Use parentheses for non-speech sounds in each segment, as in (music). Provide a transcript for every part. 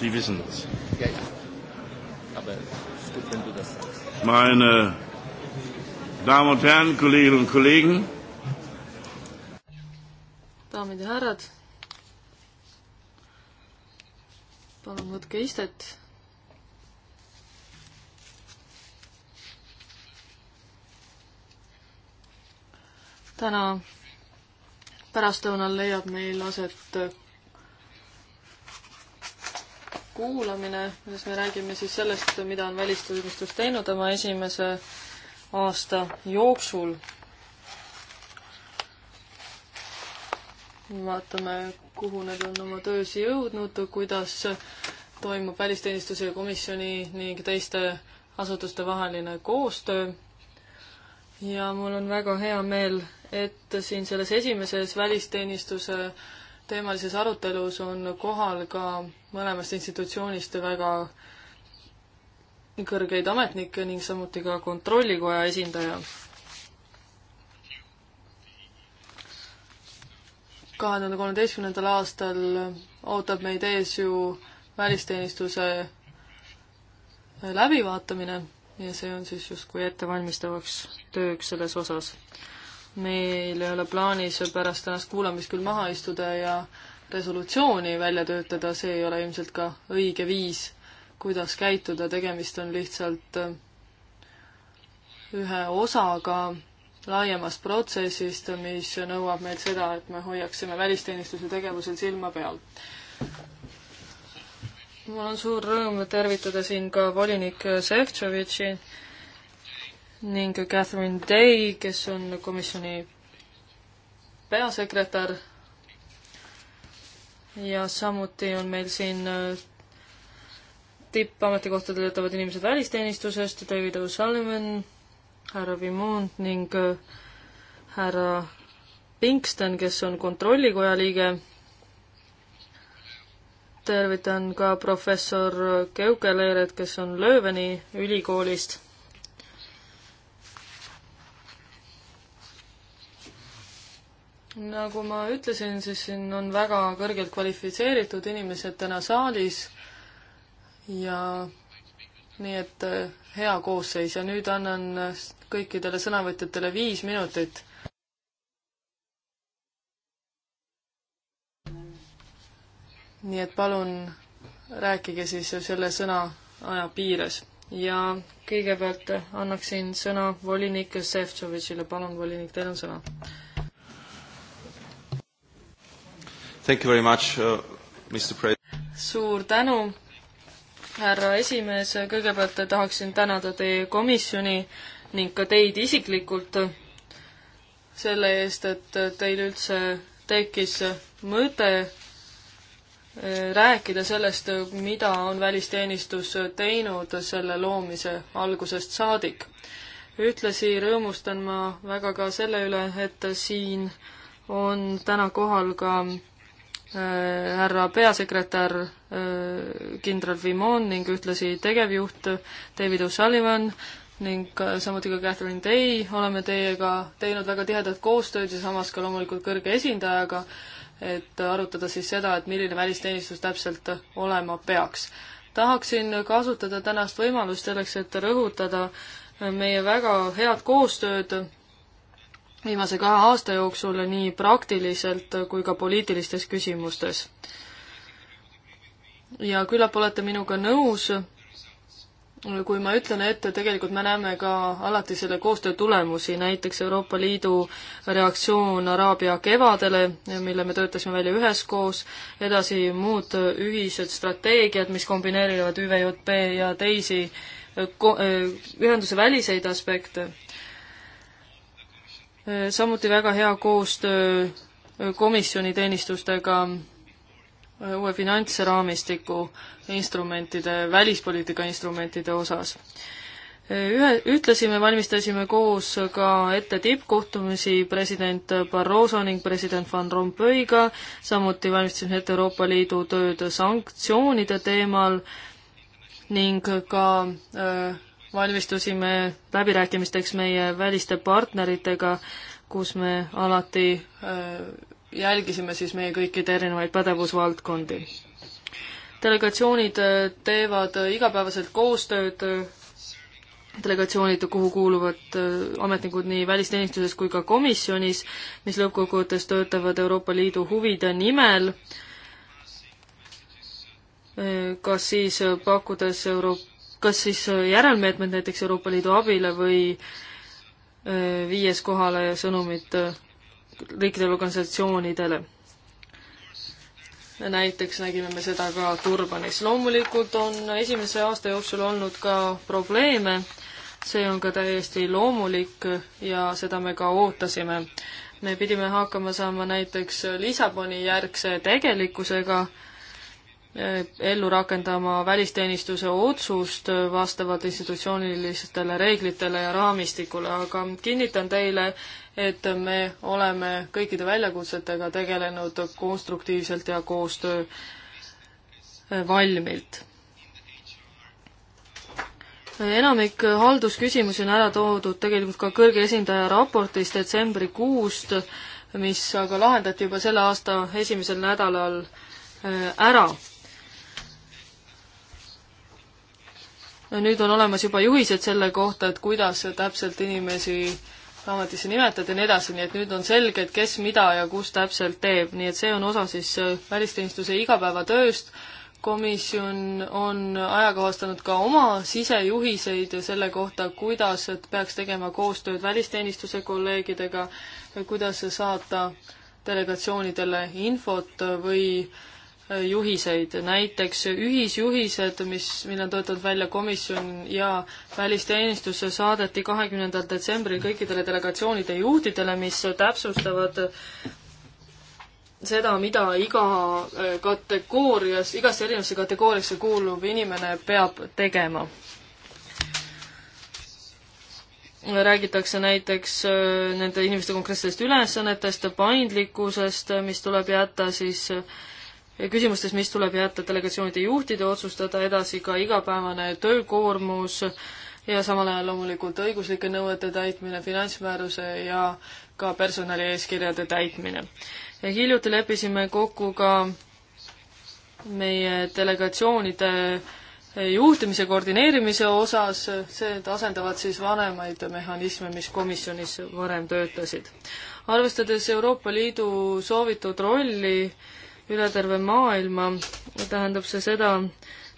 Die wissen das. Ja, ja. Aber es ist gut, wenn du das sagst. Meine Damen und Herren, Kolleginnen und Kollegen. Daamid ja härrad, palun võtke istet. täna pärastlõunal leiab meil aset kuulamine, kus me räägime siis sellest, mida on välisteenistus teinud oma esimese aasta jooksul. vaatame, kuhu nad on oma töös jõudnud, kuidas toimub välisteenistuse komisjoni ning teiste asutuste vaheline koostöö. ja mul on väga hea meel, et siin selles esimeses välisteenistuse teemalises arutelus on kohal ka mõlemast institutsioonist väga kõrgeid ametnikke ning samuti ka kontrollikoja esindaja. kahe tuhande kolmeteistkümnendal aastal ootab meid ees ju välisteenistuse läbivaatamine ja see on siis justkui ettevalmistavaks tööks selles osas. meil ei ole plaanis pärast tänast kuulamist küll maha istuda ja resolutsiooni välja töötada, see ei ole ilmselt ka õige viis, kuidas käituda, tegemist on lihtsalt äh, ühe osaga laiemast protsessist, mis nõuab meilt seda, et me hoiaksime välisteenistuse tegevusel silma peal. mul on suur rõõm tervitada siin ka volinik Šefčovitši ning Catherine Day, kes on komisjoni peasekretär ja samuti on meil siin äh, tippametikohtadel töötavad inimesed välisteenistusest, David O'Sullivan, härra Vimond ning äh, härra Pinkston, kes on kontrollikoja liige. tervitan ka professor Keukeleeret, kes on Lööveni ülikoolist nagu ma ütlesin, siis siin on väga kõrgelt kvalifitseeritud inimesed täna saalis ja nii et eh, hea koosseis ja nüüd annan eh, kõikidele sõnavõtjatele viis minutit. nii et palun rääkige siis selle sõna aja piires ja kõigepealt annaksin sõna volinik Sefcovitšile, palun, volinik, teil on sõna Thank you very much uh,, Mr Pre-. suur tänu, härra esimees, kõigepealt tahaksin tänada teie komisjoni ning ka teid isiklikult selle eest, et teil üldse tekkis mõte eh, rääkida sellest, mida on välisteenistus teinud selle loomise algusest saadik. ühtlasi rõõmustan ma väga ka selle üle, et siin on täna kohal ka Äh, härra peasekretär äh, kindral Vimon ning ühtlasi tegevjuht David O'Sullivan ning samuti ka Catherine Day oleme teiega teinud väga tihedat koostööd ja samas ka loomulikult kõrge esindajaga, et arutada siis seda, et milline välisteenistus täpselt olema peaks. tahaksin kasutada tänast võimalust selleks, et rõhutada meie väga head koostööd viimase kahe aasta jooksul nii praktiliselt kui ka poliitilistes küsimustes. ja küllap olete minuga nõus, kui ma ütlen, et tegelikult me näeme ka alati selle koostöö tulemusi, näiteks Euroopa Liidu reaktsioon Araabia kevadele, mille me töötasime välja üheskoos, edasi muud ühised strateegiad, mis kombineerivad ÜVJP ja teisi ühenduse väliseid aspekte samuti väga hea koostöö äh, komisjoni teenistustega äh, uue finantsraamistiku instrumentide, välispoliitika instrumentide osas. Äh, ühe, ütlesime, valmistasime koos ka ette tippkohtumisi president Barroso ning president Van Rompuyga, samuti valmistasime ette Euroopa Liidu tööd sanktsioonide teemal ning ka äh, valmistusime läbirääkimisteks meie väliste partneritega, kus me alati äh, jälgisime siis meie kõikide erinevaid pädevusvaldkondi. delegatsioonid äh, teevad äh, igapäevaselt koostööd, delegatsioonid, kuhu kuuluvad ametnikud nii välisteenistuses kui ka komisjonis, mis lõppkokkuvõttes töötavad Euroopa Liidu huvide nimel, kas siis pakkudes Euroopa kas siis äh, järelmeetmed näiteks Euroopa Liidu abile või äh, viies kohale sõnumid äh, riikidele, organisatsioonidele. näiteks nägime me seda ka Turbanis. loomulikult on esimese aasta jooksul olnud ka probleeme, see on ka täiesti loomulik ja seda me ka ootasime. me pidime hakkama saama näiteks Lissaboni järgse tegelikkusega, ellu rakendama välisteenistuse otsust vastavalt institutsioonilistele reeglitele ja raamistikule, aga kinnitan teile, et me oleme kõikide väljakutsetega tegelenud konstruktiivselt ja koostöö valmilt. enamik haldusküsimusi on ära toodud tegelikult ka kõrge esindaja raportis detsembrikuust, mis aga lahendati juba selle aasta esimesel nädalal äh, ära nüüd on olemas juba juhised selle kohta, et kuidas täpselt inimesi ametisse nimetada ja nii edasi, nii et nüüd on selge, et kes mida ja kus täpselt teeb, nii et see on osa siis äh, välisteenistuse igapäevatööst, komisjon on ajakohastanud ka oma sisejuhiseid selle kohta, kuidas peaks tegema koostööd välisteenistuse kolleegidega, kuidas saata delegatsioonidele infot või äh, juhiseid, näiteks ühisjuhised, mis, mille on töötanud välja komisjon ja välisteenistus, saadeti kahekümnendal detsembril kõikidele delegatsioonide juhtidele, mis täpsustavad seda, mida iga äh, kategoorias, igasse erinevasse kategooriasse kuuluv inimene peab tegema. räägitakse näiteks äh, nende inimeste konkreetsetest ülesannetest, paindlikkusest, mis tuleb jätta siis äh, küsimustes, mis tuleb jätta delegatsioonide juhtide otsustada, edasi ka igapäevane töökoormus ja samal ajal loomulikult õiguslike nõuete täitmine, finantsmääruse ja ka personalieeskirjade täitmine. hiljuti leppisime kokku ka meie delegatsioonide juhtimise koordineerimise osas, see asendavad siis vanemaid mehhanisme, mis komisjonis varem töötasid. arvestades Euroopa Liidu soovitud rolli üle terve maailma, tähendab see seda,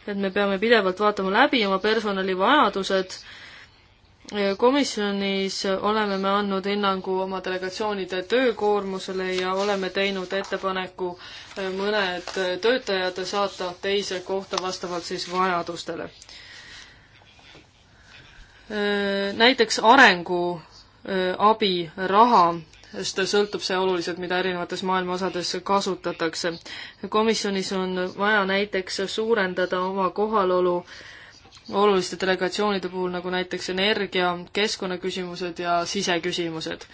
et me peame pidevalt vaatama läbi oma personalivajadused. komisjonis oleme me andnud hinnangu oma delegatsioonide töökoormusele ja oleme teinud ettepaneku eh, mõned töötajad saata teise kohta vastavalt siis vajadustele. Eh, näiteks arenguabiraha eh, sest sõltub see oluliselt, mida erinevates maailma osades kasutatakse. komisjonis on vaja näiteks suurendada oma kohalolu oluliste delegatsioonide puhul, nagu näiteks energia, keskkonnaküsimused ja siseküsimused.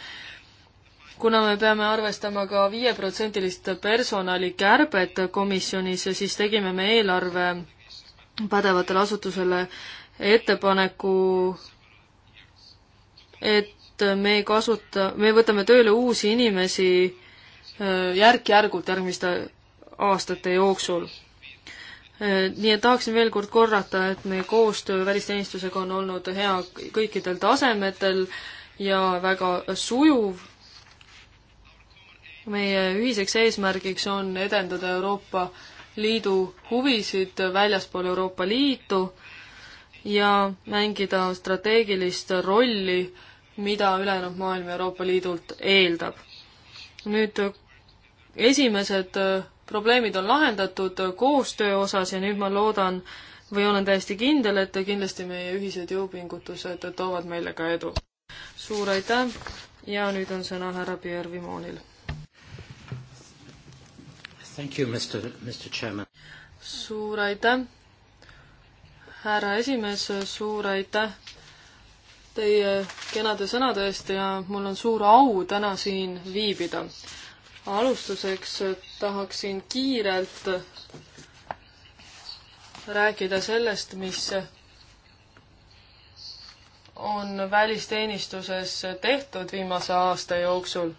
kuna me peame arvestama ka viieprotsendilist personalikärbet komisjonis, siis tegime me eelarve pädevatele asutusele ettepaneku et et me ei kasuta, me võtame tööle uusi inimesi äh, järk-järgult järgmiste aastate jooksul. Äh, nii et tahaksin veel kord korrata, et meie koostöö välisteenistusega on olnud hea kõikidel tasemetel ja väga sujuv. meie ühiseks eesmärgiks on edendada Euroopa Liidu huvisid väljaspool Euroopa Liitu ja mängida strateegilist rolli mida ülejäänud maailm Euroopa Liidult eeldab. nüüd esimesed äh, probleemid on lahendatud äh, koostöö osas ja nüüd ma loodan või olen täiesti kindel, et kindlasti meie ühised jõupingutused toovad meile ka edu. suur aitäh ja nüüd on sõna härra Pierre Vimonil. suur aitäh, härra esimees, suur aitäh teie kenade sõnade eest ja mul on suur au täna siin viibida. alustuseks tahaksin kiirelt rääkida sellest, mis on välisteenistuses tehtud viimase aasta jooksul.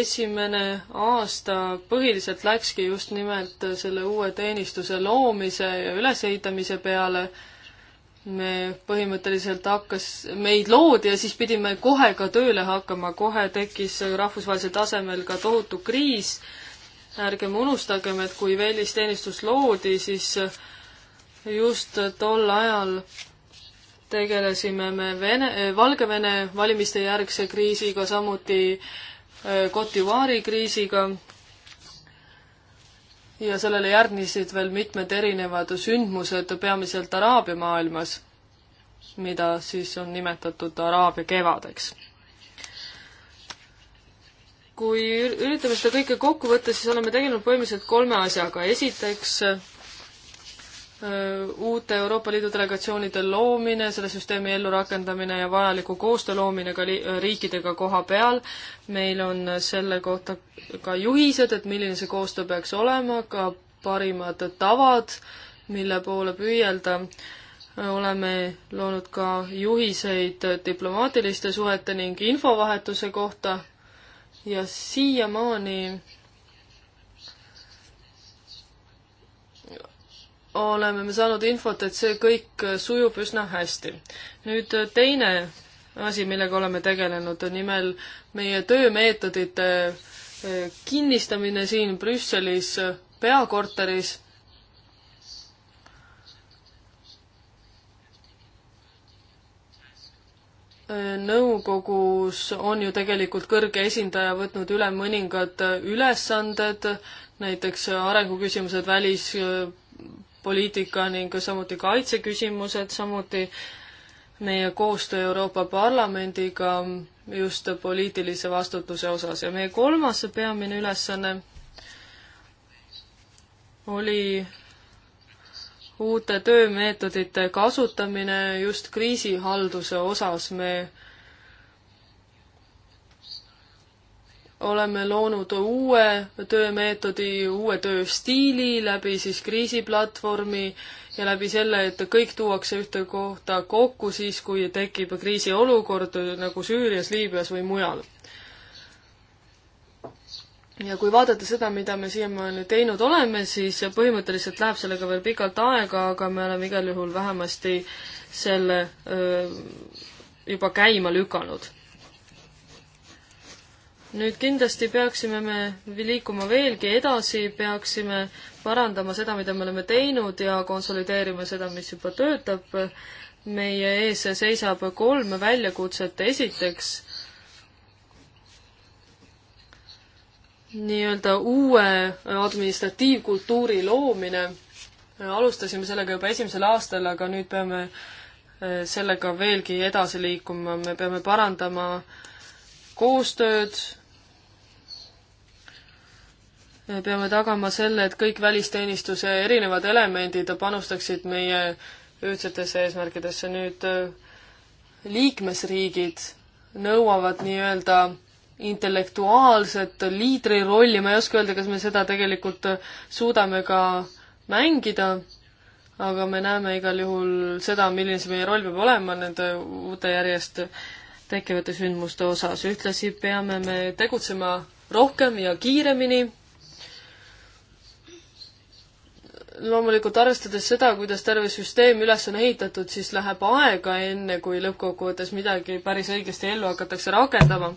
esimene aasta põhiliselt läkski just nimelt selle uue teenistuse loomise ja ülesehitamise peale me põhimõtteliselt hakkas, meid loodi ja siis pidime kohe ka tööle hakkama, kohe tekkis rahvusvahelisel tasemel ka tohutu kriis. ärgem unustagem, et kui välisteenistus loodi, siis just tol ajal tegelesime me Vene, Valgevene valimiste järgse kriisiga, samuti Cote d'Ivoire'i kriisiga ja sellele järgnesid veel mitmed erinevad sündmused, peamiselt Araabia maailmas, mida siis on nimetatud Araabia kevadeks kui üritame seda kõike kokku võtta, siis oleme tegelenud põhimõtteliselt kolme asjaga. esiteks Äh, uute Euroopa Liidu delegatsioonide loomine, selle süsteemi ellurakendamine ja vajaliku koostöö loomine ka äh, riikidega koha peal. meil on selle kohta ka juhised, et milline see koostöö peaks olema, ka parimad tavad, mille poole püüelda. Äh, oleme loonud ka juhiseid diplomaatiliste suhete ning infovahetuse kohta ja siiamaani oleme me saanud infot, et see kõik sujub üsna hästi. nüüd äh, teine asi, millega oleme tegelenud, on nimel meie töömeetodite äh, kinnistamine siin Brüsselis äh, peakorteris. nõukogus on ju tegelikult kõrge esindaja võtnud üle mõningad ülesanded, näiteks arenguküsimused välis poliitika ning samuti kaitseküsimused, samuti meie koostöö Euroopa Parlamendiga just poliitilise vastutuse osas ja meie kolmas peamine ülesanne oli uute töömeetodite kasutamine just kriisihalduse osas. me oleme loonud uue töömeetodi, uue tööstiili läbi siis kriisiplatvormi ja läbi selle, et kõik tuuakse ühte kohta kokku siis, kui tekib kriisiolukord nagu Süürias, Liibüas või mujal. ja kui vaadata seda, mida me siiamaani teinud oleme, siis põhimõtteliselt läheb sellega veel pikalt aega, aga me oleme igal juhul vähemasti selle öö, juba käima lükanud nüüd kindlasti peaksime me liikuma veelgi edasi, peaksime parandama seda, mida me oleme teinud ja konsolideerima seda, mis juba töötab. meie ees seisab kolm väljakutset, esiteks nii-öelda uue administratiivkultuuri loomine. alustasime sellega juba esimesel aastal, aga nüüd peame eh, sellega veelgi edasi liikuma, me peame parandama koostööd me peame tagama selle, et kõik välisteenistuse erinevad elemendid panustaksid meie ühtsetesse eesmärkidesse. nüüd äh, liikmesriigid nõuavad nii-öelda intellektuaalset liidri rolli, ma ei oska öelda, kas me seda tegelikult äh, suudame ka mängida, aga me näeme igal juhul seda, milline see meie roll peab olema nende uute järjest tekkivate sündmuste osas. ühtlasi peame me tegutsema rohkem ja kiiremini loomulikult arvestades seda, kuidas terve süsteem üles on ehitatud, siis läheb aega, enne kui lõppkokkuvõttes midagi päris õigesti ellu hakatakse rakendama.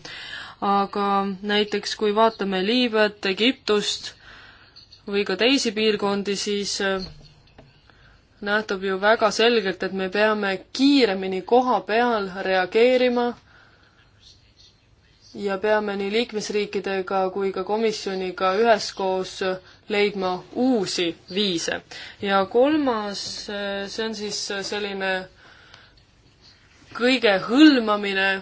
aga näiteks kui vaatame Liibüat, Egiptust või ka teisi piirkondi, siis äh, nähtub ju väga selgelt, et me peame kiiremini koha peal reageerima ja peame nii liikmesriikidega kui ka komisjoniga üheskoos leidma uusi viise. ja kolmas, see on siis selline kõige hõlmamine,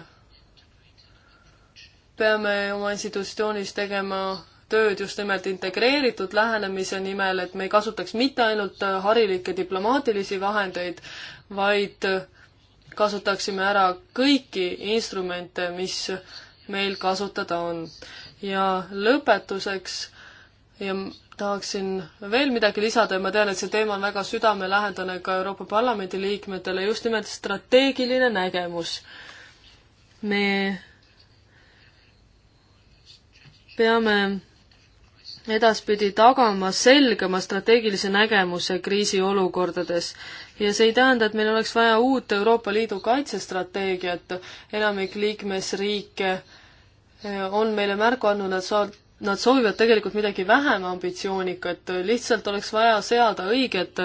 peame oma institutsioonis tegema tööd just nimelt integreeritud lähenemise nimel, et me ei kasutaks mitte ainult harilikke diplomaatilisi vahendeid, vaid kasutaksime ära kõiki instrumente, mis meil kasutada on. ja lõpetuseks ja tahaksin veel midagi lisada ja ma tean, et see teema on väga südamelähedane ka Euroopa Parlamendi liikmetele, just nimelt strateegiline nägemus. me peame edaspidi tagama selgema strateegilise nägemuse kriisiolukordades ja see ei tähenda, et meil oleks vaja uut Euroopa Liidu kaitsestrateegiat, enamik liikmesriike eh, on meile märku andnud, nad saavad Nad soovivad tegelikult midagi vähem ambitsioonikat, lihtsalt oleks vaja seada õiged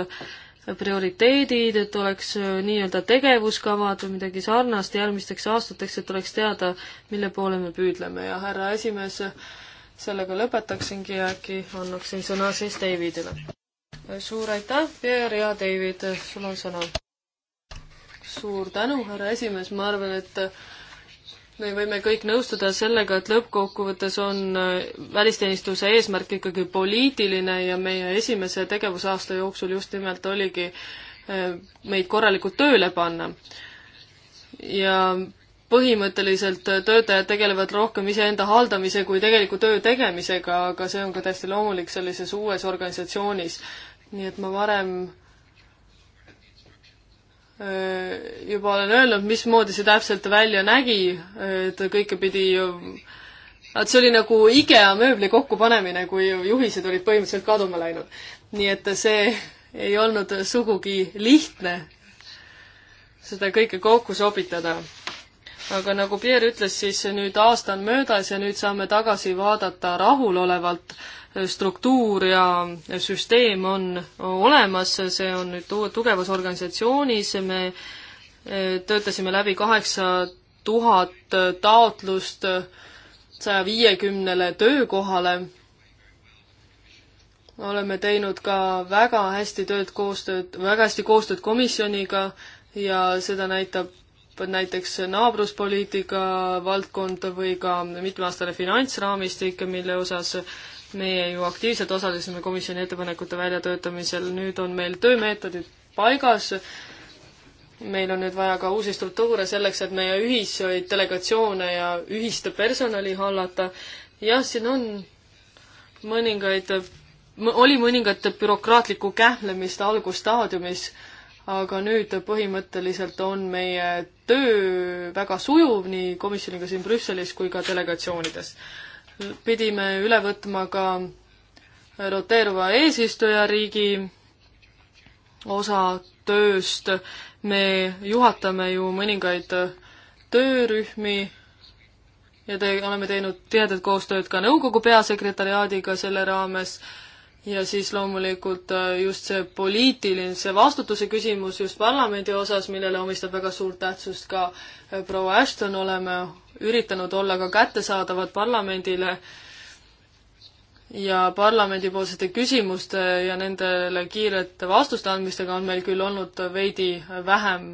prioriteedid, et oleks eh, nii-öelda tegevuskavad või midagi sarnast järgmisteks aastateks, et oleks teada, mille poole me püüdleme ja härra esimees, sellega lõpetaksingi ja äkki annaksin sõna siis Davidile suur aitäh, Pierre ja David, sul on sõna. suur tänu, härra esimees, ma arvan, et me võime kõik nõustuda sellega, et lõppkokkuvõttes on äh, välisteenistuse eesmärk ikkagi poliitiline ja meie esimese tegevusaasta jooksul just nimelt oligi äh, meid korralikult tööle panna. ja põhimõtteliselt äh, töötajad tegelevad rohkem iseenda haldamise kui tegeliku töö tegemisega, aga see on ka täiesti loomulik sellises uues organisatsioonis nii et ma varem juba olen öelnud, mismoodi see täpselt välja nägi, et kõike pidi et see oli nagu IKEA mööbli kokkupanemine, kui juhised olid põhimõtteliselt kaduma läinud. nii et see ei olnud sugugi lihtne, seda kõike kokku sobitada. aga nagu Pierre ütles, siis nüüd aasta on möödas ja nüüd saame tagasi vaadata rahulolevalt äh, struktuur ja süsteem on olemas, see on nüüd tugevas organisatsioonis, me e, töötasime läbi kaheksa tuhat taotlust saja viiekümnele töökohale. oleme teinud ka väga hästi tööd koostööd, väga hästi koostööd komisjoniga ja seda näitab näiteks naabruspoliitika valdkonda või ka mitmeaastane finantsraamistik, mille osas meie ju aktiivselt osalesime komisjoni ettepanekute väljatöötamisel, nüüd on meil töömeetodid paigas, meil on nüüd vaja ka uusi struktuure selleks, et meie ühiseid delegatsioone ja ühist personali hallata. jah, siin on mõningaid, oli mõningat bürokraatlikku kähmlemist algusstaadiumis, aga nüüd põhimõtteliselt on meie töö väga sujuv nii komisjoniga siin Brüsselis kui ka delegatsioonides pidime üle võtma ka roteeruva eesistujariigi osa tööst. me juhatame ju mõningaid töörühmi ja te, oleme teinud tihedat koostööd ka nõukogu peasekretäriaadiga selle raames ja siis loomulikult äh, just see poliitilise vastutuse küsimus just parlamendi osas, millele omistab väga suurt tähtsust ka äh, proua Ashton, oleme üritanud olla ka kättesaadavad parlamendile ja parlamendipoolsete küsimuste ja nendele kiirete vastuste andmistega on meil küll olnud veidi vähem,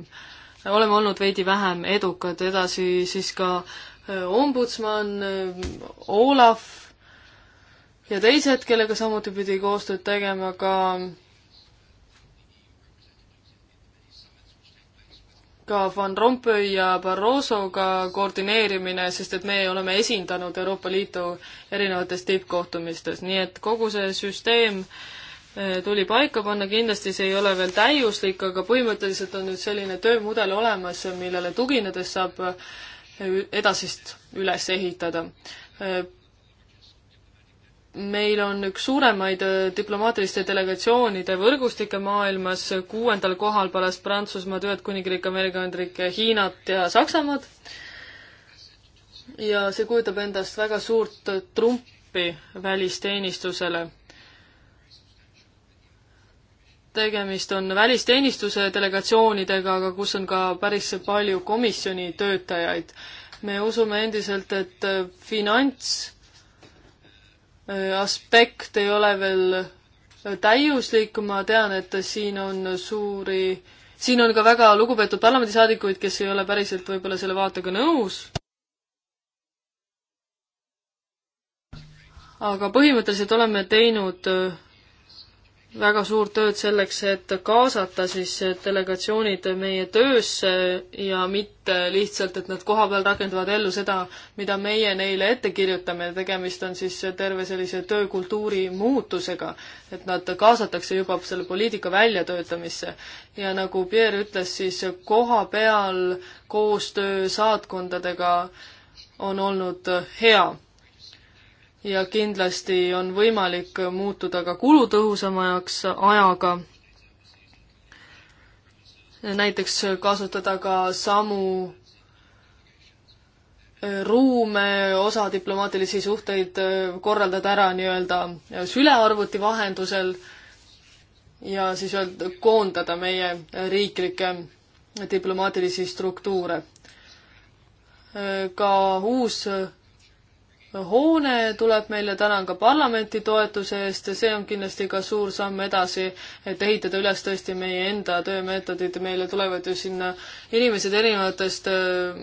oleme olnud veidi vähem edukad, edasi siis ka äh, ombudsman, Olav ja teised, kellega samuti pidi koostööd tegema ka ka Van Rompuy ja Barrosoga koordineerimine, sest et me oleme esindanud Euroopa Liitu erinevates tippkohtumistes, nii et kogu see süsteem eh, tuli paika panna, kindlasti see ei ole veel täiuslik, aga põhimõtteliselt on nüüd selline töömudel olemas, millele tuginedes saab eh, edasist üles ehitada eh, meil on üks suuremaid äh, diplomaatiliste delegatsioonide võrgustikke maailmas, kuuendal kohal pärast Prantsusmaad, Ühendkuningriik, Ameerika Ühendriike, Hiinat ja Saksamaad. ja see kujutab endast väga suurt trumpi välisteenistusele. tegemist on välisteenistuse delegatsioonidega, aga kus on ka päris palju komisjoni töötajaid. me usume endiselt, et äh, finants aspekt ei ole veel täiuslik, ma tean, et siin on suuri, siin on ka väga lugupeetud parlamendisaadikuid, kes ei ole päriselt võib-olla selle vaatega nõus. aga põhimõtteliselt oleme teinud väga suurt tööd selleks, et kaasata siis delegatsioonid meie töösse ja mitte lihtsalt, et nad kohapeal rakendavad ellu seda, mida meie neile ette kirjutame ja tegemist on siis terve sellise töökultuuri muutusega, et nad kaasatakse juba selle poliitika väljatöötamisse. ja nagu Pierre ütles, siis kohapeal koostöö saatkondadega on olnud hea ja kindlasti on võimalik muutuda ka kulutõhusamaks ajaga. näiteks kasutada ka samu äh, ruume, osa diplomaatilisi suhteid äh, korraldada ära nii-öelda sülearvuti vahendusel ja siis öelda, koondada meie riiklikke diplomaatilisi struktuure. Äh, ka uus hoone tuleb meile, tänan ka parlamenti toetuse eest ja see on kindlasti ka suur samm edasi, et ehitada üles tõesti meie enda töömeetodid, meile tulevad ju sinna inimesed erinevatest äh,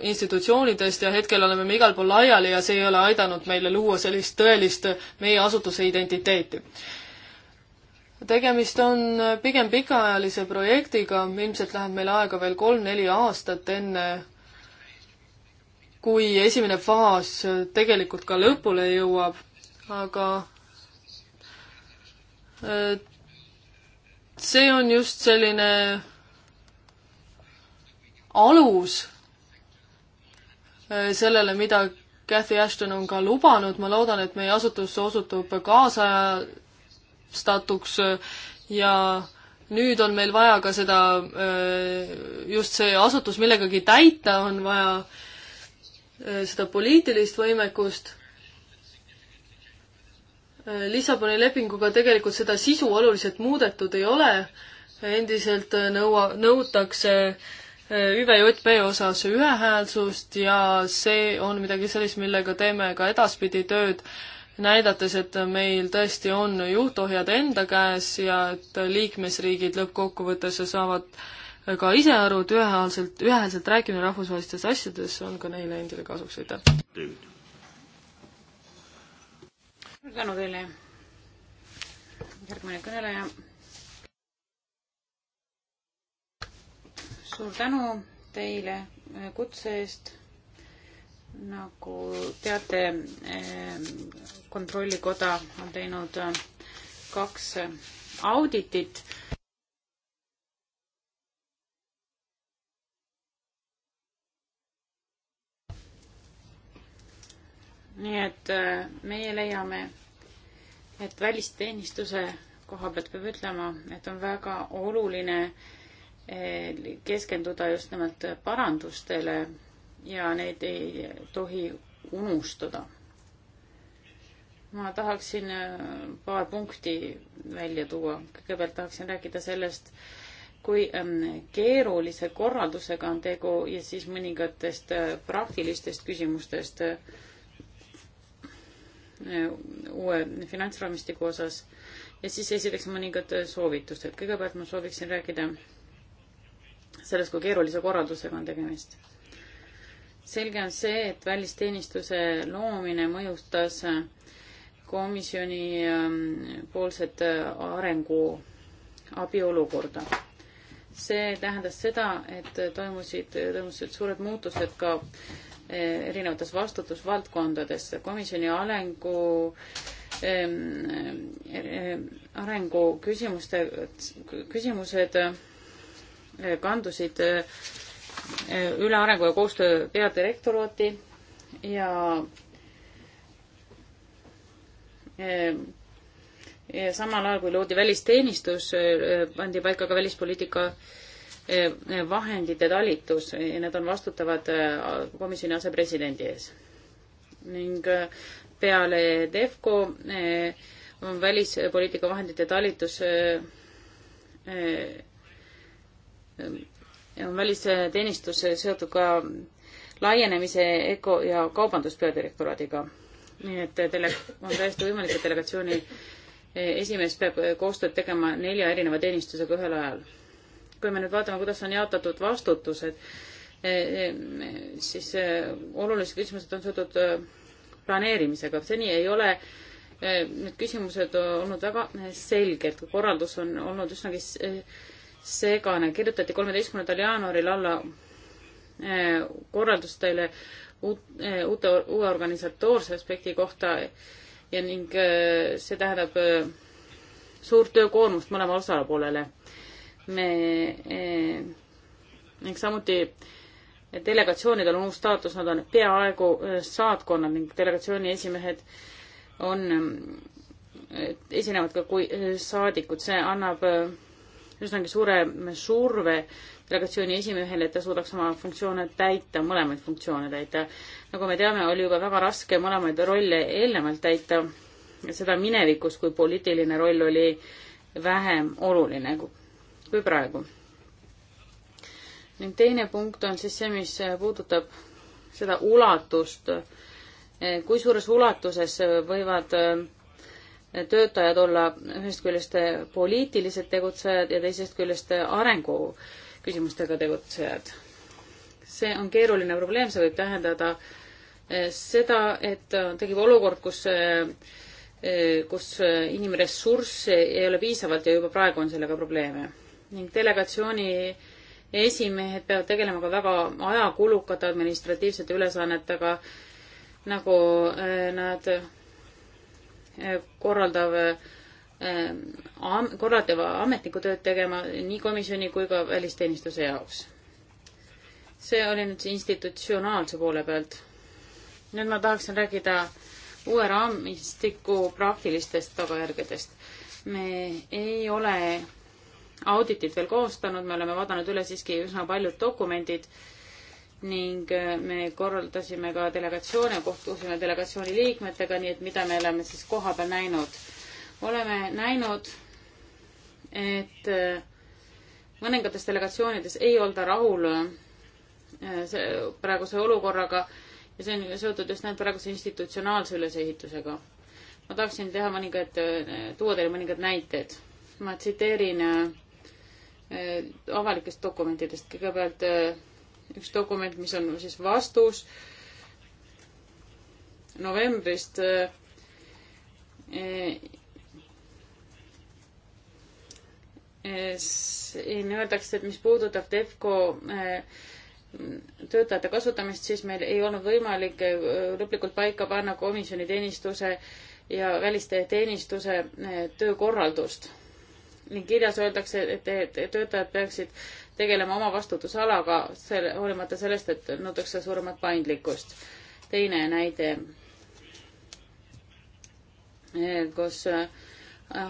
institutsioonidest ja hetkel oleme me igal pool laiali ja see ei ole aidanud meile luua sellist tõelist meie asutuse identiteeti tegemist on äh, pigem pikaajalise projektiga, ilmselt läheb meil aega veel kolm-neli aastat, enne kui esimene faas tegelikult ka lõpule jõuab, aga äh, see on just selline alus äh, sellele, mida Cathy Ashton on ka lubanud, ma loodan, et meie asutus osutub kaasajastatuks äh, ja nüüd on meil vaja ka seda, just see asutus millegagi täita, on vaja Äh, seda poliitilist võimekust. Äh, Lissaboni lepinguga tegelikult seda sisu oluliselt muudetud ei ole, endiselt äh, nõua, nõutakse ÜVJP osas ühehäälsust ja see on midagi sellist, millega teeme ka edaspidi tööd, näidates, et meil tõesti on juhtohjad enda käes ja et liikmesriigid lõppkokkuvõttes saavad äh, ka ise aru, et ühehäälselt, ühehäälselt rääkimine rahvusvahelistes asjades on ka neile endile kasuks, aitäh! suur tänu teile! järgmine kõneleja. suur tänu teile äh, kutse eest. nagu teate, äh, kontrollikoda on teinud äh, kaks auditit nii et äh, meie leiame, et välisteenistuse koha pealt peab ütlema, et on väga oluline äh, keskenduda just nimelt parandustele ja neid ei tohi unustada. ma tahaksin äh, paar punkti välja tuua. kõigepealt tahaksin rääkida sellest, kui ähm, keerulise korraldusega on tegu ja siis mõningatest praktilistest küsimustest Äh, uue finantsraamistiku osas ja siis esiteks mõningad äh, soovitused. kõigepealt ma sooviksin rääkida sellest, kui keerulise korraldusega on tegemist. selge on see, et välisteenistuse loomine mõjutas äh, komisjoni ähm, poolset arengu abiolukorda. see tähendas seda, et toimusid, toimusid suured muutused ka erinevates vastutusvaldkondades. komisjoni arengu er, arengu küsimuste, küsimused eh, kandusid eh, üle arengu ja koostöö peadirektoraati ja ja samal ajal, kui loodi välisteenistus, eh, pandi paika ka välispoliitika Eh, vahendite talitus ja nad on vastutavad eh, komisjoni asepresidendi ees. ning eh, peale DEFCO on välispoliitika vahendite talitus on välisteenistus seotud ka laienemise ECO ja kaubanduspeadirektoraadiga. nii et tele-, on täiesti võimalik, et delegatsiooni esimees peab koostööd tegema nelja erineva teenistusega ühel ajal kui me nüüd vaatame, kuidas on jaotatud vastutused, e, e, siis e, olulised küsimused on seotud planeerimisega. seni ei ole need küsimused olnud väga selged, korraldus on olnud üsnagi segane. kirjutati kolmeteistkümnendal jaanuaril alla korraldustele uut, uute, uue organisatoorse aspekti kohta ja ning see tähendab suurt töökoormust mõlema osapoolele me eh, ning samuti delegatsioonidel on uus staatus, nad on peaaegu eh, saatkonnad ning delegatsiooni esimehed on, eh, esinevad ka kui saadikud, see annab üsnagi suure surve delegatsiooni esimehele, et ta suudaks oma funktsioone täita, mõlemaid funktsioone täita. nagu me teame, oli juba väga raske mõlemaid rolle eelnevalt täita, seda minevikus, kui poliitiline roll oli vähem oluline kui praegu. ning teine punkt on siis see, mis puudutab seda ulatust, kui suures ulatuses võivad eh, töötajad olla ühest küljest poliitilised tegutsejad ja teisest küljest arengu küsimustega tegutsejad. see on keeruline probleem, see võib tähendada eh, seda, et tekib olukord, kus eh, kus inimressursse ei ole piisavalt ja juba praegu on sellega probleeme ning delegatsiooni esimehed peavad tegelema ka väga ajakulukate administratiivsete ülesannetega, nagu äh, nad äh, korraldav, äh, korraldava ametniku tööd tegema nii komisjoni kui ka välisteenistuse jaoks. see oli nüüd institutsionaalse poole pealt. nüüd ma tahaksin rääkida uue raamistiku praktilistest tagajärgedest. me ei ole auditit veel koostanud, me oleme vaadanud üle siiski üsna paljud dokumendid ning äh, me korraldasime ka delegatsioone, kohtusime delegatsiooni liikmetega, nii et mida me oleme siis kohapeal näinud. oleme näinud, et äh, mõningates delegatsioonides ei olda rahul äh, praeguse olukorraga ja see on seotud just nimelt praeguse institutsionaalse ülesehitusega. ma tahaksin teha mõningad, tuua teile mõningad näited. ma tsiteerin Äh, avalikest dokumentidest. kõigepealt äh, üks dokument, mis on siis vastus novembrist äh, siin öeldakse, et mis puudutab Defco töötajate kasutamist, siis meil ei olnud võimalik lõplikult paika panna komisjoni teenistuse ja välisteenistuse töökorraldust ning kirjas öeldakse, et, et, et töötajad peaksid tegelema oma vastutusalaga, selle, hoolimata sellest, et nõutakse suuremat paindlikkust. teine näide, kus äh,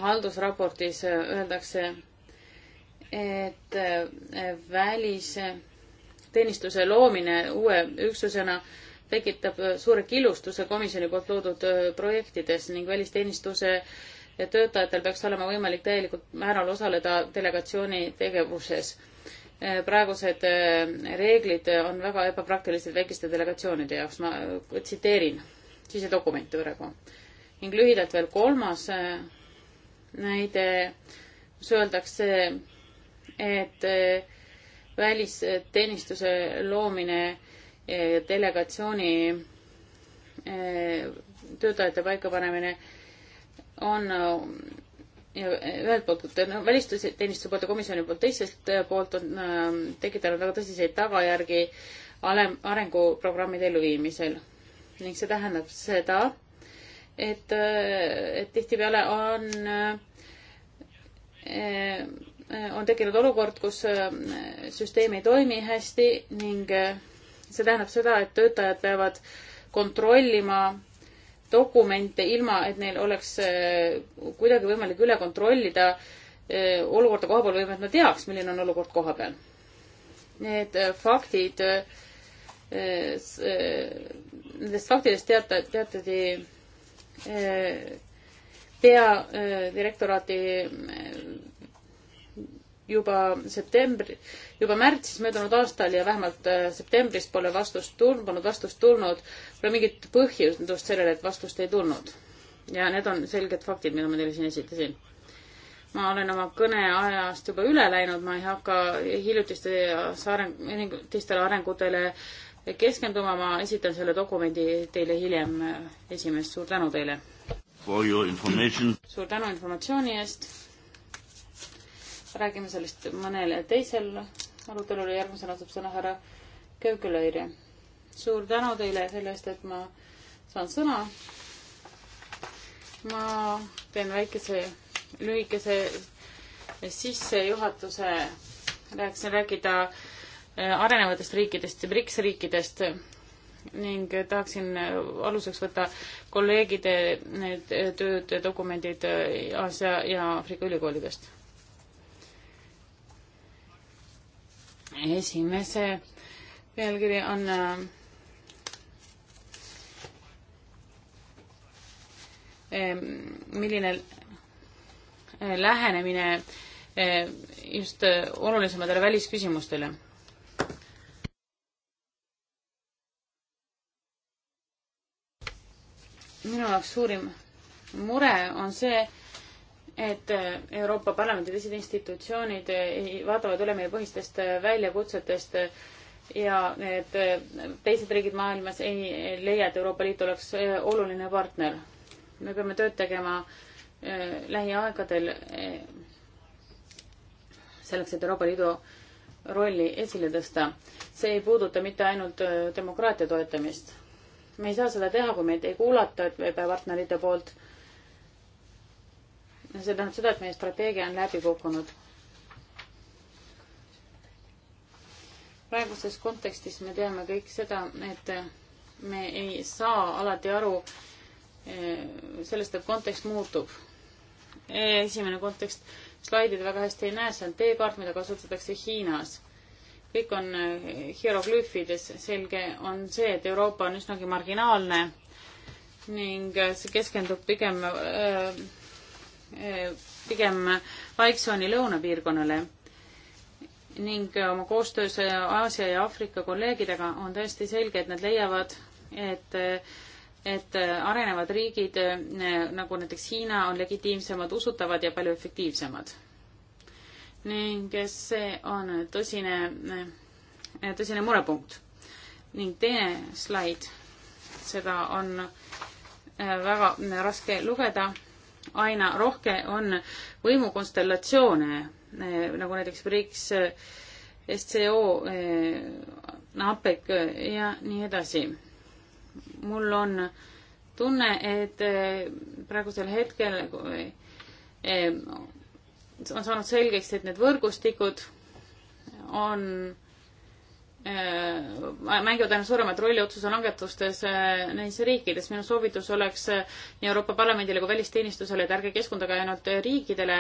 haldusraportis äh, öeldakse, et äh, välisteenistuse loomine uue üksusena tekitab suure killustuse komisjoni poolt loodud projektides ning välisteenistuse äh, ja töötajatel peaks olema võimalik täielikul määral osaleda delegatsiooni tegevuses. Eh, praegused eh, reeglid on väga ebapraktilised väikeste delegatsioonide jaoks, ma eh, tsiteerin sisedokumente praegu. ning lühidalt veel kolmas näide, kus öeldakse, et välisteenistuse loomine delegatsiooni töötajate paikapanemine on äh, ühelt poolt no, välisteenistuse poolt ja komisjoni poolt, teiselt äh, poolt on äh, tekitanud väga tõsiseid tagajärgi alem, arenguprogrammide elluviimisel. ning see tähendab seda, et, et tihtipeale on, on tekkinud olukord, kus süsteem ei toimi hästi ning see tähendab seda, et töötajad peavad kontrollima dokumente, ilma et neil oleks äh, kuidagi võimalik üle kontrollida äh, olukorda koha peal või et nad teaks, milline on olukord koha peal. Need äh, faktid, nendest faktidest teata, teatati peadirektoraati juba septembri, juba märtsis möödunud aastal ja vähemalt äh, septembris pole vastust tulnud, polnud vastust tulnud, pole mingit põhjendust sellele, et vastust ei tulnud. ja need on selged faktid, mida ma teile siin esitasin. ma olen oma kõneajast juba üle läinud, ma ei hakka hiljutiste areng, hiljutistele arengutele keskenduma, ma esitan selle dokumendi teile hiljem. Äh, esimees, suur tänu teile! suur tänu informatsiooni eest! räägime sellest mõnel teisel arutelul ja järgmisena saab sõna härra Köögelõire. suur tänu teile selle eest, et ma saan sõna. ma teen väikese lühikese sissejuhatuse, tahaksin rääkida äh, arenevatest riikidest ja BRICS riikidest ning tahaksin äh, aluseks võtta kolleegide need äh, tööd ja dokumendid Aasia ja Aafrika ülikoolidest esimese pealkiri on ähm, äh, milline lähenemine äh, just äh, olulisematele välisküsimustele minu jaoks suurim mure on see, et eh, Euroopa Parlamendi teised institutsioonid eh, vaatavad üle meie põhistest eh, väljakutsetest ja et teised riigid maailmas ei leia, et Euroopa Liit oleks oluline partner. me peame tööd tegema lähiaegadel selleks, et Euroopa Liidu rolli esile tõsta. see ei puuduta mitte ainult demokraatia toetamist. me ei saa seda teha, kui meid ei kuulata partnerite poolt see tähendab seda, et meie strateegia on läbi kukkunud. praeguses kontekstis me teame kõik seda, et me ei saa alati aru eh, sellest, et kontekst muutub. Eh, esimene kontekst, slaidid väga hästi ei näe, see on teekaart, mida kasutatakse Hiinas. kõik on eh, hieroglüüfides, selge on see, et Euroopa on üsnagi marginaalne ning see keskendub pigem öö, pigem Vaiksooni lõunapiirkonnale ning oma koostöös Aasia ja Aafrika kolleegidega on täiesti selge, et nad leiavad, et et arenevad riigid nagu näiteks Hiina on legitiimsemad, usutavad ja palju efektiivsemad. ning see on tõsine, tõsine murepunkt. ning teine slaid, seda on väga raske lugeda aina rohkem on võimukonstellatsioone, eh, nagu näiteks BRICS, eh, SCO, eh, APEC ja nii edasi. mul on tunne, et praegusel hetkel on saanud selgeks, et need võrgustikud on Äh, mängivad aina suuremat rolli otsuse langetustes äh, neis riikides. minu soovitus oleks äh, nii Euroopa Parlamendile kui välisteenistusele, et ärge keskendage ainult riikidele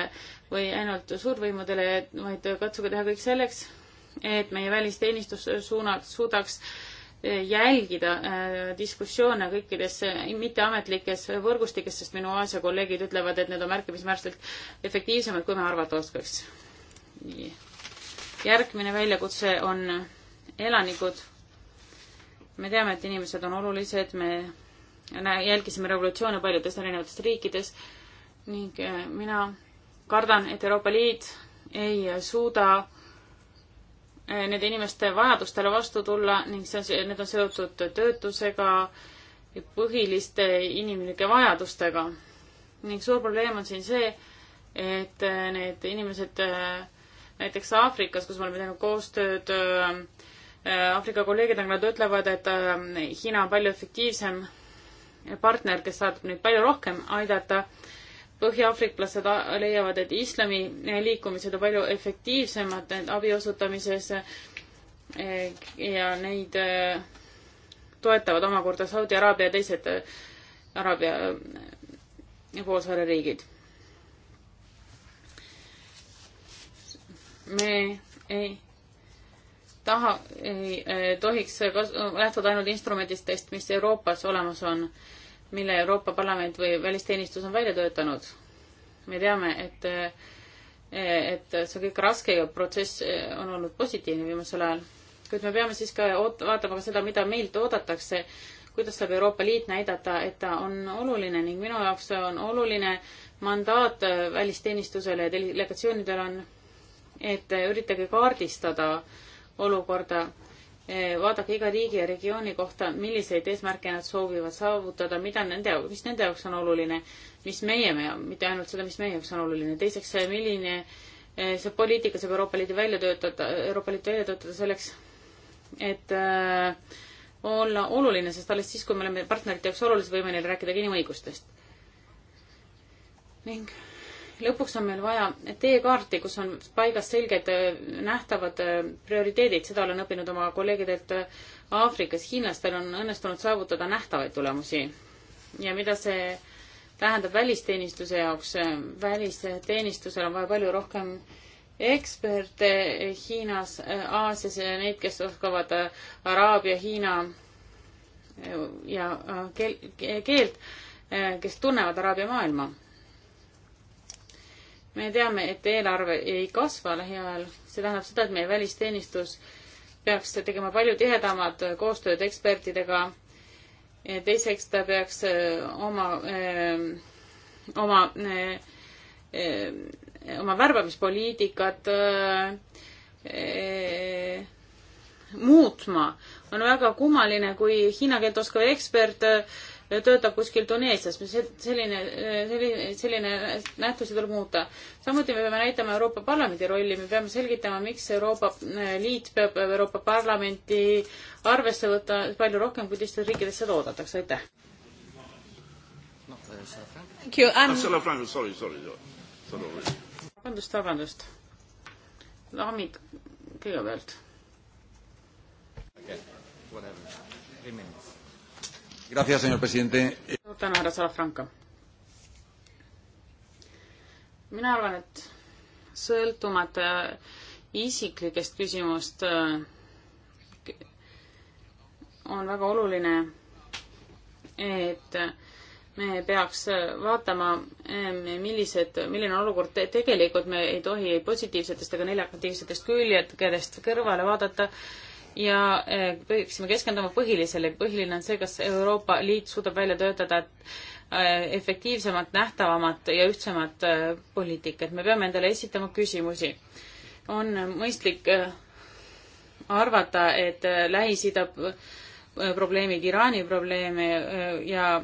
või ainult suurvõimudele, vaid katsuge teha kõik selleks, et meie välisteenistus suunaks, suudaks jälgida diskussioone kõikides mitteametlikes võrgustikes, sest minu Aasia kolleegid ütlevad, et need on märkimisväärselt efektiivsemad, kui me arvata oskaks. järgmine väljakutse on elanikud. me teame, et inimesed on olulised, me jälgisime revolutsioone paljudes erinevates riikides ning äh, mina kardan, et Euroopa Liit ei suuda äh, nende inimeste vajadustele vastu tulla ning see on, need on seotud töötusega, põhiliste inimlike vajadustega. ning suur probleem on siin see, et äh, need inimesed näiteks Aafrikas, kus me oleme teinud koostööd Aafrika kolleegidega, nagu nad ütlevad, et äh, Hiina on palju efektiivsem partner, kes saab nüüd palju rohkem aidata. põhjaafriklased leiavad, et islami äh, liikumised on palju efektiivsemad abi osutamises äh, ja neid toetavad omakorda Saudi Araabia ja teised Araabia poolsaare riigid. me ei taha, ei tohiks lähtuda ainult instrumentidest, mis Euroopas olemas on, mille Euroopa Parlament või välisteenistus on välja töötanud. me teame, et, et see kõik raske ja protsess on olnud positiivne viimasel ajal, kuid me peame siis ka oot-, vaatama ka seda, mida meilt oodatakse, kuidas saab Euroopa Liit näidata, et ta on oluline ning minu jaoks on oluline mandaat välisteenistusele ja delegatsioonidel on, et üritage kaardistada äh, olukorda, eh, vaadake iga riigi ja regiooni kohta, milliseid eesmärke nad soovivad saavutada, mida nende, mis nende jaoks on oluline, mis meie, mitte ainult seda, mis meie jaoks on oluline. teiseks, milline eh, see poliitika saab Euroopa Liidu välja töötada, Euroopa Liit välja töötada selleks, et äh, olla oluline, sest alles siis, kui me oleme partnerite jaoks olulised, võime neile rääkida ka inimõigustest. ning lõpuks on meil vaja teekaarti, kus on paigas selged äh, nähtavad äh, prioriteedid, seda olen õppinud oma kolleegidelt äh, Aafrikas, hiinlastel on õnnestunud saavutada nähtavaid tulemusi. ja mida see tähendab välisteenistuse jaoks, välisteenistusel on vaja palju rohkem eksperte Hiinas, Aasias ja neid, kes oskavad araabia, hiina ja keelt, kes tunnevad araabia maailma me teame, et eelarve ei kasva lähiajal, see tähendab seda, et meie välisteenistus peaks tegema palju tihedamat koostööd ekspertidega. teiseks ta peaks eh, oma, eh, oma, eh, oma värbamispoliitikat muutma. on väga kummaline, kui hiina keelt oskav ekspert öö, töötab kuskil Tuneesias, mis selline, selline, selline nähtusi tuleb muuta. samuti me peame näitama Euroopa Parlamendi rolli, me peame selgitama, miks Euroopa eh, Liit peab Euroopa Parlamenti arvesse võtta palju rohkem, kui teistes riikides seda oodatakse, aitäh. Ah, vabandust, vabandust. Laamid kõigepealt. Okay. Whatever. Three minutes suur tänu, härra Salafranco. mina arvan, et sõltumata isiklikest küsimust äh, on väga oluline, et me peaks vaatama, äh, millised, milline on olukord te tegelikult, me ei tohi ei positiivsetest ega neljakatiivsetest küljedest kõrvale vaadata ja eh, peaksime keskenduma põhilisele. põhiline on see, kas Euroopa Liit suudab välja töötada eh, efektiivsemat, nähtavamat ja ühtsemat eh, poliitikat. me peame endale esitama küsimusi. on mõistlik arvata, et Lähis-Ida probleemid, Iraani probleeme ja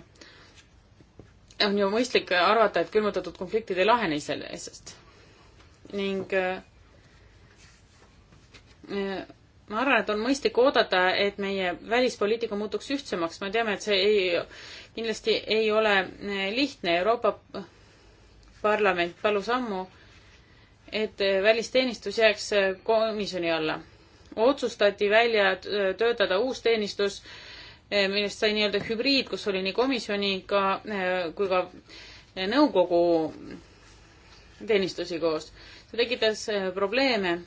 on ju mõistlik arvata, et külmutatud konfliktid ei lahene iseenesest. ning ma arvan, et on mõistlik oodata, et meie välispoliitika muutuks ühtsemaks, me teame, et see ei, kindlasti ei ole eh, lihtne, Euroopa Parlament palus ammu, et eh, välisteenistus jääks eh, komisjoni alla. otsustati välja töötada uus teenistus, millest sai nii-öelda hübriid, kus oli nii komisjoniga kui ka nõukogu teenistusi koos. see tekitas probleeme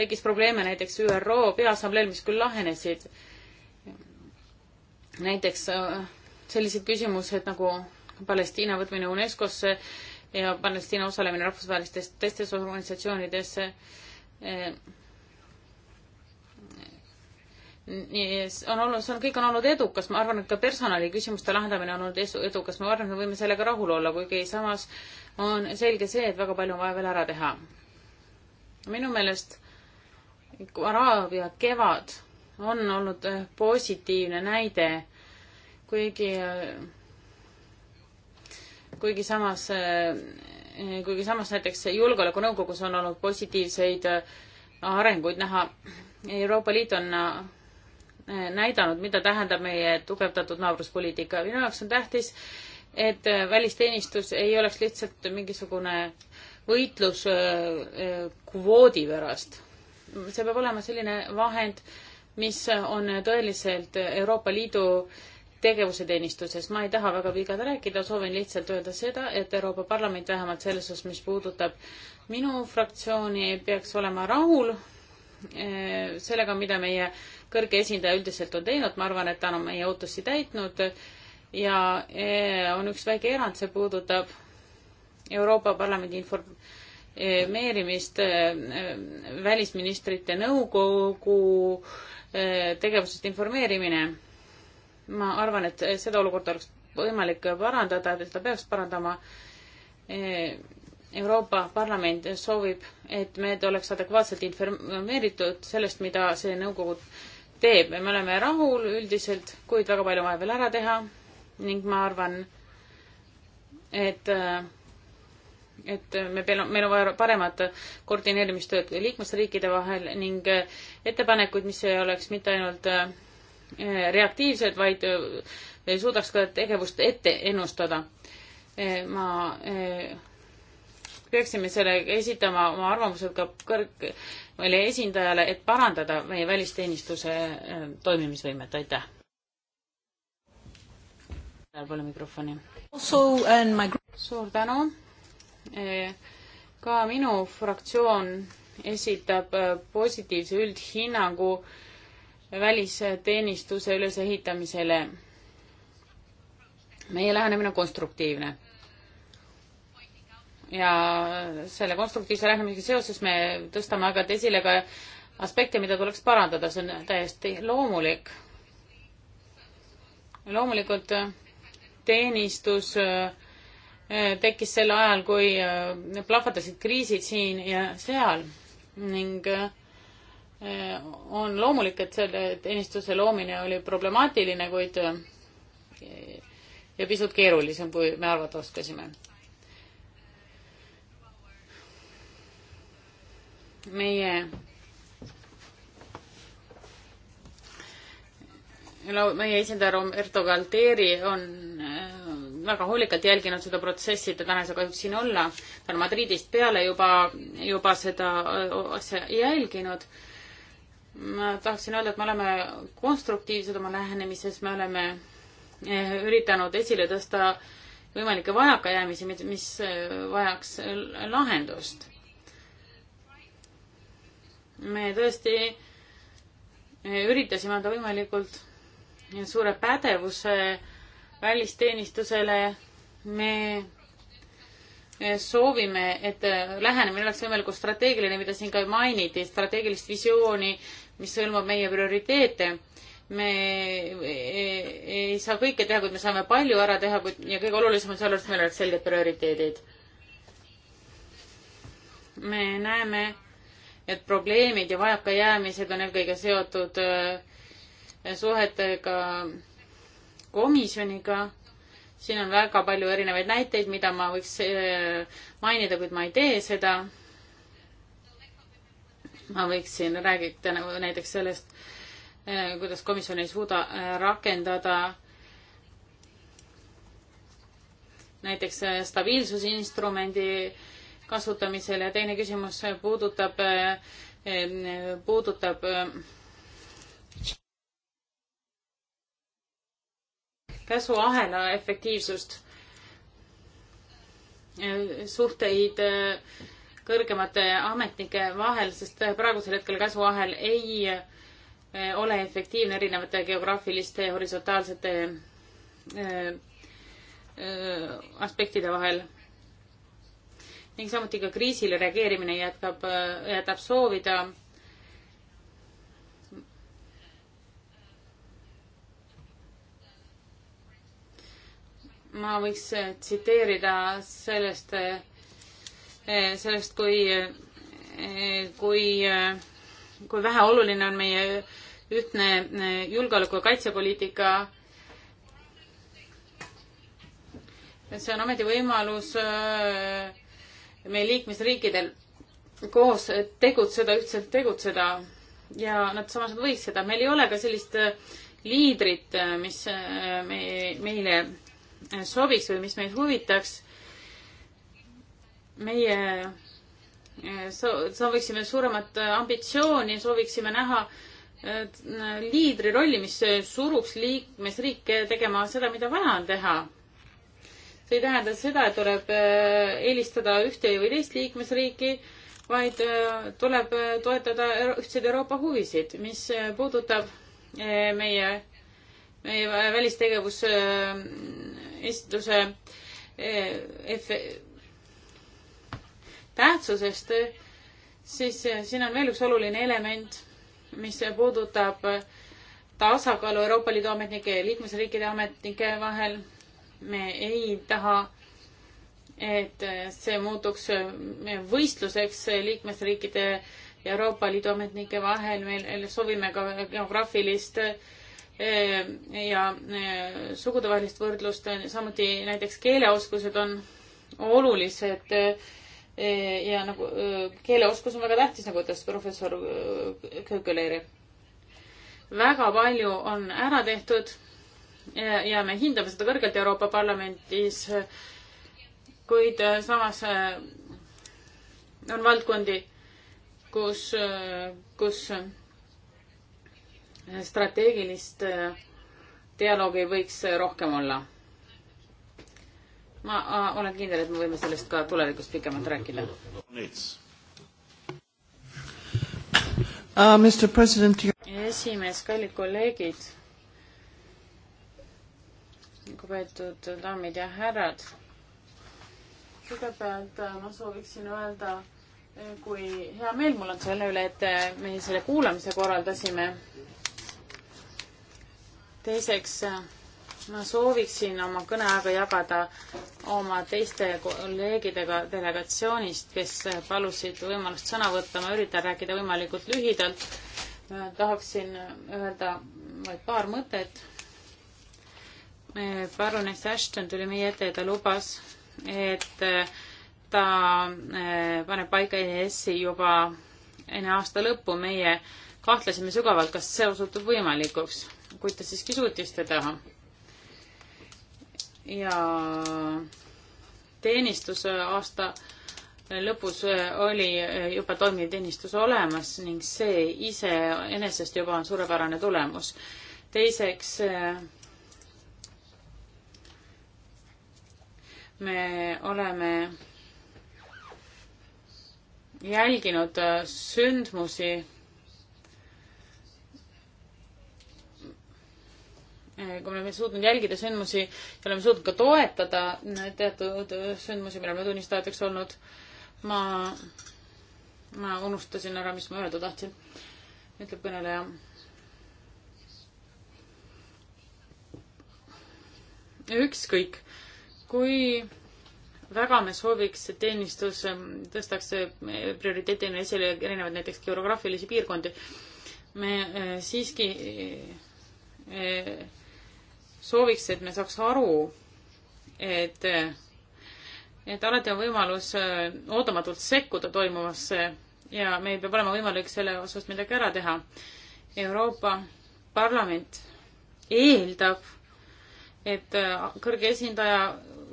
tekkis probleeme näiteks ÜRO Peaassambleel, mis küll lahenesid. näiteks äh, sellised küsimused nagu Palestiina võtmine UNESCO-sse ja Palestiina osalemine rahvusvahelistes teistes organisatsioonides. Äh, nii, on olnud, see on, kõik on olnud edukas, ma arvan, et ka personaliküsimuste lahendamine on olnud edukas, ma arvan, et me võime sellega rahul olla, kuigi samas on selge see, et väga palju on vaja veel ära teha. minu meelest Araabia kevad on olnud eh, positiivne näide, kuigi, eh, kuigi samas, eh, kuigi samas näiteks Julgeolekunõukogus on olnud positiivseid arenguid näha. Euroopa Liit on näidanud, mida tähendab meie tugevdatud naabruspoliitika. minu jaoks on tähtis, et välisteenistus ei oleks lihtsalt mingisugune võitlus kvoodi pärast see peab olema selline vahend, mis on tõeliselt Euroopa Liidu tegevuse teenistuses. ma ei taha väga pikalt rääkida, soovin lihtsalt öelda seda, et Euroopa Parlament vähemalt selles osas, mis puudutab minu fraktsiooni, peaks olema rahul eh, sellega, mida meie kõrge esindaja üldiselt on teinud, ma arvan, et ta on meie ootusi täitnud ja eh, on üks väike erand, see puudutab Euroopa Parlamendi inform-, meerimist eh, välisministrite nõukogu eh, tegevusest informeerimine. ma arvan, et seda olukorda oleks võimalik parandada, seda peaks parandama. Eh, Euroopa Parlament soovib, et me oleks adekvaatselt informeeritud sellest, mida see nõukogu teeb. me oleme rahul üldiselt, kuid väga palju on vaja veel ära teha ning ma arvan, et äh, et me peal-, meil on vaja paremat koordineerimistööd liikmesriikide vahel ning ettepanekuid, mis ei oleks mitte ainult eh, reaktiivsed, vaid eh, suudaks ka tegevust ette ennustada. Eh, ma, peaksime selle esitama oma arvamused ka kõrg-, meile esindajale, et parandada meie välisteenistuse toimimisvõimet, aitäh. seal pole mikrofoni. suur tänu ka minu fraktsioon esitab äh, positiivse üldhinnangu välisteenistuse ülesehitamisele. meie lähenemine on konstruktiivne. ja selle konstruktiivse lähenemisega seoses me tõstame aeg-ajalt esile ka aspekte, mida tuleks parandada, see on täiesti loomulik. loomulikult äh, teenistus äh, Äh, tekkis sel ajal, kui äh, plahvatasid kriisid siin ja seal ning äh, on loomulik, et selle teenistuse loomine oli problemaatiline, kuid ja pisut keerulisem, kui me arvata oskasime. meie meie esindaja Roberto Galtieri on väga hoolikalt jälginud seda protsessi, et täna ei saa kahjuks siin olla. ta on Madridist peale juba, juba seda asja jälginud. ma tahaksin öelda, et me oleme konstruktiivsed oma lähenemises, me oleme e, üritanud esile tõsta võimalikke vajakajäämisi, mis e, vajaks lahendust. me tõesti e, üritasime anda võimalikult suure pädevuse välisteenistusele. me soovime, et lähenemine oleks võimalikult strateegiline, mida siin ka mainiti, strateegilist visiooni, mis hõlmab meie prioriteete. me e, e, ei saa kõike teha, kuid me saame palju ära teha, kuid ja kõige olulisem on see, et meil oleks selged prioriteedid. me näeme, et probleemid ja vajakajäämised on eelkõige seotud e, suhetega komisjoniga. siin on väga palju erinevaid näiteid, mida ma võiks eh, mainida, kuid ma ei tee seda. ma võiksin räägida nagu näiteks sellest, eh, kuidas komisjon ei suuda eh, rakendada näiteks stabiilsusinstrumendi kasutamisel ja teine küsimus puudutab, puudutab käsuahela efektiivsust, suhteid äh, kõrgemate ametnike vahel, sest äh, praegusel hetkel käsuahel ei äh, ole efektiivne erinevate geograafiliste ja horisontaalsete aspektide vahel. ning samuti ka kriisile reageerimine jätkab, jätab soovida ma võiks äh, tsiteerida sellest, äh, äh, sellest, kui, kui, kui väheoluline on meie ühtne julgeoleku- ja kaitsepoliitika. see on ometi võimalus meie liikmesriikidel koos tegutseda, ühtselt tegutseda ja nad samas võiks seda, meil ei ole ka sellist liidrit, mis me, meile sobiks või mis meid huvitaks. meie eh, sooviksime suuremat eh, ambitsiooni, sooviksime näha eh, liidri rolli, mis suruks liikmesriike tegema seda, mida vaja on teha. see ei tähenda seda, et tuleb eelistada ühte või teist liikmesriiki, vaid tuleb toetada ühtseid Euroopa huvisid, mis puudutab meie meie välistegevus instituuse eh, e tähtsusest, siis eh, siin on veel üks oluline element, mis puudutab tasakaalu Euroopa Liidu ametnike ja liikmesriikide ametnike vahel. me ei taha, et see muutuks eh, võistluseks liikmesriikide ja Euroopa Liidu ametnike vahel. me soovime ka geograafilist äh, ja sugudevahelist võrdlust, samuti näiteks keeleoskused on olulised ja nagu keeleoskus on väga tähtis, nagu ütles professor Köökeleri. väga palju on ära tehtud ja, ja me hindame seda kõrgelt Euroopa Parlamendis, kuid samas on valdkondi, kus, kus strateegilist äh, dialoogi võiks rohkem olla. ma äh, olen kindel, et me võime sellest ka tulevikus pikemalt rääkida. Uh, Mr. President, you... esimees, kallid kolleegid, lugupeetud daamid ja härrad. kõigepealt äh, ma sooviksin öelda, kui hea meel mul on selle üle, et me selle kuulamise korraldasime teiseks, ma sooviksin oma kõneaega jagada oma teiste kolleegidega delegatsioonist, kes palusid võimalust sõna võtta, ma üritan rääkida võimalikult lühidalt. tahaksin öelda vaid paar mõtet. Baroness Ashton tuli meie ette ja ta lubas, et ta eh, paneb paika EAS-i juba enne aasta lõppu, meie kahtlesime sügavalt, kas see osutub võimalikuks kuid ta siiski suutis teda. ja teenistuse aasta lõpus oli juba toimiv teenistus olemas ning see iseenesest juba on suurepärane tulemus. teiseks me oleme jälginud sündmusi Eh, kui me oleme suutnud jälgida sündmusi ja oleme suutnud ka toetada eh, teatud eh, sündmusi, millel me tunnistajateks olnud, ma, ma unustasin ära, mis ma öelda tahtsin, ütleb kõneleja. ükskõik, kui väga me sooviks, et teenistus tõstaks prioriteetina esile erinevaid näiteks geograafilisi piirkondi, me siiski sooviks, et me saaks aru, et, et alati on võimalus äh, ootamatult sekkuda toimuvasse ja meil peab olema võimalik selle osas midagi ära teha. Euroopa Parlament eeldab, et äh, kõrge esindaja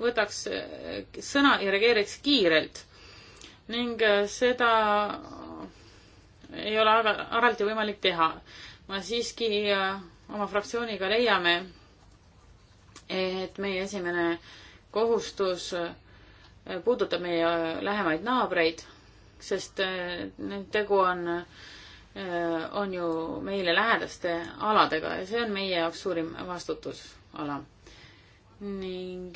võtaks äh, sõna ja reageeriks kiirelt ning seda ei ole alati võimalik teha. ma siiski oma fraktsiooniga leiame, et meie esimene kohustus eh, puudutab meie eh, lähemaid naabreid, sest eh, tegu on, on ju meile lähedaste aladega ja see on meie jaoks suurim vastutusala. ning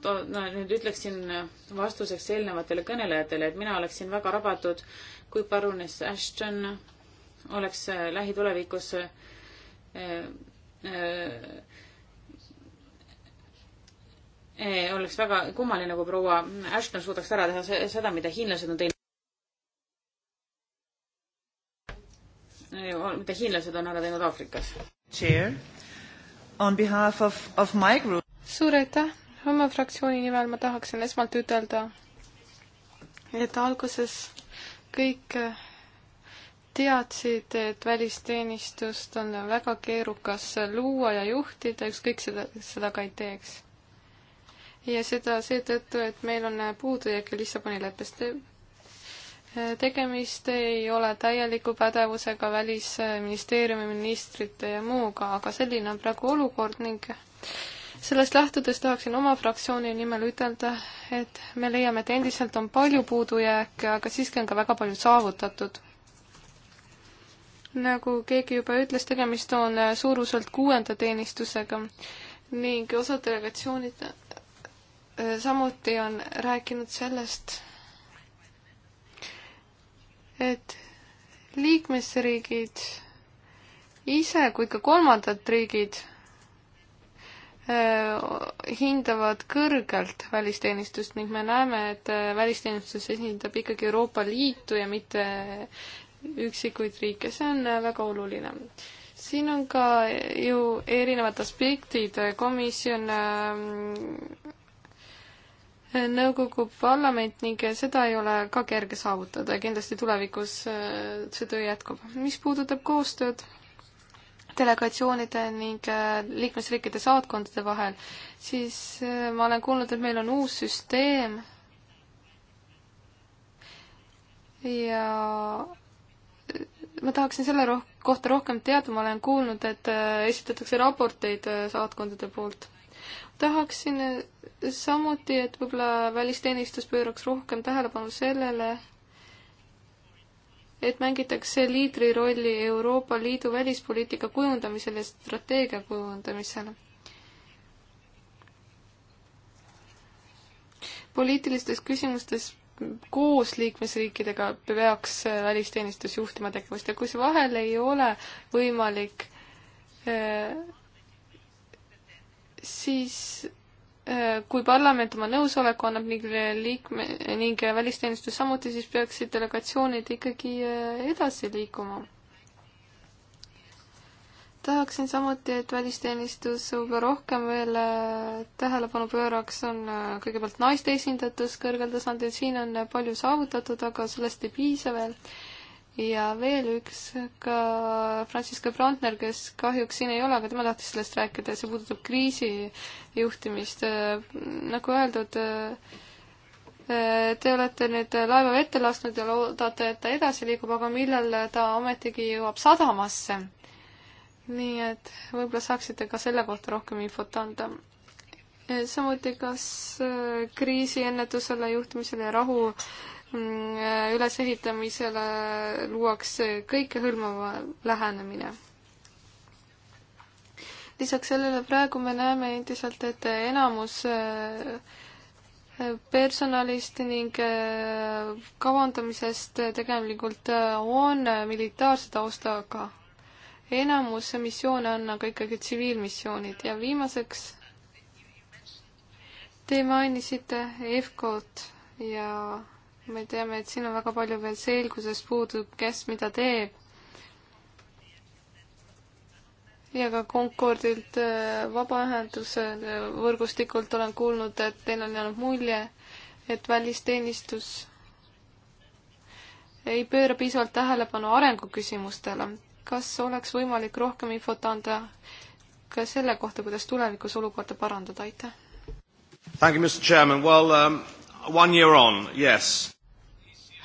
to, no, nüüd ütleksin vastuseks eelnevatele kõnelejatele, et mina oleksin väga rabatud, kui parunes Ashton oleks lähitulevikus äh, äh, Eh, oleks väga kummaline, kui proua Ashton suudaks ära teha seda, mida hiinlased on teinud. Eh, mida hiinlased on ära teinud Aafrikas. suur aitäh, oma fraktsiooni nimel ma tahaksin esmalt ütelda, et alguses kõik eh, teadsid, et välisteenistust on väga keerukas luua ja juhtida, ükskõik seda, seda ka ei teeks ja seda seetõttu, et meil on puudujääke Lissaboni leppest. tegemist ei ole täieliku pädevusega Välisministeeriumi ministrite ja muuga, aga selline on praegu olukord ning sellest lähtudes tahaksin oma fraktsiooni nimel ütelda, et me leiame, et endiselt on palju puudujääke, aga siiski on ka väga palju saavutatud. nagu keegi juba ütles, tegemist on suuruselt kuuenda teenistusega ning osad delegatsioonid samuti on rääkinud sellest, et liikmesriigid ise kui ka kolmandad riigid hindavad kõrgelt välisteenistust ning me näeme, et välisteenistus esindab ikkagi Euroopa Liitu ja mitte üksikuid riike, see on väga oluline. siin on ka ju erinevad aspektid, komisjon nõukogu parlament ning seda ei ole ka kerge saavutada ja kindlasti tulevikus äh, see töö jätkub. mis puudutab koostööd delegatsioonide ning äh, liikmesriikide saatkondade vahel, siis äh, ma olen kuulnud, et meil on uus süsteem ja ma tahaksin selle roh-, kohta rohkem teada, ma olen kuulnud, et esitatakse raporteid saatkondade poolt tahaksin samuti, et võib-olla välisteenistus pööraks rohkem tähelepanu sellele, et mängitakse liidri rolli Euroopa Liidu välispoliitika kujundamisel ja strateegia kujundamisel poliitilistes küsimustes koos liikmesriikidega peaks välisteenistus juhtima tegevust ja kui see vahel ei ole võimalik eh, siis äh, kui parlament oma nõusoleku annab ning äh, liikme ning äh, välisteenistus samuti, siis peaksid delegatsioonid ikkagi edasi liikuma. tahaksin samuti, et välisteenistus võib-olla rohkem veel tähelepanu pööraks, on kõigepealt naiste esindatus kõrgel tasandil, siin on palju saavutatud, aga sellest ei piisa veel ja veel üks ka Francisco Brandner, kes kahjuks siin ei ole, aga tema tahtis sellest rääkida ja see puudutab kriisijuhtimist. nagu öeldud, Te olete nüüd laeva vette lasknud ja loodate, et ta edasi liigub, aga millal ta ometigi jõuab sadamasse? nii et võib-olla saaksite ka selle kohta rohkem infot anda. samuti, kas kriisiennetusele, juhtimisele ja rahu Mm, ülesehitamisele luuakse kõikehõlmav lähenemine. lisaks sellele praegu me näeme endiselt, et enamus eh, personalist ning eh, kavandamisest tegelikult on militaarse taustaga. enamus missioone on aga ikkagi tsiviilmissioonid ja viimaseks te mainisite EFKO-t ja me teame, et siin on väga palju veel selgusest puudub, kes mida teeb. ja ka Concordilt äh, vabaühenduse äh, võrgustikult olen kuulnud, et teil on jäänud mulje, et välisteenistus ei pööra piisavalt tähelepanu arenguküsimustele. kas oleks võimalik rohkem infot anda ka selle kohta, kuidas tulevikus olukorda parandada, aitäh! Thank you, Mr Chairman, well um one year on, yes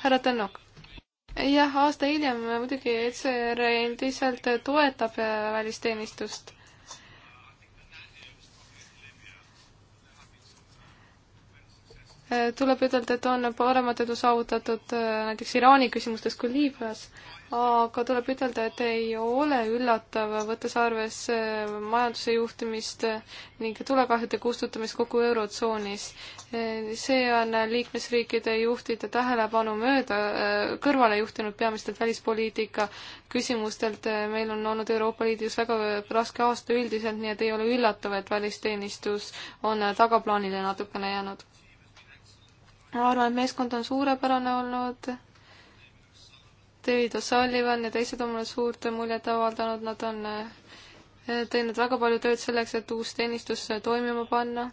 härra Tõnnok. jah, aasta hiljem muidugi ECR endiselt toetab välisteenistust tuleb ütelda, et on paremat edu saavutatud äh, näiteks Iraani küsimustes kui Liibüas, aga tuleb ütelda, et ei ole üllatav, võttes arvesse äh, majanduse juhtimist äh, ning tulekahjude kustutamist kogu Eurotsoonis. see on liikmesriikide juhtide tähelepanu mööda, kõrvale juhtinud peamistelt välispoliitika küsimustelt. meil on olnud Euroopa Liidus väga raske aasta üldiselt, nii et ei ole üllatav, et välisteenistus on tagaplaanile natukene jäänud ma arvan, et meeskond on suurepärane olnud. David O'Sullivan ja teised on mulle suurt muljet avaldanud, nad on eh, teinud väga palju tööd selleks, et uus teenistus eh, toimima panna.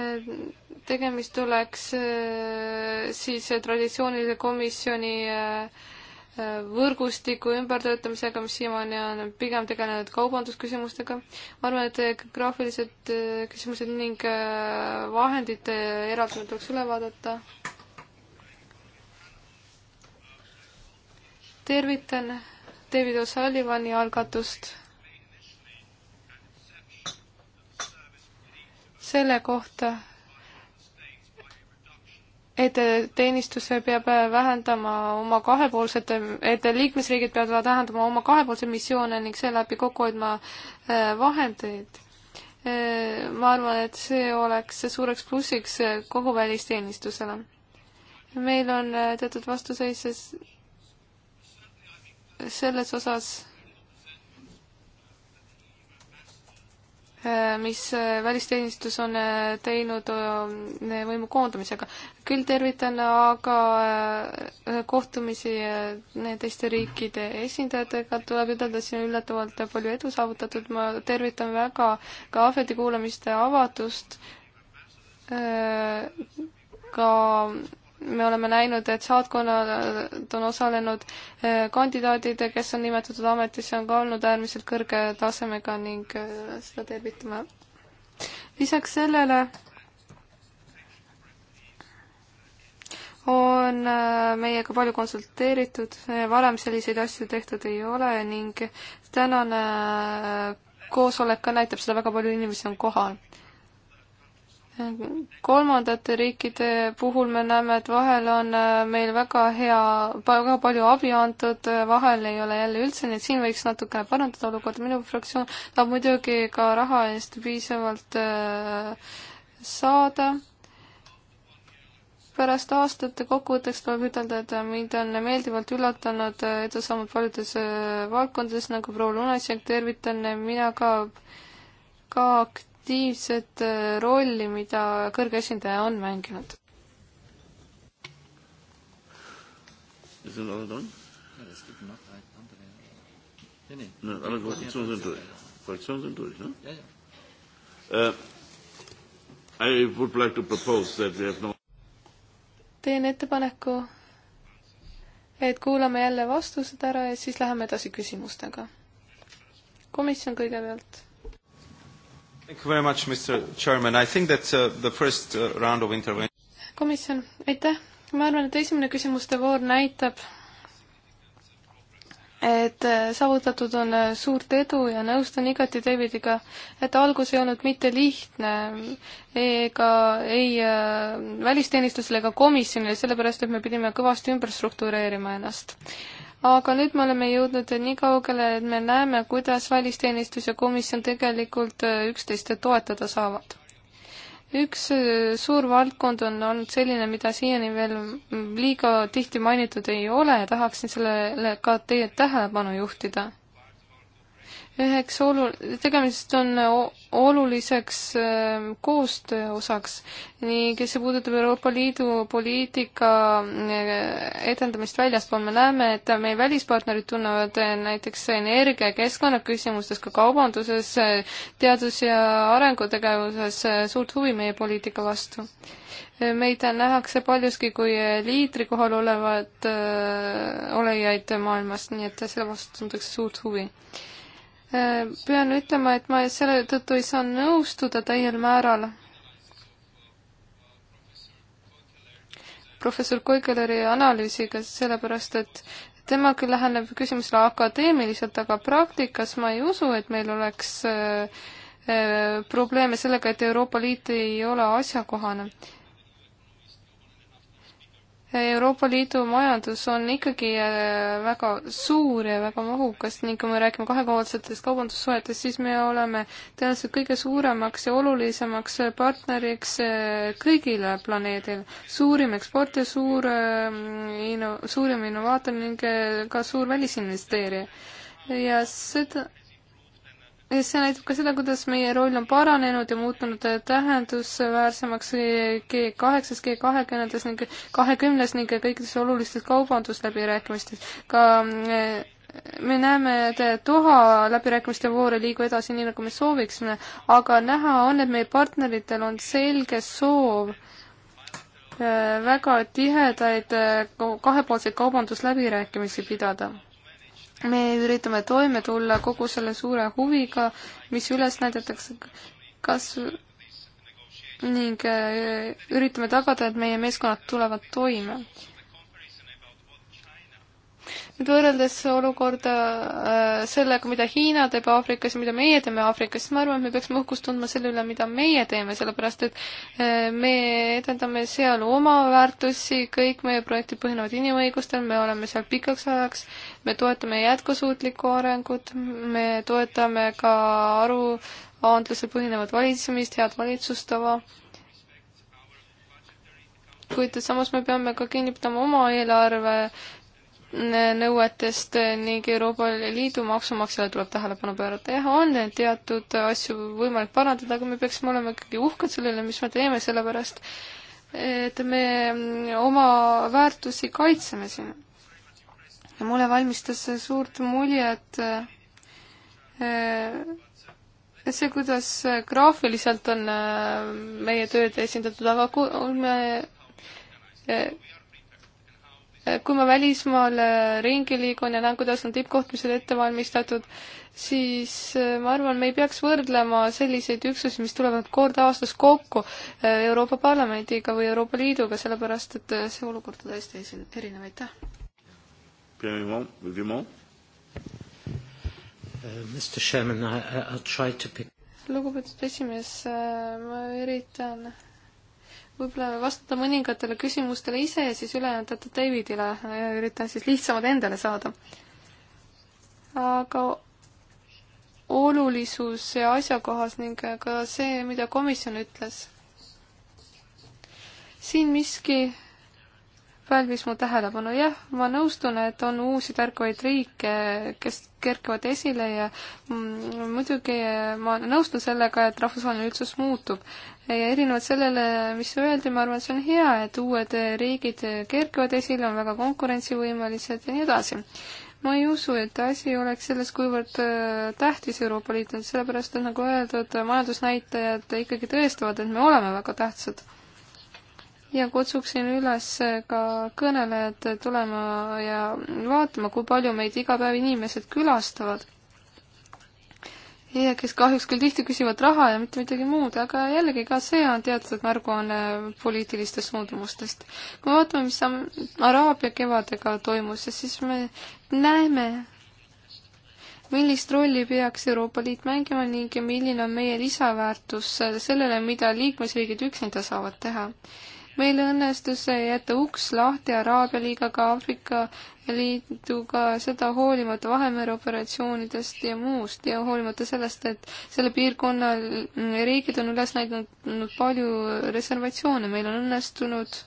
Eh, tegemist oleks siis traditsioonilise komisjoni võrgustiku ümbertöötamisega, mis siiamaani on pigem tegelenud kaubandusküsimustega. ma arvan, et äh, graafilised äh, küsimused ning äh, vahendite eraldamine tuleks üle vaadata. tervitan David O'Sullivani algatust selle kohta, et teenistus peab vähendama oma kahepoolsete, et liikmesriigid peavad vähendama oma kahepoolseid missioone ning seeläbi kokku hoidma äh, vahendeid. Äh, ma arvan, et see oleks suureks plussiks kogu välisteenistusele. meil on äh, teatud vastuseis selles osas Äh, mis äh, välisteenistus on äh, teinud võimu koondamisega. küll tervitan aga kohtumisi teiste riikide esindajatega, tuleb ütelda, siin on üllatavalt palju edu saavutatud, ma tervitan väga ka ahveti kuulamiste avatust, ka me oleme näinud, et saatkonnad on osalenud eh, kandidaadid, kes on nimetatud ametisse, on ka olnud äärmiselt kõrge tasemega ning eh, seda tervitame. lisaks sellele on eh, meiega palju konsulteeritud, varem selliseid asju tehtud ei ole ning tänane koosolek ka näitab seda, väga palju inimesi on kohal kolmandate riikide puhul me näeme, et vahel on äh, meil väga hea, väga palju abi antud, äh, vahel ei ole jälle üldse, nii et siin võiks natukene parandada olukorda. minu fraktsioon tahab muidugi ka raha eest piisavalt äh, saada. pärast aastate kokkuvõtteks tuleb ütelda, et mind on meeldivalt üllatanud edusammud paljudes valdkondades, nagu proua Lunasek, tervitan mina ka, ka akt-, aktiivset äh, rolli, mida kõrge esindaja on mänginud? Ist das alles dran? Ja, es gibt noch ein andere. Nee, nee. Nein, alle Fraktionen sind durch. Fraktionen sind durch, ne? Ja, ja. Uh, I would like to propose that we have no teen ettepaneku, et kuulame jälle vastused ära ja siis läheme edasi küsimustega. komisjon kõigepealt Thank you very much, Mr Chairman, I think that uh, the first uh, round of intervention komisjon, aitäh! ma arvan, et esimene küsimuste voor näitab, et äh, saavutatud on äh, suurt edu ja nõustun igati Davidiga, et algus ei olnud mitte lihtne ega ei äh, välisteenistusele ega komisjonile, sellepärast et me pidime kõvasti ümber struktureerima ennast aga nüüd me oleme jõudnud nii kaugele, et me näeme, kuidas välisteenistus ja komisjon tegelikult äh, üksteist toetada saavad. üks äh, suur valdkond on olnud selline, mida siiani veel mm, liiga tihti mainitud ei ole ja tahaksin sellele ka teie tähelepanu juhtida üheks olu-, tegemist on oluliseks ähm, koostöö osaks ning see puudutab Euroopa Liidu poliitika äh, edendamist väljaspool. me näeme, et meie välispartnerid tunnevad äh, näiteks energia ja keskkonnaküsimustes, ka kaubanduses, äh, teadus- ja arengutegevuses suurt huvi meie poliitika vastu meid nähakse paljuski kui liidri kohal olevat öö, olejaid maailmas, nii et selle vastu tuntakse suurt huvi. Äh, pean ütlema, et ma selle tõttu ei saa nõustuda täiel määral professor Koikeleri analüüsiga, sellepärast et tema küll läheneb küsimusele akadeemiliselt, aga praktikas ma ei usu, et meil oleks äh, äh probleeme sellega, et Euroopa Liit ei ole asjakohane. Euroopa Liidu majandus on ikkagi äh, väga suur ja väga mahukas ning kui me räägime kahekohasetest kaubandussuhetest, siis me oleme tõenäoliselt kõige suuremaks ja olulisemaks partneriks äh, kõigile planeedil. suurim eksportija, suur äh, inno-, suurim innovaator ning ka suur välisinvesteerija. ja seda see näitab ka seda, kuidas meie roll on paranenud ja muutunud tähendusväärsemaks G8-s, G20-s ning kahekümnes ning kõikides olulistes kaubandusläbirääkimistes. ka eh, me näeme, et Doha läbirääkimiste voor ei liigu edasi nii, nagu me sooviksime, aga näha on, et meie partneritel on selge soov eh, väga tihedaid eh, kahepoolseid kaubandusläbirääkimisi pidada me üritame toime tulla kogu selle suure huviga, mis üles näidatakse, kas ning äh, üritame tagada, et meie meeskonnad tulevad toime. nüüd võrreldes olukorda äh, sellega, mida Hiina teeb Aafrikas ja mida meie teeme Aafrikas, siis ma arvan, et me peaksime uhkust tundma selle üle, mida meie teeme, sellepärast et äh, me edendame seal oma väärtusi, kõik meie projektid põhinevad inimõigustel, me oleme seal pikaks ajaks me toetame jätkusuutlikku arengut, me toetame ka aruandluse põhinevat valitsemist, head valitsustava. kuid samas me peame ka kinni pidama oma eelarve nõuetest ning Euroopa Liidu maksumaksjale tuleb tähelepanu pöörata. jah, on teatud asju võimalik parandada, aga me peaksime olema ikkagi uhked selle üle, mis me teeme, sellepärast et me oma väärtusi kaitseme siin ja mulle valmistas suurt muljet äh, see, kuidas graafiliselt on äh, meie tööd esindatud, aga kui me, äh, kui ma välismaal ringi liigun ja näen, kuidas on tippkohtumised ette valmistatud, siis ma arvan, me ei peaks võrdlema selliseid üksusi, mis tulevad kord aastas kokku Euroopa Parlamendiga või Euroopa Liiduga, sellepärast et see olukord on täiesti erinev, aitäh! Pierre Vimont. Uh, Mr Chairman, I, I'll try to pick lugupeetud esimees, uh, ma üritan võib-olla vastata mõningatele küsimustele ise ja siis ülejäänud jätta Davidile ja üritan siis lihtsamad endale saada. aga olulisus ja asjakohas ning ka see, mida komisjon ütles. siin miski pälvis mu tähelepanu, jah, ma nõustun, et on uusi tärkavaid riike, kes kerkivad esile ja mm, muidugi ma nõustun sellega, et rahvusvaheline üldsus muutub. ja erinevalt sellele, mis öeldi, ma arvan, et see on hea, et uued riigid kerkivad esile, on väga konkurentsivõimelised ja nii edasi ma ei usu, et asi oleks selles, kuivõrd äh, tähtis Euroopa Liit on, sellepärast et nagu öeldud, majandusnäitajad ikkagi tõestavad, et me oleme väga tähtsad ja kutsuksin üles ka kõnelejad tulema ja vaatama, kui palju meid iga päev inimesed külastavad. ja kes kahjuks küll tihti küsivad raha ja mitte midagi muud, aga jällegi ka see on teatud märguanne poliitilistest suundumustest. kui me vaatame, mis Araabia kevadega toimus, siis me näeme, millist rolli peaks Euroopa Liit mängima ning milline on meie lisaväärtus sellele, mida liikmesriigid üksinda saavad teha meil õnnestus jätta uks lahti Araabia liigaga, Aafrika liiduga, seda hoolimata Vahemere operatsioonidest ja muust ja hoolimata sellest, et selle piirkonna riigid on üles näidanud palju reservatsioone, meil on õnnestunud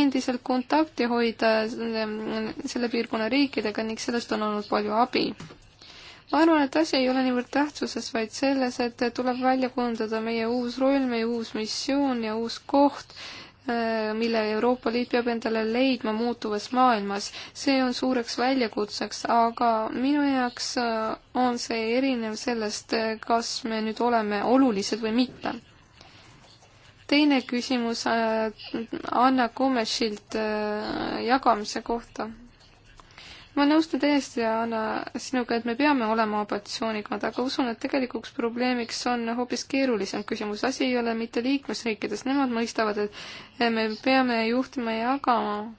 endiselt kontakti hoida selle, selle piirkonna riikidega ning sellest on olnud palju abi ma arvan, et asi ei ole niivõrd tähtsuses, vaid selles, et tuleb välja kujundada meie uus roll, meie uus missioon ja uus koht, äh, mille Euroopa Liit peab endale leidma muutuvas maailmas. see on suureks väljakutseks, aga minu jaoks äh, on see erinev sellest, äh, kas me nüüd oleme olulised või mitte. teine küsimus Anna Komesilt jagamise kohta ma nõustun täiesti, Anna, sinuga, et me peame olema opositsioonikud, aga usun, et tegelikuks probleemiks on hoopis keerulisem küsimus. asi ei ole mitte liikmesriikides, nemad mõistavad, et me peame juhtima ja jagama.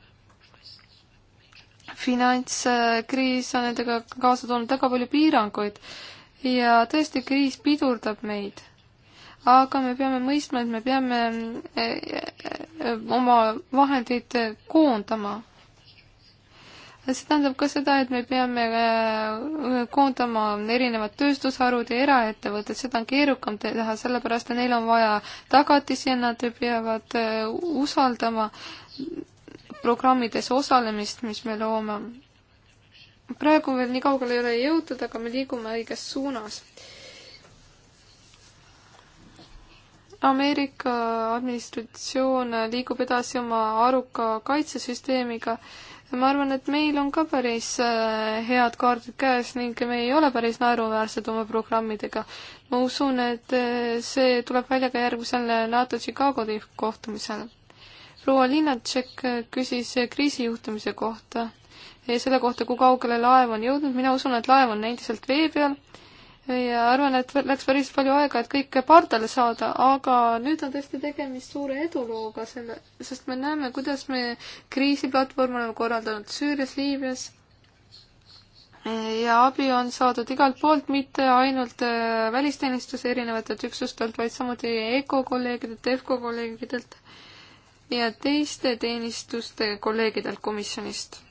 finantskriis on nendega kaasa toonud väga palju piiranguid ja tõesti, kriis pidurdab meid. aga me peame mõistma, et me peame eh, eh, oma vahendeid koondama see tähendab ka seda, et me peame äh, koondama erinevad tööstusharud ja eraettevõtted, seda on keerukam teha, sellepärast et neil on vaja tagatisi ja nad peavad äh, usaldama programmides osalemist, mis me loome. praegu veel nii kaugele ei ole jõutud, aga me liigume õiges suunas Ameerika administratsioon liigub edasi oma aruka kaitsesüsteemiga ma arvan, et meil on ka päris äh, head kaardid käes ning me ei ole päris naeruväärsed oma programmidega. ma usun, et äh, see tuleb välja ka järgmisel äh, NATO Chicago tippkohtumisel. proua Linnatšek küsis kriisijuhtimise kohta ja selle kohta, kui kaugele laev on jõudnud, mina usun, et laev on endiselt vee peal ja arvan, et läks päris palju aega, et kõike pardale saada, aga nüüd on tõesti tegemist suure edulooga selle, sest me näeme, kuidas me kriisiplatvorm oleme korraldanud Süürias, Liibüas ja abi on saadud igalt poolt, mitte ainult äh, välisteenistuse erinevatelt üksustelt, vaid samuti EKO kolleegidelt, EFKO kolleegidelt ja teiste teenistuste kolleegidelt komisjonist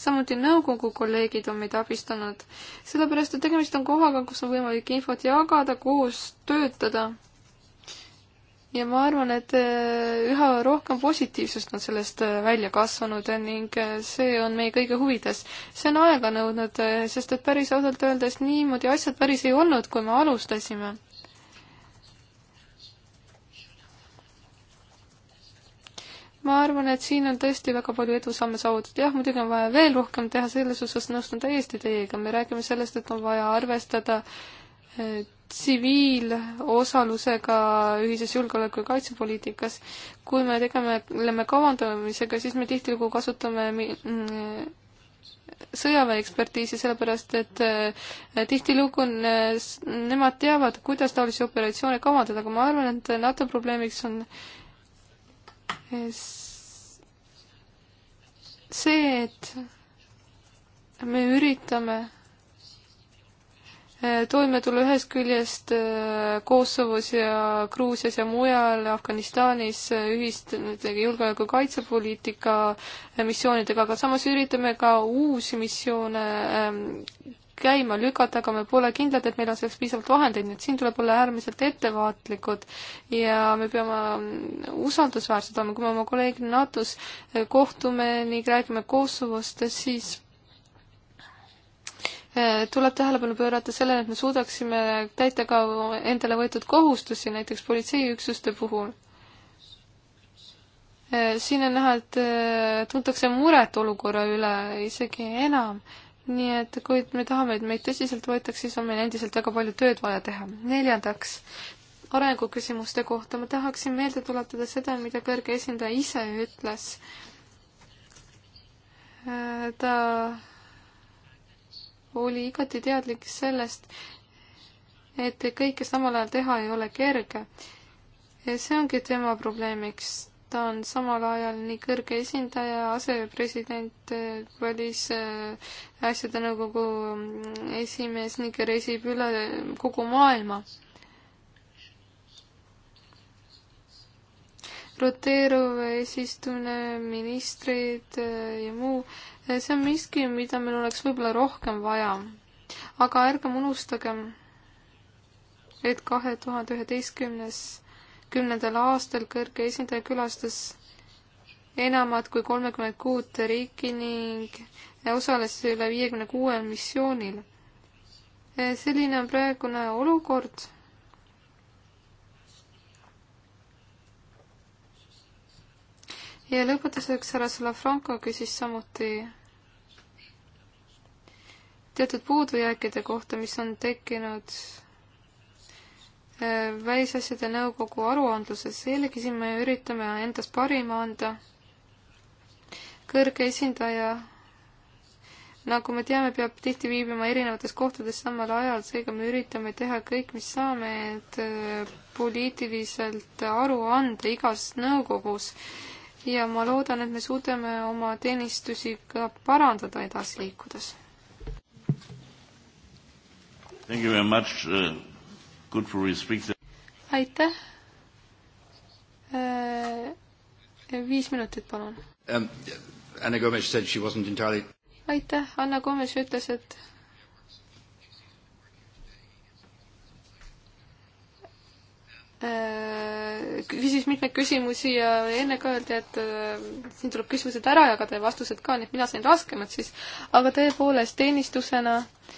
samuti nõukogu kolleegid on meid abistanud, sellepärast et tegemist on kohaga, kus on võimalik infot jagada, koos töötada. ja ma arvan, et äh, üha rohkem positiivsust on sellest äh, välja kasvanud ning äh, see on meie kõigi huvides. see on aega nõudnud, sest et päris ausalt öeldes niimoodi asjad päris ei olnud, kui me alustasime ma arvan, et siin on tõesti väga palju edusamme saavutatud, jah, muidugi on vaja veel rohkem teha, selles osas nõustun täiesti teiega, me räägime sellest, et on vaja arvestada eh, tsiviilosalusega ühises julgeoleku- ja kaitsepoliitikas. kui me tegeme, oleme kavandamisega, siis me tihtilugu kasutame mm, eh, sõjaväeekspertiisi, sellepärast et eh, tihtilugu on, nemad teavad, kuidas taolisi operatsioone kavandada, aga ma arvan, et NATO probleemiks on äh, see, et me üritame äh, toime tulla ühest küljest äh, Kosovos ja Gruusias ja mujal Afganistanis äh, ühist julgeoleku kaitsepoliitika missioonidega, aga samas üritame ka uusi missioone ähm, käima lükata, aga me pole kindlad, et meil on selleks piisavalt vahendeid, nii et siin tuleb olla äärmiselt ettevaatlikud ja me peame usaldusväärsed olema, kui me oma kolleegina NATO-s kohtume ning räägime Kosovost, siis eh, tuleb tähelepanu pöörata sellele, et me suudaksime täita ka endale võetud kohustusi, näiteks politseiüksuste puhul. Eh, siin on näha, et eh, tuntakse muret olukorra üle isegi enam nii et kui me tahame, et meid tõsiselt võetakse, siis on meil endiselt väga palju tööd vaja teha. neljandaks, arenguküsimuste kohta ma tahaksin meelde tuletada seda, mida kõrge esindaja ise ütles. ta oli igati teadlik sellest, et kõike samal ajal teha ei ole kerge. see ongi tema probleemiks ta on samal ajal nii kõrge esindaja, asepresident, välisasjade äh, nõukogu mm, esimees ning reisib üle kogu maailma. roteeruv eesistumine, ministrid äh, ja muu, äh, see on miski, mida meil oleks võib-olla rohkem vaja. aga ärgem unustagem, et kahe tuhande üheteistkümnes kümnendal aastal kõrge esindaja külastas enamat kui kolmekümmet kuut riiki ning osales üle viiekümne kuuel missioonil. selline on praegune olukord. ja lõpetuseks härra Salafranco küsis samuti teatud puudujääkide kohta, mis on tekkinud välisasjade nõukogu aruandluses, jällegi siin me üritame endast parima anda. kõrge esindaja, nagu me teame, peab tihti viibima erinevates kohtades samal ajal, seega me üritame teha kõik, mis saame, et äh, poliitiliselt aru anda igas nõukogus. ja ma loodan, et me suudame oma teenistusi ka parandada edasi liikudes. Thank you very much uh aitäh. Äh, viis minutit, palun um,. Anna Gomes said she wasn't entirely aitäh, Anna Komes ütles, et äh, küsis mitmeid küsimusi ja enne ka öeldi, et äh, siin tuleb küsimused ära jagada ja vastused ka, nii et mina sain raskemad siis. aga tõepoolest, teenistusena äh,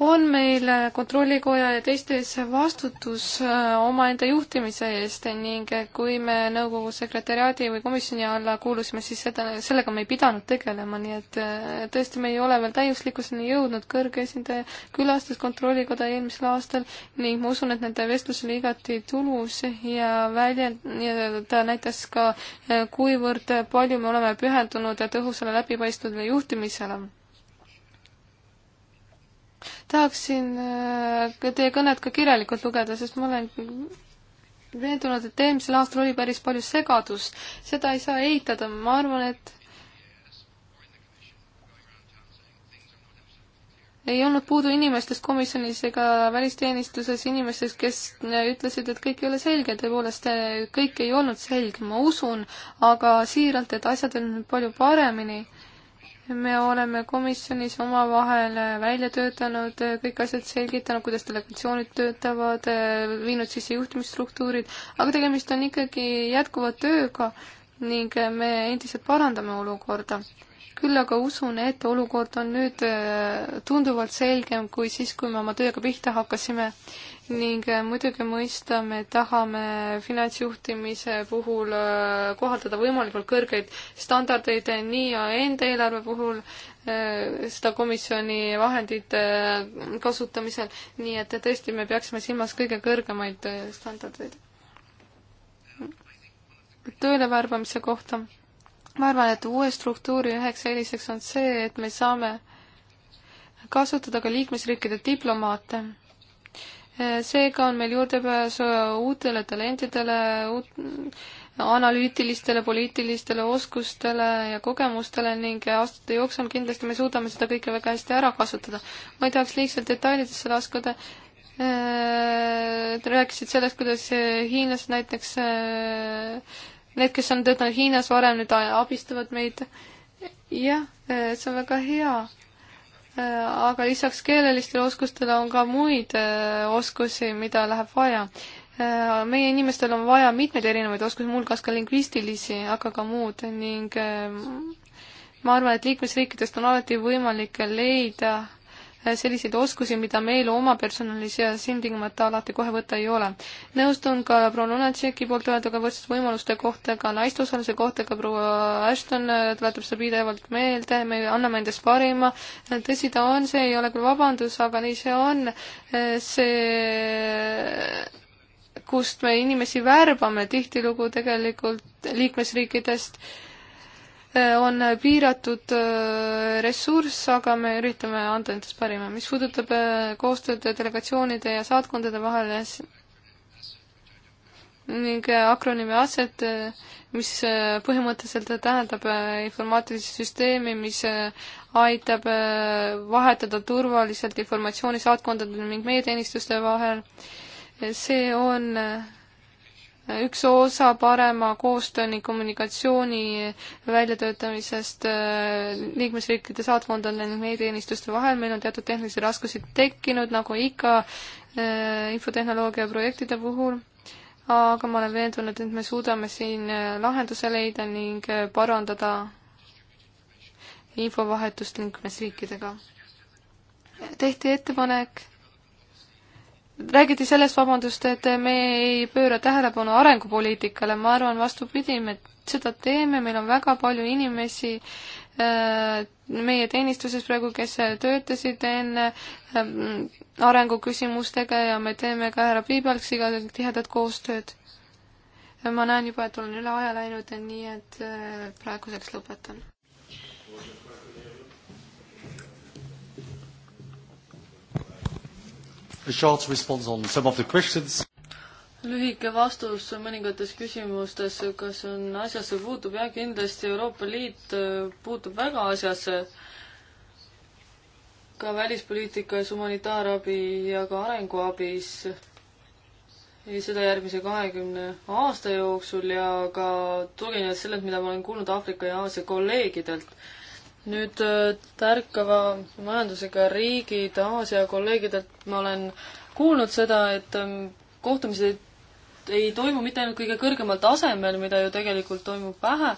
on meil Kontrollikoja ja teistes vastutus äh, omaenda juhtimise eest ning kui me nõukogu sekretäriaadi või komisjoni alla kuulusime, siis seda, sellega me ei pidanud tegelema, nii et äh, tõesti, me ei ole veel täiuslikkuseni jõudnud, kõrge esindaja külastas Kontrollikoda eelmisel aastal ning ma usun, et nende vestlus oli igati tulus ja väljend-, ja ta näitas ka, äh, kuivõrd palju me oleme pühendunud tõhusale läbipaistvale juhtimisele tahaksin äh, teie kõnet ka kirjalikult lugeda, sest ma olen veendunud, et eelmisel aastal oli päris palju segadust. seda ei saa eitada, ma arvan, et ei olnud puudu inimestest komisjonis ega välisteenistuses inimestest, kes ütlesid, et kõik ei ole selge, tõepoolest kõik ei olnud selge, ma usun, aga siiralt, et asjad on nüüd palju paremini me oleme komisjonis omavahel välja töötanud kõik asjad, selgitanud, kuidas delegatsioonid töötavad, viinud sisse juhtimisstruktuurid, aga tegemist on ikkagi jätkuva tööga ning me endiselt parandame olukorda. küll aga usun, et olukord on nüüd tunduvalt selgem kui siis, kui me oma tööga pihta hakkasime ning äh, muidugi mõista, me tahame finantsjuhtimise puhul äh, kohaldada võimalikult kõrgeid standardeid nii enda eelarve puhul, äh, seda komisjoni vahendite kasutamisel, nii et tõesti, me peaksime silmas kõige kõrgemaid standardeid. tööle värbamise kohta. ma arvan, et uue struktuuri üheks eeliseks on see, et me saame kasutada ka liikmesriikide diplomaate Eh, seega on meil juurdepääs eh, uutele talentidele, analüütilistele, poliitilistele oskustele ja kogemustele ning eh, aastate jooksul kindlasti me suudame seda kõike väga hästi ära kasutada. ma ei tahaks liigselt detailidesse laskuda, rääkisid sellest, kuidas Hiinas näiteks need, kes on töötanud Hiinas varem, nüüd abistavad meid. jah, see on väga hea Äh, aga lisaks keelelistele oskustele on ka muid äh, oskusi, mida läheb vaja. Äh, meie inimestel on vaja mitmeid erinevaid oskusi, muuhulgas ka lingvistilisi, aga ka muud ning ma arvan, et liikmesriikidest on alati võimalik leida selliseid oskusi, mida meil oma personalis ja ilmtingimata alati kohe võtta ei ole. nõustun ka proua Lunatšeki poolt öelduga võrdsete võimaluste kohta, ka naiste osaluse kohta, ka proua Ashton äh, tuletab seda pidevalt meelde, me anname endast parima. tõsi ta on, see ei ole küll vabandus, aga nii see on. Äh, see kust me inimesi värbame tihtilugu tegelikult liikmesriikidest äh, on piiratud äh, ressurss, aga me üritame anda endast parima. mis puudutab äh, koostööd delegatsioonide ja saatkondade vahel äh, ning akronüümi asset, mis põhimõtteliselt tähendab informaatilise süsteemi, mis aitab vahetada turvaliselt informatsiooni saatkondade ning meie teenistuste vahel. see on üks osa parema koostöö ning kommunikatsiooni väljatöötamisest äh, liikmesriikide saatkondade ning meie teenistuste vahel. meil on teatud tehnilisi raskusi tekkinud, nagu ikka äh, infotehnoloogia projektide puhul, aga ma olen veendunud, et me suudame siin äh, lahenduse leida ning parandada infovahetust liikmesriikidega. tehti ettepanek räägiti sellest, vabandust, et me ei pööra tähelepanu arengupoliitikale, ma arvan vastupidi, me seda teeme, meil on väga palju inimesi äh, meie teenistuses praegu, kes töötasid enne äh, arenguküsimustega ja me teeme ka härra Piibalksiga tihedat koostööd. ma näen juba, et olen üle aja läinud, nii et äh, praeguseks lõpetan. A short response on some of the questions. lühike vastus mõningates küsimustes, kas on asjasse puutub, jah, kindlasti Euroopa Liit äh, puutub väga asjasse, ka välispoliitikas, humanitaarabi ja ka arenguabis, seda järgmise kahekümne aasta jooksul ja ka tuginedes sellelt, mida ma olen kuulnud Aafrika ja Aasia kolleegidelt nüüd äh, tärkava majandusega riigid, Aasia kolleegidelt ma olen kuulnud seda, et ähm, kohtumised ei toimu mitte ainult kõige kõrgemal tasemel, mida ju tegelikult toimub vähe,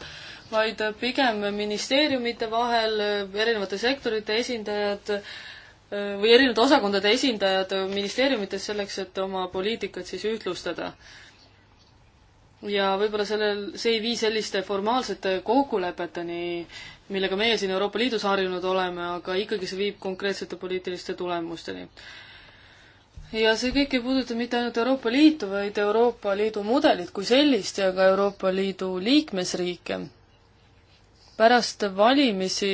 vaid äh, pigem ministeeriumite vahel äh, erinevate sektorite esindajad või erinevate osakondade esindajad ministeeriumites selleks, et oma poliitikat siis ühtlustada ja võib-olla sellel, see ei vii selliste formaalsete kokkulepeteni, millega meie siin Euroopa Liidus harjunud oleme, aga ikkagi see viib konkreetsete poliitiliste tulemusteni. ja see kõik ei puuduta mitte ainult Euroopa Liitu, vaid Euroopa Liidu mudelit kui sellist ja ka Euroopa Liidu liikmesriike. pärast valimisi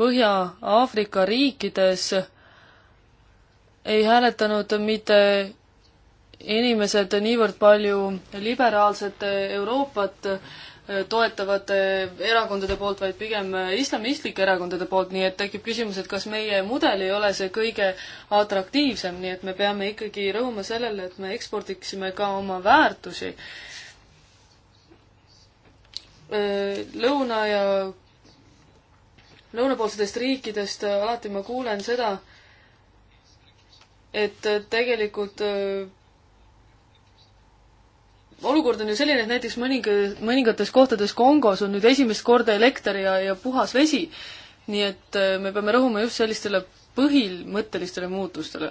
Põhja-Aafrika riikides ei hääletanud mitte inimesed niivõrd palju liberaalset Euroopat, toetavate eh, erakondade poolt, vaid pigem eh, islamistlike erakondade poolt, nii et tekib küsimus, et kas meie mudel ei ole see kõige atraktiivsem, nii et me peame ikkagi rõhuma sellele, et me ekspordiksime ka oma väärtusi. Eh, lõuna ja lõunapoolsetest riikidest alati ma kuulen seda, et tegelikult olukord on ju selline, et näiteks mõninga, mõningates kohtades Kongos on nüüd esimest korda elekter ja, ja puhas vesi. nii et äh, me peame rõhuma just sellistele põhimõttelistele muutustele.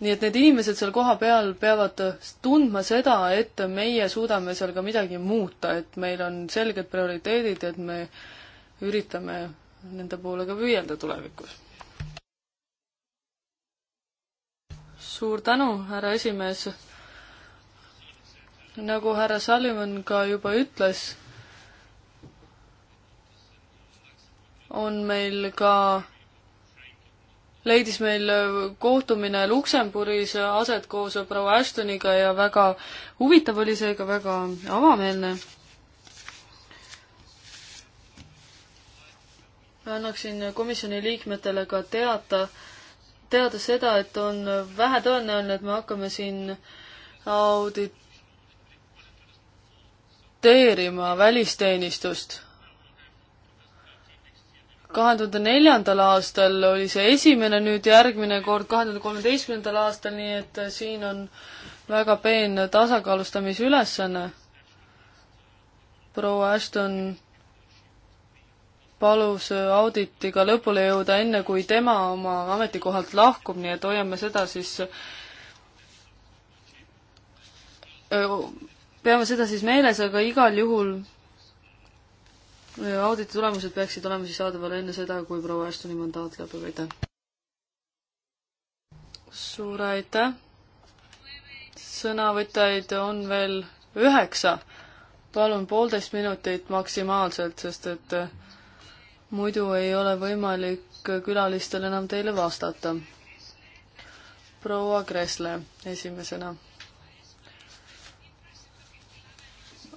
nii et need inimesed seal kohapeal peavad tundma seda, et meie suudame seal ka midagi muuta, et meil on selged prioriteedid, et me üritame nende poole ka püüelda tulevikus. suur tänu, härra esimees nagu härra Saliman ka juba ütles, on meil ka, leidis meil kohtumine Luksemburis aset koos proua Ashtoniga ja väga huvitav oli see ka, väga avameelne. annaksin komisjoni liikmetele ka teada, teada seda, et on vähetõenäoline, et me hakkame siin audit konsulteerima välisteenistust. kahe tuhande neljandal aastal oli see esimene, nüüd järgmine kord kahe tuhande kolmeteistkümnendal aastal, nii et siin on väga peen tasakaalustamisülesanne. proua Ashton palus auditiga lõpule jõuda enne, kui tema oma ametikohalt lahkub, nii et hoiame seda siis peame seda siis meeles, aga igal juhul äh, auditi tulemused peaksid olema siis saadaval enne seda, kui proua Ashtoni mandaat lõpeb, aitäh. suur aitäh. sõnavõtjaid on veel üheksa. palun poolteist minutit maksimaalselt, sest et äh, muidu ei ole võimalik külalistel enam teile vastata. proua Kresle esimesena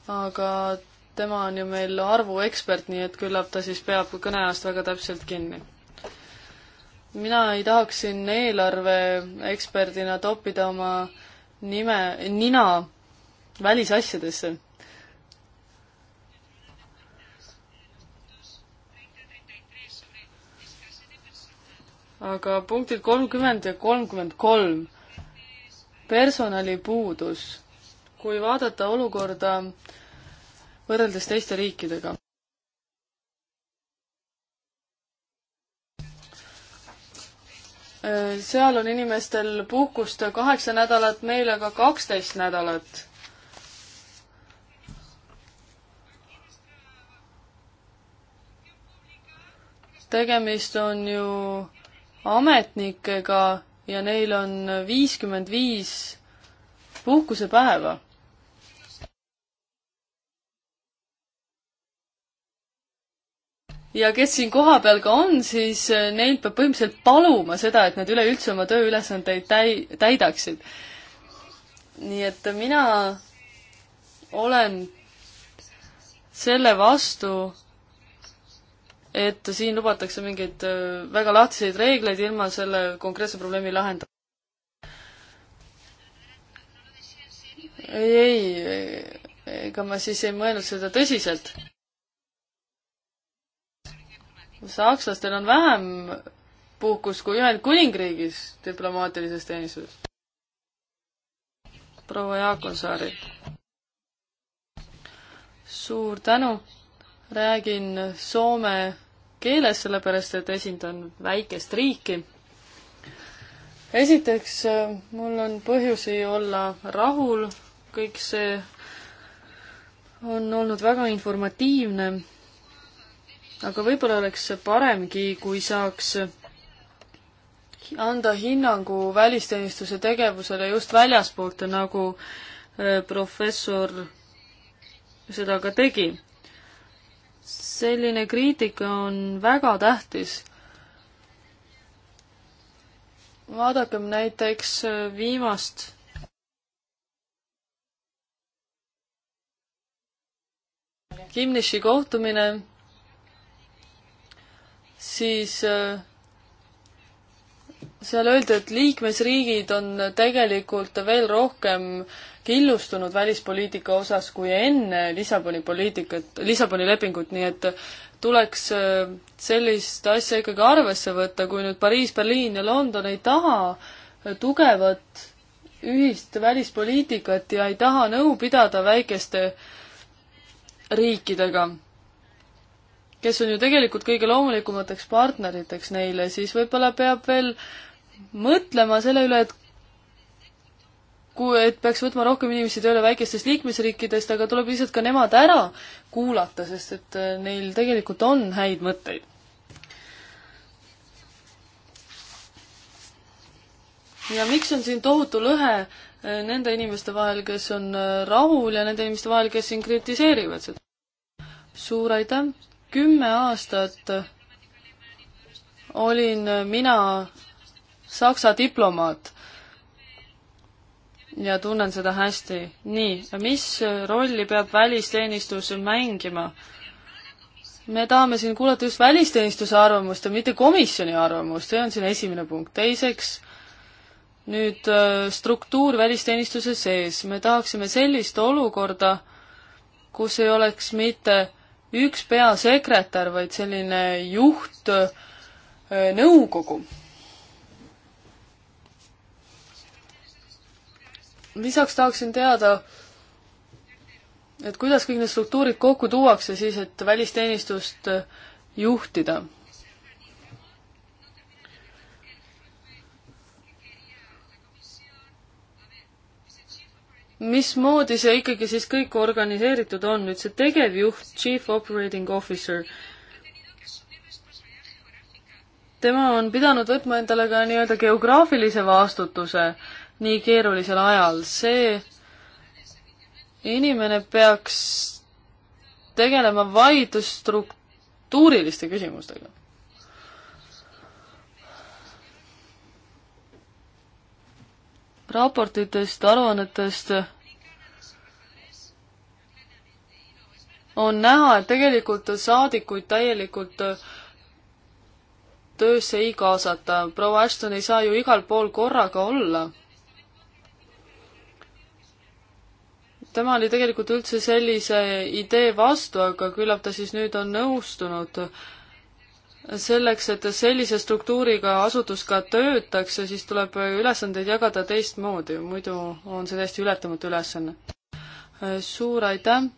aga tema on ju meil arvuekspert, nii et küllap ta siis peab kõneajast väga täpselt kinni. mina ei tahaks siin eelarveeksperdina toppida oma nime, nina välisasjadesse. aga punktid kolmkümmend ja kolmkümmend kolm, personalipuudus kui vaadata olukorda võrreldes teiste riikidega. seal on inimestel puhkust kaheksa nädalat, meil aga kaksteist nädalat. tegemist on ju ametnikega ja neil on viiskümmend viis puhkusepäeva ja kes siin kohapeal ka on, siis äh, neilt peab põhimõtteliselt paluma seda, et nad üleüldse oma tööülesandeid täi-, täidaksid. nii et mina olen selle vastu, et siin lubatakse mingeid äh, väga lahtiseid reegleid ilma selle konkreetse probleemi lahendamisega. ei, ei, ega ma siis ei mõelnud seda tõsiselt sakslastel on vähem puhkust kui Ühendkuningriigis diplomaatilises teenistuses. proua Jaakonsaari. suur tänu, räägin soome keeles, sellepärast et esindan väikest riiki. esiteks, mul on põhjusi olla rahul, kõik see on olnud väga informatiivne aga võib-olla oleks paremgi, kui saaks anda hinnangu välisteenistuse tegevusele just väljaspoolt, nagu äh, professor seda ka tegi. selline kriitika on väga tähtis vaadakem näiteks äh, viimast Kimniši kohtumine siis äh, seal öeldi, et liikmesriigid on tegelikult veel rohkem killustunud välispoliitika osas kui enne Lissaboni poliitikat, Lissaboni lepingut, nii et tuleks äh, sellist asja ikkagi arvesse võtta, kui nüüd Pariis, Berliin ja London ei taha tugevat ühist välispoliitikat ja ei taha nõu pidada väikeste riikidega kes on ju tegelikult kõige loomulikumateks partneriteks neile, siis võib-olla peab veel mõtlema selle üle, et kui, et peaks võtma rohkem inimesi tööle väikestest liikmesriikidest, aga tuleb lihtsalt ka nemad ära kuulata, sest et äh, neil tegelikult on häid mõtteid. ja miks on siin tohutu lõhe äh, nende inimeste vahel, kes on äh, rahul ja nende inimeste vahel, kes siin kritiseerivad seda? suur aitäh! kümme aastat olin mina Saksa diplomaat ja tunnen seda hästi. nii, mis rolli peab välisteenistus mängima? me tahame siin kuulata just välisteenistuse arvamust ja mitte komisjoni arvamust, see on siin esimene punkt. teiseks, nüüd äh, struktuur välisteenistuse sees. me tahaksime sellist olukorda, kus ei oleks mitte üks peasekretär, vaid selline juhtnõukogu. Äh, lisaks tahaksin teada, et kuidas kõik need struktuurid kokku tuuakse siis, et välisteenistust äh, juhtida mismoodi see ikkagi siis kõik organiseeritud on, nüüd see tegevjuht, chief operating officer, tema on pidanud võtma endale ka nii-öelda geograafilise vastutuse nii keerulisel ajal, see inimene peaks tegelema vaid struktuuriliste küsimustega raportitest, aruannetest on näha, et tegelikult saadikuid täielikult töösse ei kaasata. proua Ashton ei saa ju igal pool korraga olla. tema oli tegelikult üldse sellise idee vastu, aga küllap ta siis nüüd on nõustunud selleks, et sellise struktuuriga asutus ka töötaks, siis tuleb ülesandeid jagada teistmoodi, muidu on see täiesti ületamatu ülesanne. suur aitäh!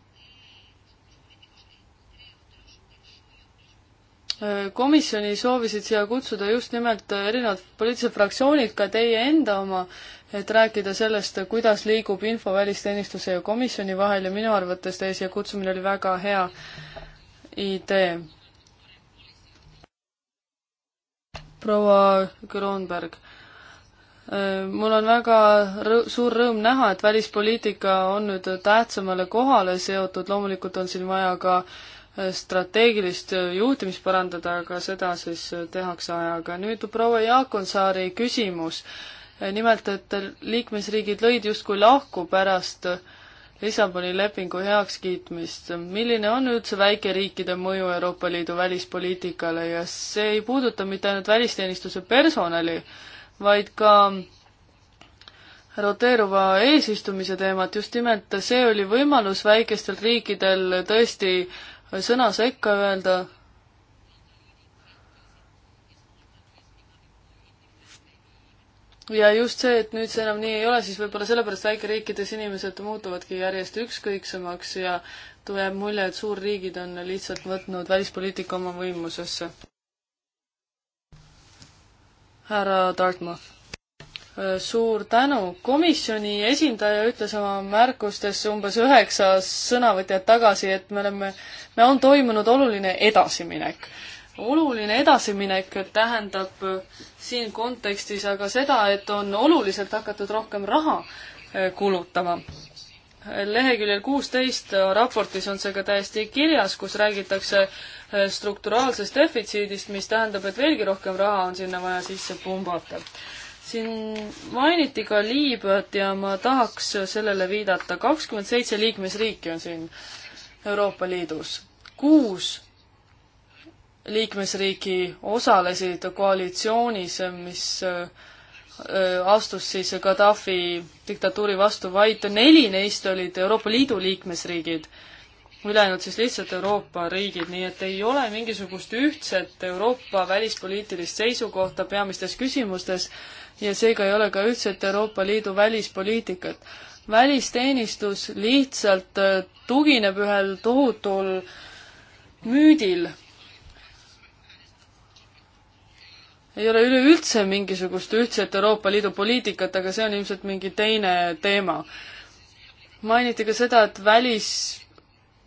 komisjoni soovisid siia kutsuda just nimelt erinevad poliitilised fraktsioonid, ka teie enda oma, et rääkida sellest, kuidas liigub info välisteenistuse ja komisjoni vahel ja minu arvates teie siia kutsumine oli väga hea idee proua Kroonberg äh, mul on väga rõ-, suur rõõm näha, et välispoliitika on nüüd tähtsamale kohale seotud, loomulikult on siin vaja ka äh, strateegilist äh, juhtimist parandada, aga seda siis tehakse ajaga. nüüd proua Jaakonsaari küsimus. nimelt, et liikmesriigid lõid justkui lahku pärast äh, Lissaboni lepingu heakskiitmist. milline on üldse väikeriikide mõju Euroopa Liidu välispoliitikale ja see ei puuduta mitte ainult välisteenistuse personali, vaid ka roteeruva eesistumise teemat, just nimelt see oli võimalus väikestel riikidel tõesti sõna sekka öelda ja just see, et nüüd see enam nii ei ole, siis võib-olla sellepärast väikeriikides inimesed muutuvadki järjest ükskõiksemaks ja tuleb mulje, et suurriigid on lihtsalt võtnud välispoliitika oma võimusesse. härra Dartmouth suur tänu. komisjoni esindaja ütles oma märkustes umbes üheksa sõnavõtjat tagasi, et me oleme, me on toimunud oluline edasiminek oluline edasiminek tähendab äh, siin kontekstis aga seda, et on oluliselt hakatud rohkem raha äh, kulutama. leheküljel kuusteist äh, raportis on see ka täiesti kirjas, kus räägitakse strukturaalsest defitsiidist, mis tähendab, et veelgi rohkem raha on sinna vaja sisse pumbata. siin mainiti ka Liibüat ja ma tahaks sellele viidata, kakskümmend seitse liikmesriiki on siin Euroopa Liidus. kuus liikmesriiki osalesid koalitsioonis, mis äh, astus siis Gaddafi diktatuuri vastu, vaid neli neist olid Euroopa Liidu liikmesriigid, ülejäänud siis lihtsalt Euroopa riigid, nii et ei ole mingisugust ühtset Euroopa välispoliitilist seisukohta peamistes küsimustes ja seega ei ole ka ühtset Euroopa Liidu välispoliitikat. välisteenistus lihtsalt äh, tugineb ühel tohutul müüdil ei ole üleüldse mingisugust ühtset Euroopa Liidu poliitikat, aga see on ilmselt mingi teine teema. mainiti ka seda, et välis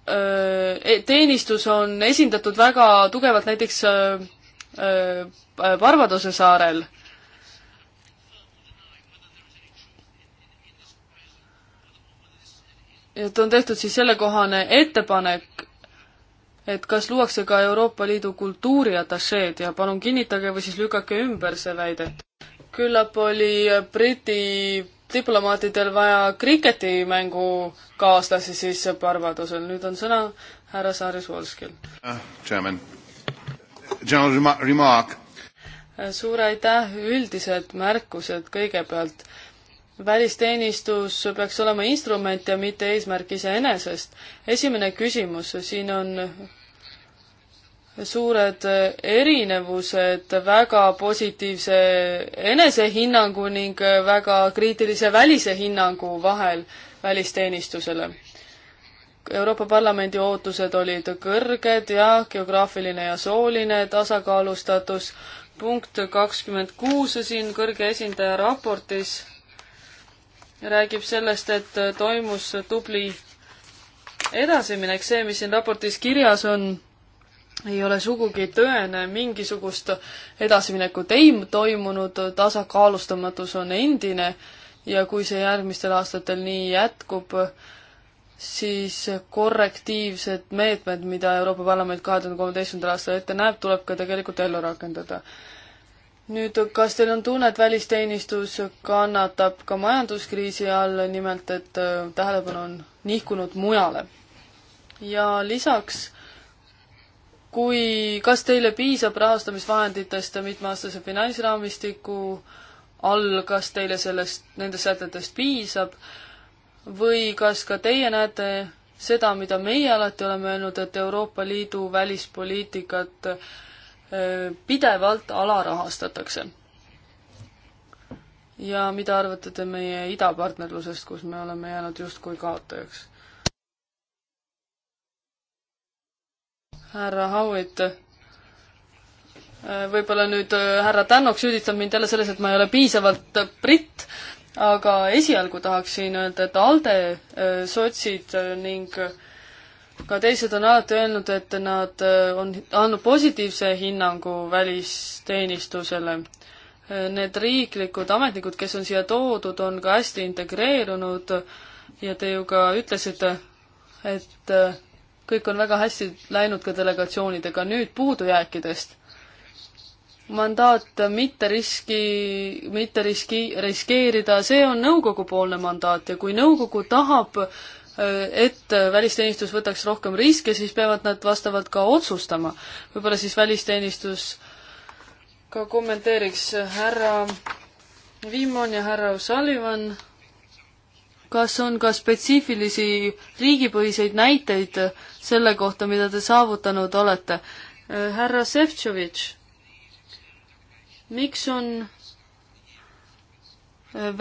öö, e, teenistus on esindatud väga tugevalt näiteks Barbadose saarel. et on tehtud siis sellekohane ettepanek et kas luuakse ka Euroopa Liidu kultuuriatašeed ja palun kinnitage või siis lükake ümber see väide. küllap oli Briti diplomaatidel vaja kriketimängu kaaslasi sisse Barbadosel, nüüd on sõna härra Saarjus-Volskil uh,. General remark, remark.. suur aitäh, üldised märkused kõigepealt. välisteenistus peaks olema instrument ja mitte eesmärk iseenesest. esimene küsimus, siin on suured erinevused väga positiivse enesehinnangu ning väga kriitilise välise hinnangu vahel välisteenistusele. Euroopa Parlamendi ootused olid kõrged ja geograafiline ja sooline tasakaalustatus. punkt kakskümmend kuus siin kõrge esindaja raportis räägib sellest, et toimus tubli edasiminek, see, mis siin raportis kirjas on ei ole sugugi tõene, mingisugust edasiminekut ei toimunud, tasakaalustamatus on endine ja kui see järgmistel aastatel nii jätkub, siis korrektiivsed meetmed, mida Euroopa Parlament kahe tuhande kolmeteistkümnendal aastal ette näeb, tuleb ka tegelikult ellu rakendada. nüüd, kas teil on tunne, et välisteenistus kannatab ka majanduskriisi all, nimelt et äh, tähelepanu on nihkunud mujale? ja lisaks kui, kas teile piisab rahastamisvahenditest mitmeaastase finantsraamistiku all, kas teile sellest, nendest sätetest piisab või kas ka teie näete seda, mida meie alati oleme öelnud, et Euroopa Liidu välispoliitikat eh, pidevalt alarahastatakse? ja mida arvate te meie idapartnerlusest, kus me oleme jäänud justkui kaotajaks? härra Howitt, äh, võib-olla nüüd äh, härra Tännok süüdistab mind jälle selles, et ma ei ole piisavalt äh, britt, aga esialgu tahaksin öelda, et ALDE, sotsid ning ka teised on alati öelnud, et nad on andnud positiivse hinnangu välisteenistusele. Need riiklikud ametnikud, kes on siia toodud, on ka hästi integreerunud ja te ju ka ütlesite, et kõik on väga hästi läinud ka delegatsioonidega, nüüd puudujääkidest. mandaat mitte riski, mitte riski, riskeerida, see on nõukogupoolne mandaat ja kui nõukogu tahab, äh, et välisteenistus võtaks rohkem riske, siis peavad nad vastavalt ka otsustama. võib-olla siis välisteenistus ka kommenteeriks härra Vimon ja härra Sullivan kas on ka spetsiifilisi riigipõhiseid näiteid selle kohta, mida te saavutanud olete? Äh, härra Šefčovitš, miks on äh,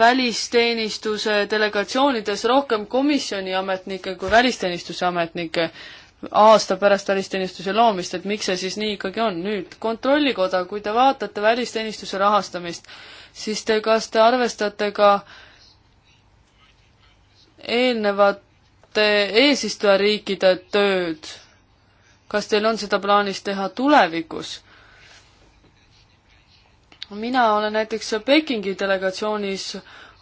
välisteenistuse delegatsioonides rohkem komisjoni ametnikke kui välisteenistuse ametnikke aasta pärast välisteenistuse loomist, et miks see siis nii ikkagi on. nüüd Kontrollikoda, kui te vaatate välisteenistuse rahastamist, siis te, kas te arvestate ka äh, eelnevate eesistujariikide tööd. kas teil on seda plaanis teha tulevikus? mina olen näiteks Pekingi delegatsioonis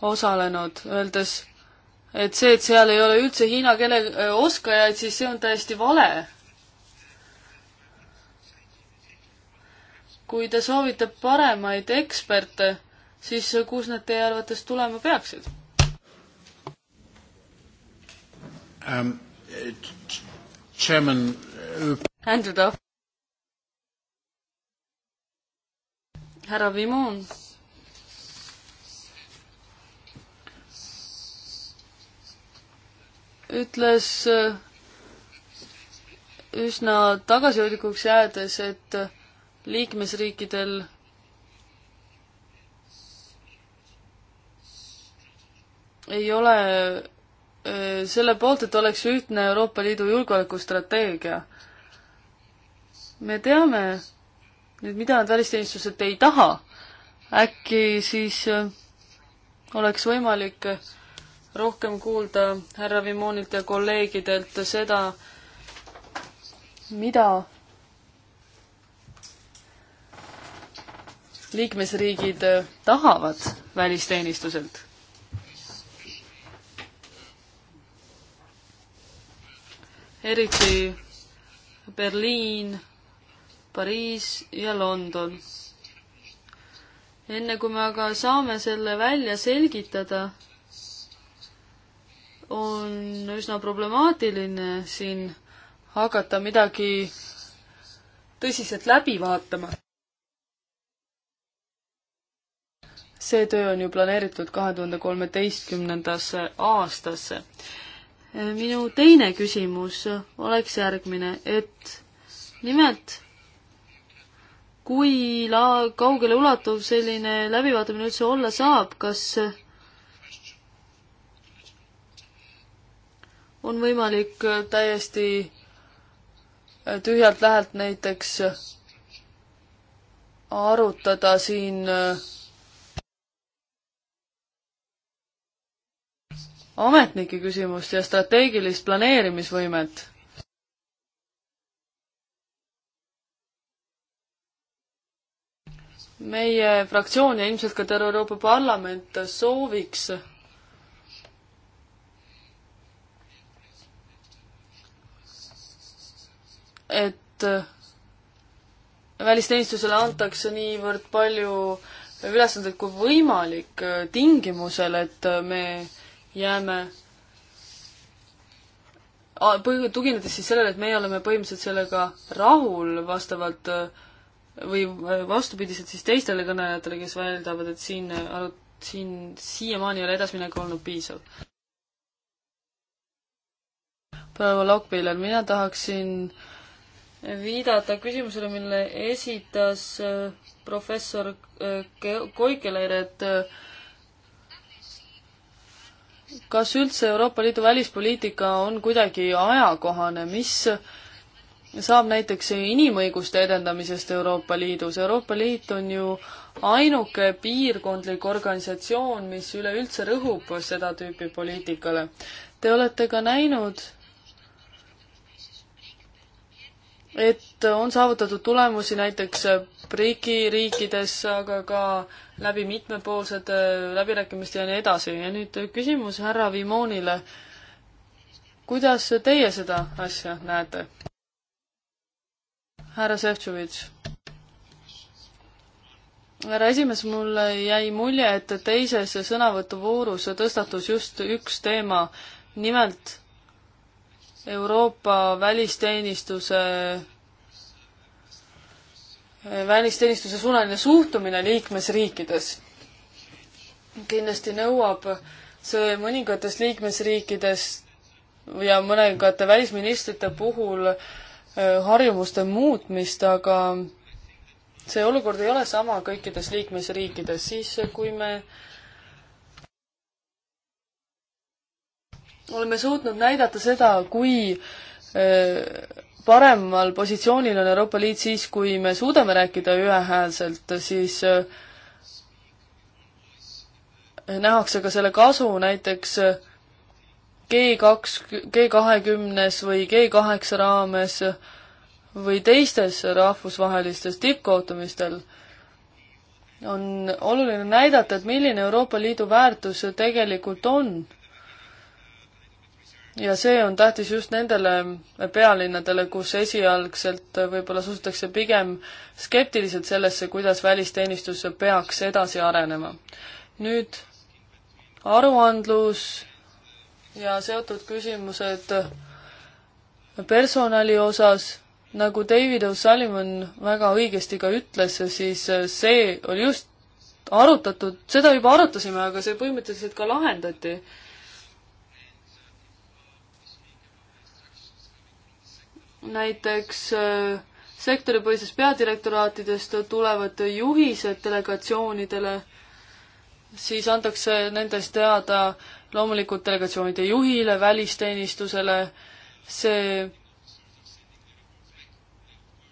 osalenud, öeldes, et see, et seal ei ole üldse hiina keele oskajaid, siis see on täiesti vale. kui te soovite paremaid eksperte, siis kus nad teie arvates tulema peaksid? Um, uh, chairman, uh... Andrew Duff. härra Vimon. ütles uh, üsna tagasihoidlikuks jäädes, et liikmesriikidel ei ole Äh, selle poolt, et oleks ühtne Euroopa Liidu julgeolekustrateegia. me teame nüüd, mida need välisteenistused ei taha. äkki siis äh, oleks võimalik rohkem kuulda härra Vimonilt ja kolleegidelt seda, mida liikmesriigid tahavad välisteenistuselt eriti Berliin, Pariis ja London. enne kui me aga saame selle välja selgitada, on üsna problemaatiline siin hakata midagi tõsiselt läbi vaatama. see töö on ju planeeritud kahe tuhande kolmeteistkümnendasse aastasse minu teine küsimus oleks järgmine, et nimelt kui la-, kaugele ulatuv selline läbivaatamine üldse olla saab, kas on võimalik täiesti tühjalt lähelt näiteks arutada siin äh, ametnike küsimust ja strateegilist planeerimisvõimet. meie fraktsioon ja ilmselt ka terve Euroopa Parlament sooviks et välisteenistusele antakse niivõrd palju ülesandeid kui võimalik tingimusel, et me äh, jääme tuginedes siis sellele, et meie oleme põhimõtteliselt sellega rahul vastavalt või vastupidiselt siis teistele kõnelejatele, kes väidavad, et siin arut-, siin siiamaani ei ole edasiminek olnud piisav. proua Lokpiller, mina tahaksin viidata küsimusele, mille esitas äh, professor äh, Koikeleer, et äh, kas üldse Euroopa Liidu välispoliitika on kuidagi ajakohane, mis saab näiteks inimõiguste edendamisest Euroopa Liidus, Euroopa Liit on ju ainuke piirkondlik organisatsioon, mis üleüldse rõhub seda tüüpi poliitikale. Te olete ka näinud, et on saavutatud tulemusi näiteks BRICS-i riikides, aga ka läbi mitmepoolsete äh, läbirääkimiste ja nii edasi. ja nüüd küsimus härra Vimonile. kuidas teie seda asja näete? härra Šefčovitš. härra esimees, mulle jäi mulje, et teises sõnavõtuvoorus tõstatus just üks teema, nimelt Euroopa välisteenistuse välisteenistuse suunaline suhtumine liikmesriikides. kindlasti nõuab see mõningates liikmesriikides ja mõningate välisministrite puhul äh, harjumuste muutmist, aga see olukord ei ole sama kõikides liikmesriikides, siis kui me äh, oleme suutnud näidata seda, kui äh, paremal positsioonil on Euroopa Liit siis, kui me suudame rääkida ühehäälselt, siis äh, nähakse ka selle kasu näiteks äh, G kaks, G kahekümnes või G kaheksa raames või teistes rahvusvahelistes tippkohtumistel on oluline näidata, et milline Euroopa Liidu väärtus tegelikult on ja see on tähtis just nendele pealinnadele, kus esialgselt võib-olla suhtutakse pigem skeptiliselt sellesse, kuidas välisteenistus peaks edasi arenema. nüüd aruandlus ja seotud küsimused personali osas, nagu David O'Sullivan väga õigesti ka ütles, siis see oli just arutatud, seda juba arutasime, aga see põhimõtteliselt ka lahendati näiteks äh, sektoripõhisest peadirektoraatidest tulevad juhised delegatsioonidele, siis antakse nendest teada loomulikult delegatsioonide juhile, välisteenistusele, see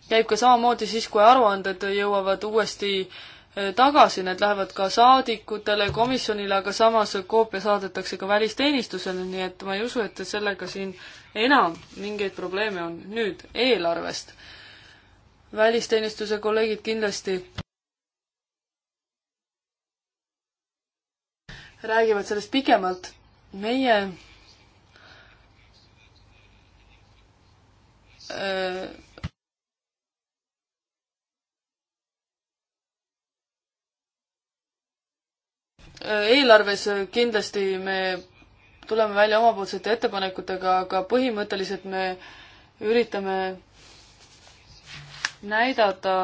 käib ka samamoodi siis, kui aruanded jõuavad uuesti äh, tagasi, need lähevad ka saadikutele, komisjonile, aga samas koopia saadetakse ka välisteenistusele, nii et ma ei usu, et sellega siin enam mingeid probleeme on. nüüd eelarvest. välisteenistuse kolleegid kindlasti räägivad sellest pikemalt. meie öö, äh, eelarves kindlasti me tuleme välja omapoolsete ettepanekutega, aga põhimõtteliselt me üritame näidata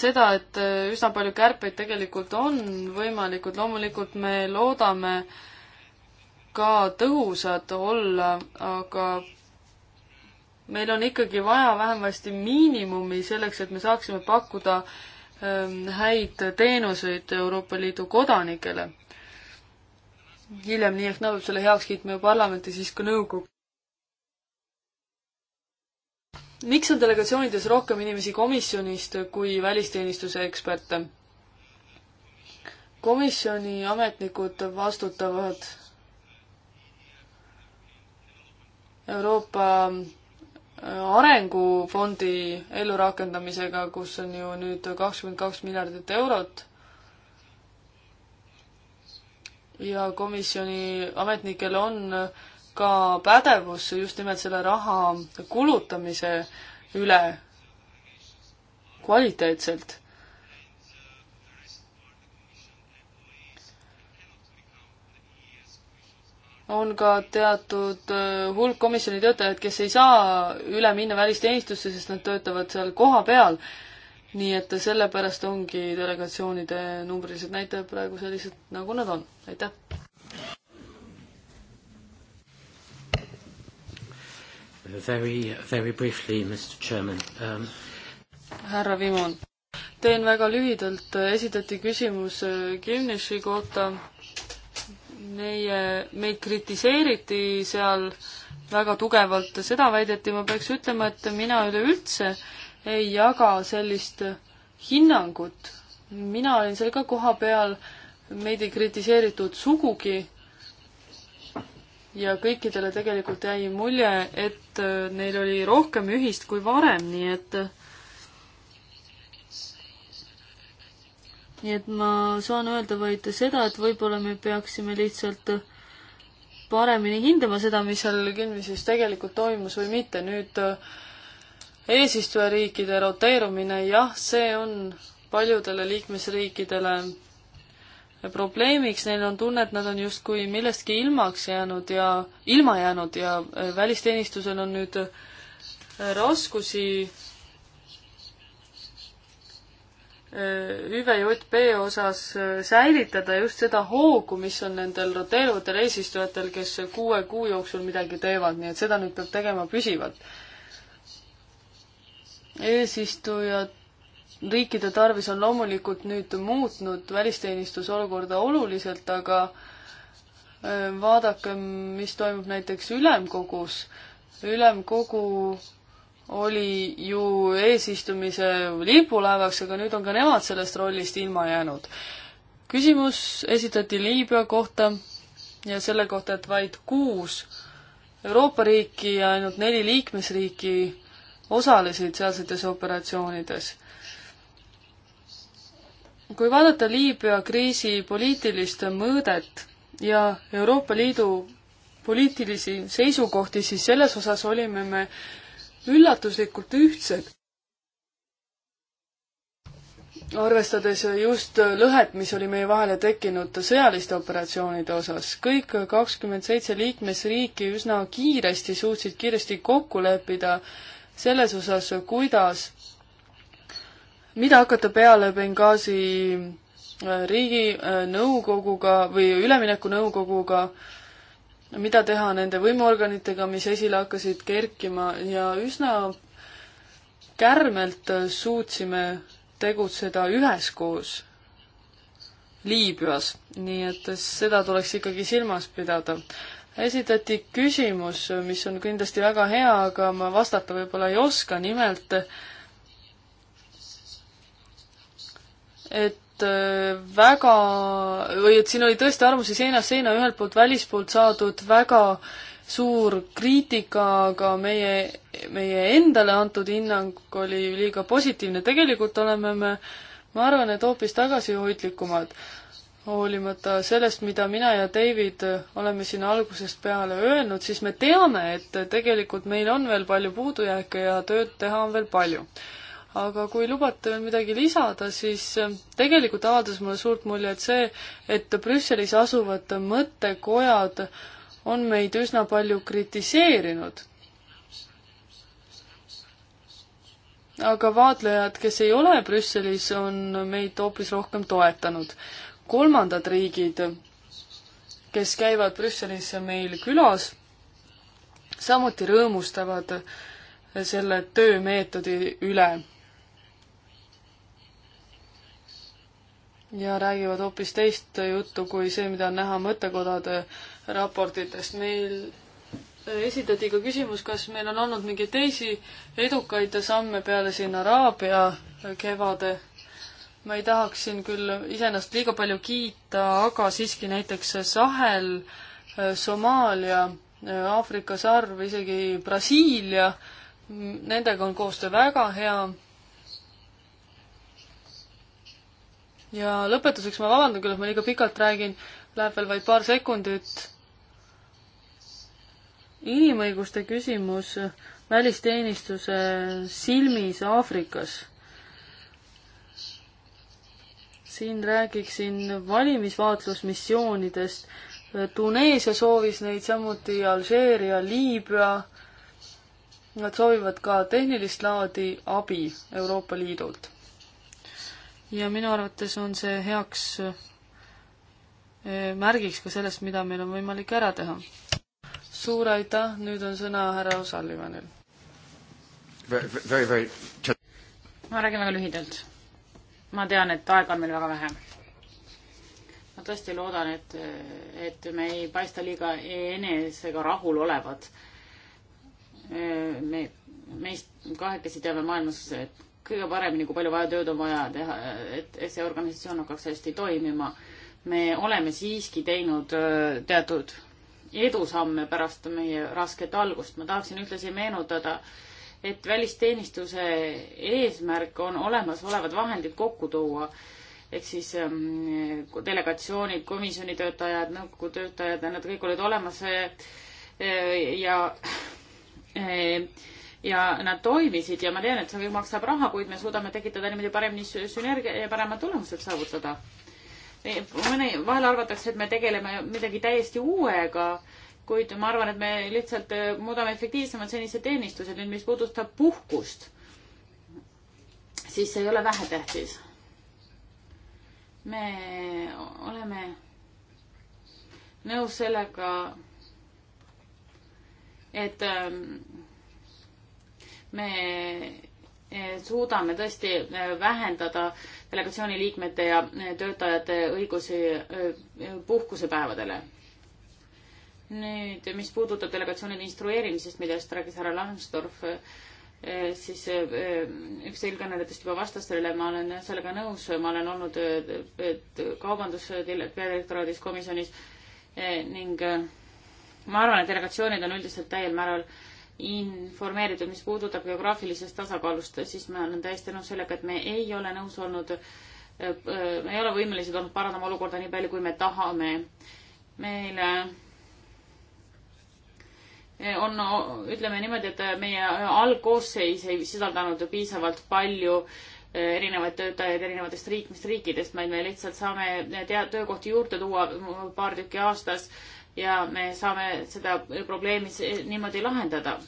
seda, et üsna palju kärpeid tegelikult on võimalikud, loomulikult me loodame ka tõhusad olla, aga meil on ikkagi vaja vähemasti miinimumi selleks, et me saaksime pakkuda ähm, häid teenuseid Euroopa Liidu kodanikele hiljem, nii ehk nõuab selle heaks kiitma ju parlament ja siis ka nõukogu. miks on delegatsioonides rohkem inimesi komisjonist kui välisteenistuse eksperte? komisjoni ametnikud vastutavad Euroopa äh, arengufondi ellurakendamisega, kus on ju nüüd kakskümmend kaks miljardit eurot ja komisjoni ametnikel on ka pädevus just nimelt selle raha kulutamise üle kvaliteetselt. on ka teatud äh, hulk komisjoni töötajaid, kes ei saa üle minna välisteenistusse, sest nad töötavad seal kohapeal nii et sellepärast ongi delegatsioonide numbrilised näitajad praegu sellised, nagu nad on, aitäh. Very, very briefly, Mr Chairman um.... härra Vimon, teen väga lühidalt, esitati küsimus äh, Gimniši kohta. meie, meid kritiseeriti seal väga tugevalt, seda väideti, ma peaks ütlema, et mina üleüldse äh, ei jaga sellist hinnangut. mina olin seal ka kohapeal, meid ei kritiseeritud sugugi. ja kõikidele tegelikult jäi mulje, et äh, neil oli rohkem ühist kui varem, nii et nii et ma saan öelda vaid seda, et võib-olla me peaksime lihtsalt paremini hindama seda, mis seal kinnises tegelikult toimus või mitte. nüüd äh, eesistujariikide roteerumine, jah, see on paljudele liikmesriikidele probleemiks, neil on tunne, et nad on justkui millestki ilmaks jäänud ja, ilma jäänud ja äh, välisteenistusel on nüüd äh, raskusi äh, ÜVJP osas säilitada just seda hoogu, mis on nendel roteeruvatel eesistujatel, kes kuue kuu jooksul midagi teevad, nii et seda nüüd peab tegema püsivalt eesistuja riikide tarvis on loomulikult nüüd muutnud välisteenistuse olukorda oluliselt, aga äh, vaadakem, mis toimub näiteks ülemkogus. ülemkogu oli ju eesistumise lipulaevaks, aga nüüd on ka nemad sellest rollist ilma jäänud. küsimus esitati Liibüa kohta ja selle kohta, et vaid kuus Euroopa riiki ja ainult neli liikmesriiki osalesid sealsetes operatsioonides. kui vaadata Liibüa kriisi poliitilist mõõdet ja Euroopa Liidu poliitilisi seisukohti, siis selles osas olime me üllatuslikult ühtsed. arvestades just lõhet, mis oli meie vahele tekkinud sõjaliste operatsioonide osas, kõik kakskümmend seitse liikmesriiki üsna kiiresti suutsid kiiresti kokku leppida äh, selles osas, kuidas, mida hakata peale Benghazi äh, riiginõukoguga äh, või üleminekunõukoguga, mida teha nende võimuorganitega, mis esile hakkasid kerkima ja üsna kärmelt äh, suutsime tegutseda üheskoos Liibüas, nii et seda tuleks ikkagi silmas pidada esitati küsimus, mis on kindlasti väga hea, aga ma vastata võib-olla ei oska, nimelt et äh, väga, või et siin oli tõesti arvamusi seinast seina, ühelt poolt välispoolt saadud väga suur kriitika, aga meie, meie endale antud hinnang oli liiga positiivne, tegelikult oleme me ma arvan, et hoopis tagasihoidlikumad hoolimata sellest, mida mina ja David oleme siin algusest peale öelnud, siis me teame, et tegelikult meil on veel palju puudujääke ja tööd teha on veel palju. aga kui lubate veel midagi lisada, siis tegelikult avaldas mulle suurt muljet see, et Brüsselis asuvad mõttekojad on meid üsna palju kritiseerinud. aga vaatlejad, kes ei ole Brüsselis, on meid hoopis rohkem toetanud kolmandad riigid, kes käivad Brüsselis meil külas, samuti rõõmustavad selle töömeetodi üle. ja räägivad hoopis teist juttu kui see, mida on näha mõttekodade raportitest. meil esitati ka küsimus, kas meil on olnud mingeid teisi edukaid samme peale siin Araabia kevade ma ei tahaks siin küll iseennast liiga palju kiita, aga siiski näiteks Sahel, Somaalia, Aafrika sarv, isegi Brasiilia, nendega on koostöö väga hea. ja lõpetuseks ma vabandan küll, et ma liiga pikalt räägin, läheb veel vaid paar sekundit. inimõiguste küsimus välisteenistuse silmis Aafrikas siin räägiksin valimisvaatlusmissioonidest. Tuneesia soovis neid samuti, Alžeeria, Liibüa. Nad soovivad ka tehnilist laadi abi Euroopa Liidult. ja minu arvates on see heaks eh, märgiks ka sellest, mida meil on võimalik ära teha. suur aitäh, nüüd on sõna härra Osallivanil. ma räägin väga lühidalt ma tean, et aega on meil väga vähe. ma tõesti loodan, et, et me ei paista liiga enesega rahul olevat. me, meist kahekesi teame maailmas kõige paremini, kui palju vaja tööd on vaja teha, et see organisatsioon hakkaks hästi toimima. me oleme siiski teinud äh, teatud edusamme pärast meie rasket algust. ma tahaksin ühtlasi meenutada äh, et välisteenistuse eesmärk on olemasolevad vahendid kokku tuua. ehk siis ähm, delegatsioonid, komisjoni töötajad, nõukogu töötajad, nad kõik olid olemas äh, äh ja äh, ja nad toimisid ja ma tean, et see kõik maksab raha, kuid me suudame tekitada niimoodi paremini sünergia ja paremad tulemused saavutada mõne, vahel arvatakse, et me tegeleme midagi täiesti uuega, kuid ma arvan, et me lihtsalt äh, muudame efektiivsemad senised teenistused. nüüd, mis puudutab puhkust, siis see ei ole vähetähtis. me oleme nõus sellega, et ähm, me äh, suudame tõesti äh, vähendada delegatsiooni liikmete ja töötajate õigusi puhkusepäevadele nüüd, mis puudutab delegatsioonide instrueerimisest, millest rääkis härra Lansdorf, eh, siis eh, üks eelkõnelejatest juba vastas sellele, ma olen sellega nõus, ma olen olnud eh, kaubanduspeadirektoraadis komisjonis ning ma arvan, et delegatsioonid on üldiselt täiel määral informeeritud, mis puudutab geograafilisest tasakaalust, siis ma olen täiesti nõus sellega, et me ei ole nõus olnud, me ei ole võimelised olnud parandama olukorda nii palju, kui me tahame. meile on, ütleme niimoodi, et meie algkoosseis ei sisaldanud piisavalt palju eh, erinevaid töötajaid erinevatest riikmest riikidest, vaid me lihtsalt saame tea-, töökohti juurde tuua paar tükki aastas ja me saame seda probleemi niimoodi lahendada.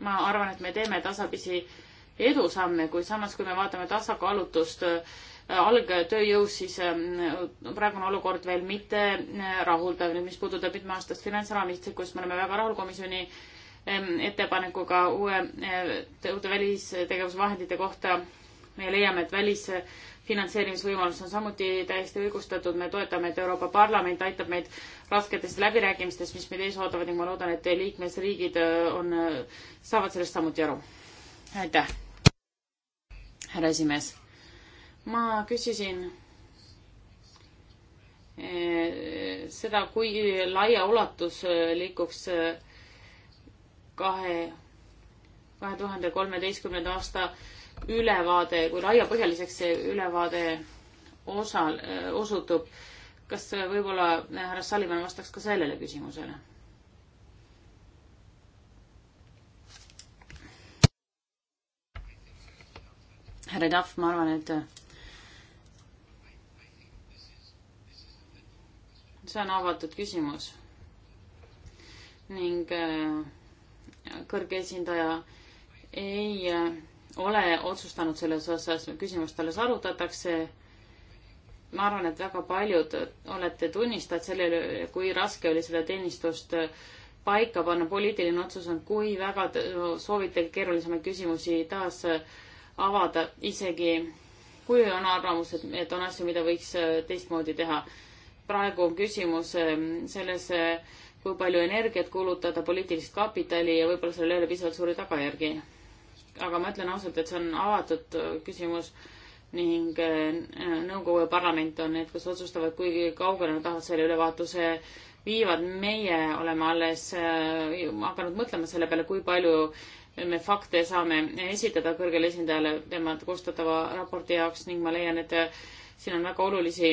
ma arvan, et me teeme tasapisi edusamme, kuid samas, kui me vaatame tasakaalutust algtööjõus, siis ähm, praegune olukord veel mitte äh, rahuldav. nüüd, mis puudutab mitmeaastast finantsraamistikku, siis me oleme väga rahul komisjoni ähm, ettepanekuga uue, äh, uute välistegevusvahendite kohta. me leiame, et välisfinantseerimisvõimalus on samuti täiesti õigustatud. me toetame, et Euroopa Parlament aitab meid rasketest läbirääkimistest, mis meid ees ootavad ning ma loodan, et liikmesriigid äh, on, saavad sellest samuti aru. aitäh, härra esimees ma küsisin eh, seda, kui laiaulatuslikuks eh, eh, kahe, kahe tuhande kolmeteistkümnenda aasta ülevaade, kui laiapõhjaliseks see ülevaade osal, osutub. kas võib-olla härra Salimäe vastaks ka sellele küsimusele? härra Tahv, ma arvan, et see on avatud küsimus. ning äh, kõrge esindaja ei äh, ole otsustanud selles osas, küsimust alles arutatakse. ma arvan, et väga paljud olete tunnistajad sellele, kui raske oli seda teenistust äh, paika panna. poliitiline otsus on, kui väga soovite keerulisemaid küsimusi taas avada, isegi kui on arvamus, et, et on asju, mida võiks teistmoodi teha praegu on küsimus ähm, selles, äh, kui palju energiat kulutada, poliitilist kapitali ja võib-olla sellel ei ole piisavalt suuri tagajärgi. aga ma ütlen ausalt, et see on avatud äh, küsimus ning äh, nõukogu ja parlament on need, kes otsustavad, kui kaugele nad tahavad selle ülevaatuse viivad. meie oleme alles hakanud mõtlema selle peale, kui palju me fakte saame esitada kõrgele esindajale tema koostatava raporti jaoks ning ma leian, et siin on väga olulisi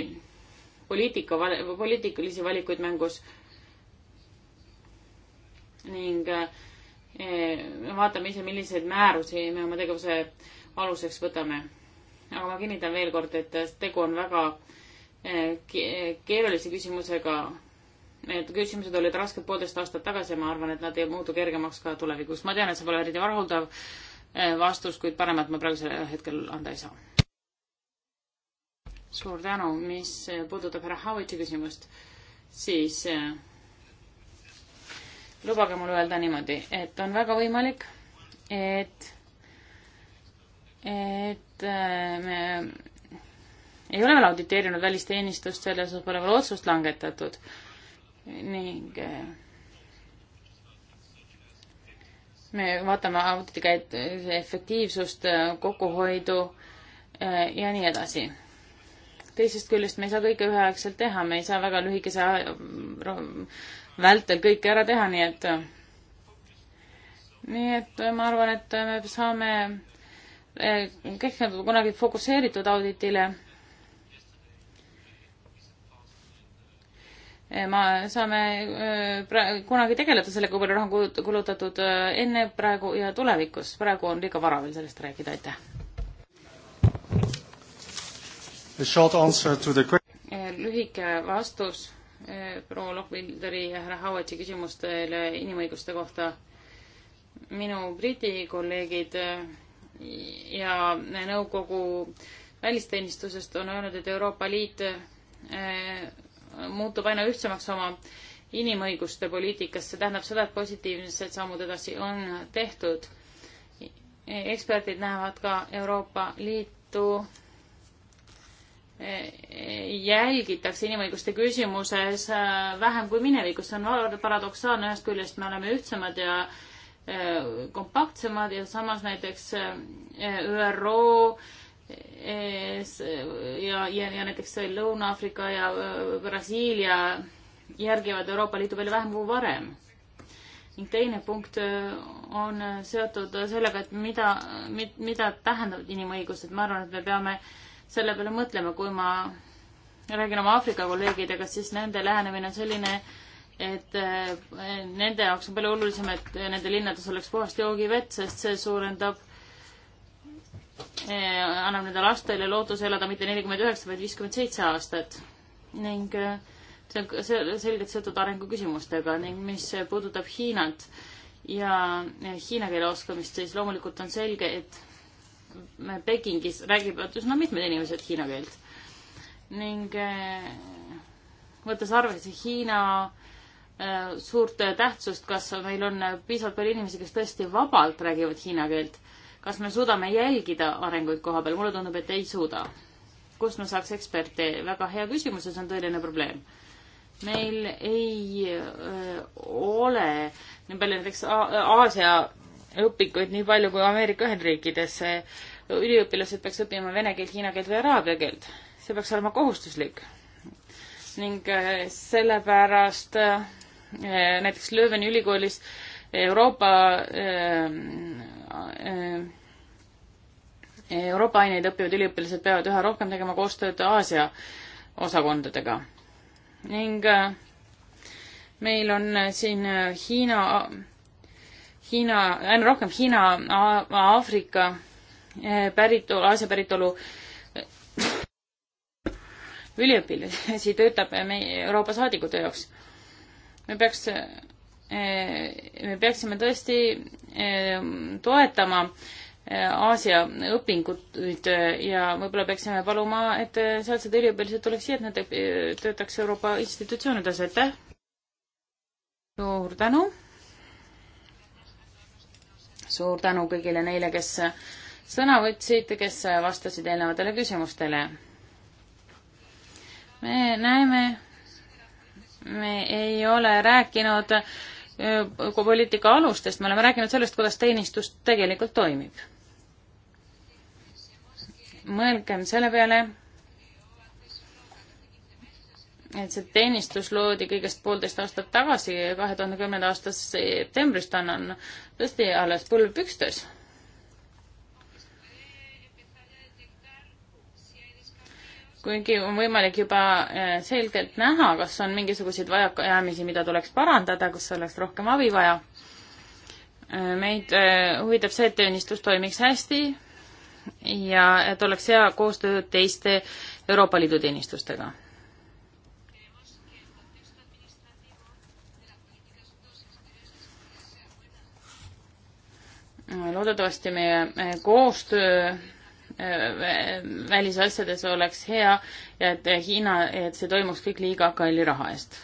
poliitika, poliitikalisi valikuid mängus. ning me eh, vaatame ise, milliseid määrusi me oma tegevuse aluseks võtame. aga ma kinnitan veel kord, et tegu on väga eh, keerulise küsimusega. Need küsimused olid rasked poolteist aastat tagasi ja ma arvan, et nad ei muutu kergemaks ka tulevikus. ma tean, et see pole eriti rahuldav eh, vastus, kuid paremat ma praegusel hetkel anda ei saa suur tänu, mis äh, puudutab härra Havitsi küsimust, siis äh, lubage mul öelda niimoodi, et on väga võimalik, et, et äh, me ei ole veel auditeerinud välisteenistust, selles osas pole veel otsust langetatud ning me vaatame auditi käit-, efektiivsust, kokkuhoidu ja nii edasi teisest küljest me ei saa kõike üheaegselt teha, me ei saa väga lühikese vältel kõike ära teha, nii et nii et ma arvan, et me saame eh, keskenduda kunagi fokusseeritud auditile. Eh, ma saame eh, praegu, kunagi tegeleda sellega, kui palju raha on kulutatud enne, praegu ja tulevikus. praegu on liiga vara veel sellest rääkida, aitäh Eh, lühike vastus eh, proua Lochwilderi ja härra Howati küsimustele inimõiguste kohta. minu Briti kolleegid eh, ja nõukogu välisteenistusest on öelnud, et Euroopa Liit muutub aina ühtsemaks oma inimõiguste poliitikas, see tähendab seda, et positiivsed sammud edasi on tehtud. eksperdid näevad ka Euroopa Liitu jälgitakse inimõiguste küsimuses äh, vähem kui minevikus, see on paradoksaalne, ühest küljest me oleme ühtsemad ja äh, kompaktsemad ja samas näiteks äh, ÜRO ja, ja, ja näiteks Lõuna-Aafrika ja Brasiilia järgivad Euroopa Liidu palju vähem kui varem ning teine punkt on seotud sellega, et mida, mida tähendavad inimõigused, ma arvan, et me peame äh, selle peale mõtlema, kui ma räägin oma Aafrika kolleegidega, siis nende lähenemine on selline, et eh, nende jaoks on palju olulisem, et nende linnades oleks puhast joogivett, sest see suurendab, eh, annab nende lastele lootuse elada mitte nelikümmend üheksa, vaid viiskümmend seitse aastat. ning eh, see on selgelt seotud arenguküsimustega ning mis puudutab Hiinat ja hiina keele oskamist, siis loomulikult on selge, et Pekingis räägivad üsna no, mitmed inimesed hiina keelt ning eh, võttes arvesse Hiina eh, suurt tähtsust, kas meil on piisavalt palju inimesi, kes tõesti vabalt räägivad hiina keelt, kas me suudame jälgida arenguid koha peal, mulle tundub, et ei suuda. kust ma saaks eksperte, väga hea küsimus ja see on tõeline probleem. meil ei öö, eh, ole, nii palju näiteks Aasia õpikuid nii palju kui Ameerika Ühendriikides. üliõpilased peaks õppima vene keelt, hiina keelt või araabia keelt. see peaks olema kohustuslik. ning äh, sellepärast äh, näiteks Lööveni ülikoolis Euroopa äh, Euroopa aineid õppivad üliõpilased peavad üha rohkem tegema koostööd Aasia osakondadega. ning meil on siin Hiina Hiina, aina rohkem Hiina, Aafrika eh, päritolu, Aasia päritolu eh, üliõpilasi töötab meie Euroopa saadikute jaoks. me peaks, eh, me peaksime tõesti toetama Aasia õpinguid ja võib-olla peaksime paluma, et sealsed üliõpilased tuleks siia, et nad töötaks Euroopa institutsioonides, aitäh! suur tänu! suur tänu kõigile neile, kes sõna võtsid, kes vastasid eelnevatele küsimustele. me näeme, me ei ole rääkinud äh, poliitika alustest, me oleme rääkinud sellest, kuidas teenistus tegelikult toimib. mõelgem selle peale et see teenistus loodi kõigest poolteist aastat tagasi, kahe tuhande kümnenda aasta septembris, ta on tõesti alles põlv pükstes. kuigi on võimalik juba eh, selgelt näha, kas on mingisuguseid vajakajäämisi, mida tuleks parandada, kus oleks rohkem abi vaja. Eh, meid eh, huvitab see, et teenistus toimiks hästi ja et oleks hea koostöö teiste Euroopa Liidu teenistustega loodetavasti meie eh, koostöö eh, välisasjades oleks hea ja et Hiina, et see toimuks kõik liiga kalli raha eest.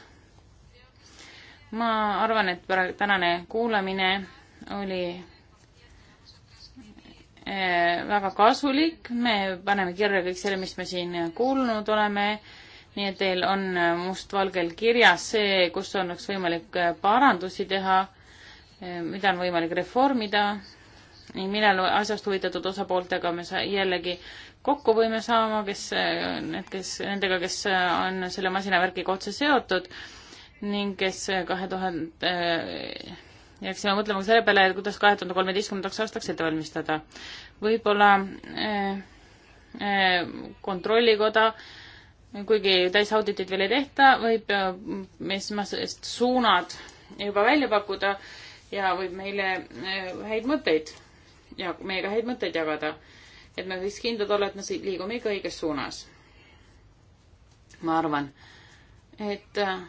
ma arvan, et tänane kuulamine oli eh, väga kasulik, me paneme kirja kõik selle, mis me siin kuulnud oleme, nii et teil on mustvalgel kirjas see, kus on üks võimalik parandusi teha, mida on võimalik reformida ning millal asjast huvitatud osapooltega me sa-, jällegi kokku võime saama, kes, need, kes, nendega, kes on selle masinavärgiga otse seotud ning kes kahe tuhande äh,, jääksime mõtlema ka selle peale, et kuidas kahe tuhande kolmeteistkümnendaks aastaks ette valmistada. võib-olla äh, äh, kontrollikoda kuigi täisauditit veel ei tehta, võib esmasest eh, suunad juba välja pakkuda ja võib meile häid mõtteid ja meiega häid mõtteid jagada. et me võiks kindlad olla, et me liigume ikka õiges suunas. ma arvan, et äh,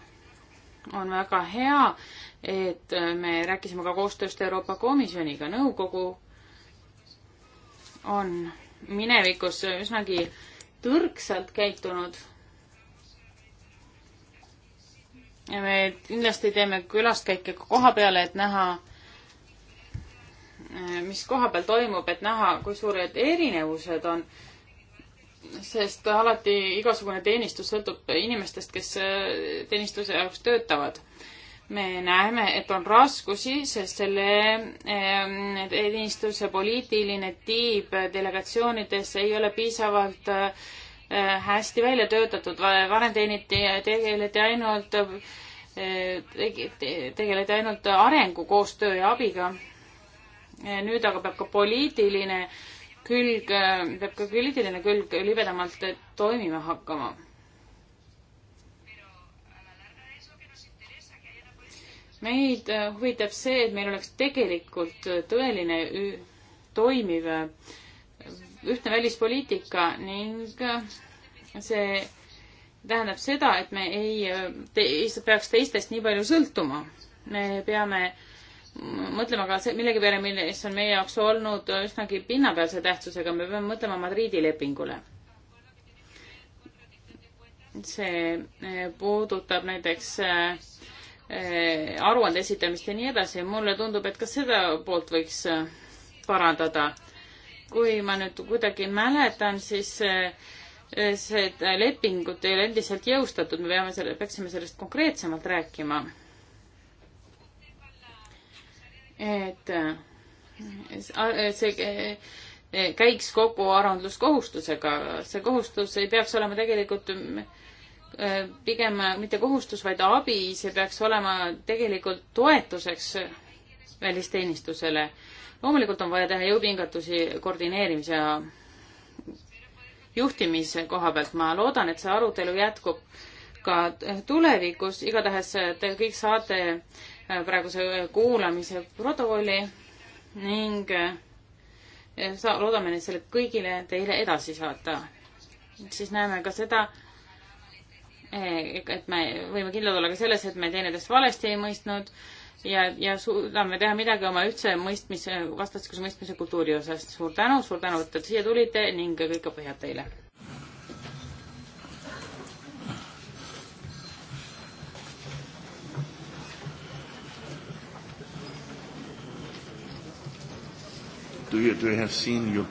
on väga hea, et äh, me rääkisime ka koostööst Euroopa Komisjoniga, nõukogu on minevikus üsnagi tõrksalt käitunud ja me kindlasti teeme külaskäike koha peale, et näha, Äh, mis koha peal toimub, et näha, kui suured erinevused on. sest alati igasugune teenistus sõltub inimestest, kes äh, teenistuse jaoks töötavad. me näeme, et on raskusi, sest selle äh, teenistuse poliitiline tiib delegatsioonides ei ole piisavalt hästi välja töötatud, varem teeniti, tegeleti ainult tegeleti ainult arengukoostöö ja abiga Eh, nüüd aga peab ka poliitiline külg, eh, peab ka poliitiline külg libedamalt eh, toimima hakkama. meid huvitab see, et meil oleks tegelikult tõeline toimiv ühtne välispoliitika ning see tähendab seda, et me ei te, peaks teistest nii palju sõltuma. me peame äh, mõtlema ka millegi peale, milles on meie jaoks olnud üsnagi pinnapealse tähtsusega, me peame mõtlema Madriidi lepingule. see eh, puudutab näiteks eh, aruande esitamist ja nii edasi, mulle tundub, et ka seda poolt võiks eh, parandada. kui ma nüüd kuidagi mäletan, siis see lepingut ei ole endiselt jõustatud, me peame selle, peaksime sellest konkreetsemalt rääkima et äh, see äh, äh, käiks kogu aruandluskohustusega, see kohustus ei peaks olema tegelikult pigem mitte kohustus, vaid abi, see peaks olema tegelikult toetuseks välisteenistusele. loomulikult on vaja teha jõupingatusi koordineerimise ja juhtimise koha pealt. ma loodan, et see arutelu jätkub ka tulevikus, igatahes te kõik saate äh, praeguse kuulamise protokolli ning eh, saa-, loodame neid selle kõigile teile edasi saata. siis näeme ka seda, eh, et me võime kindlad olla ka selles, et me teineteist valesti ei mõistnud ja, ja suudame teha midagi oma ühtse mõistmise, vastastikuse mõistmise kultuuri osas. suur tänu, suur tänu, et te siia tulite ning kõike põhjad teile! do you, do you have seen your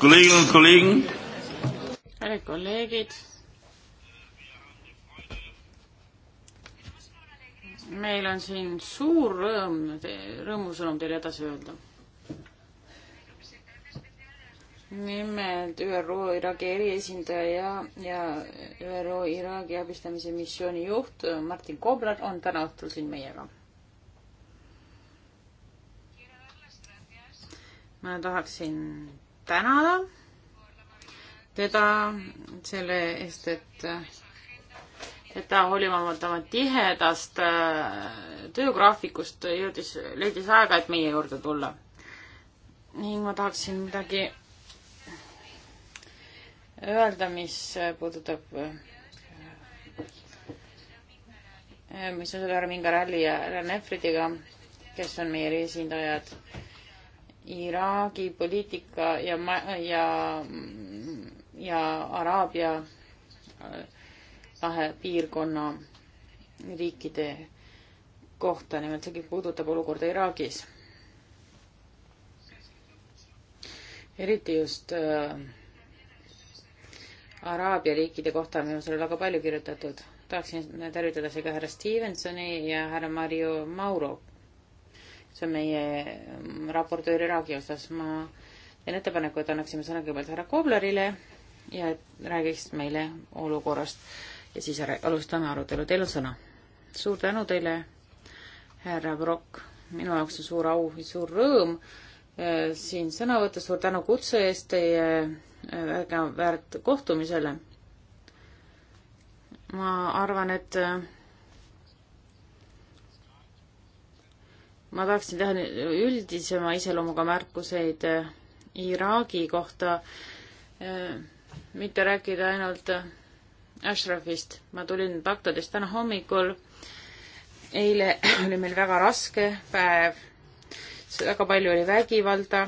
Kolleginnen und Kollegen. Herr kolleegid. meil on siin suur rõõm, rõõmusõnum teile edasi öelda. nimelt ÜRO Iraagi eriesindaja ja ÜRO Iraagi abistamise missiooni juht Martin Koblar on täna õhtul siin meiega ma tahaksin tänada teda selle eest, et, et ta hoolimata oma tihedast äh, töögraafikust jõudis, leidis aega, et meie juurde tulla. ning ma tahaksin midagi öelda, mis puudutab, äh, mis on selle Armin Karali ja Ellen Efridiga, kes on meie esindajad Iraagi poliitika ja, ja, ja Araabia äh, lahe piirkonna riikide kohta, nimelt see puudutab olukorda Iraagis. eriti just äh, Araabia riikide kohta on minu sellele väga palju kirjutatud. tahaksin tervitada seega härra Stevensoni ja härra Mario Mauro see on meie mm, raportööri Raagi osas. ma teen ettepaneku, et annaksime sõna kõigepealt härra Koblerile ja et räägiks meile olukorrast ja siis alustame arutelu. Teil on sõna. suur tänu teile, härra Brock. minu jaoks on suur au ja suur rõõm äh, siin sõna võtta. suur tänu kutse eest teie äh, väga väärt kohtumisele. ma arvan, et äh, ma tahaksin teha üldisema iseloomuga märkuseid äh, Iraagi kohta, äh, mitte rääkida ainult Ashrafist. ma tulin Bagdadist täna hommikul. eile (clears throat) oli meil väga raske päev. väga palju oli vägivalda,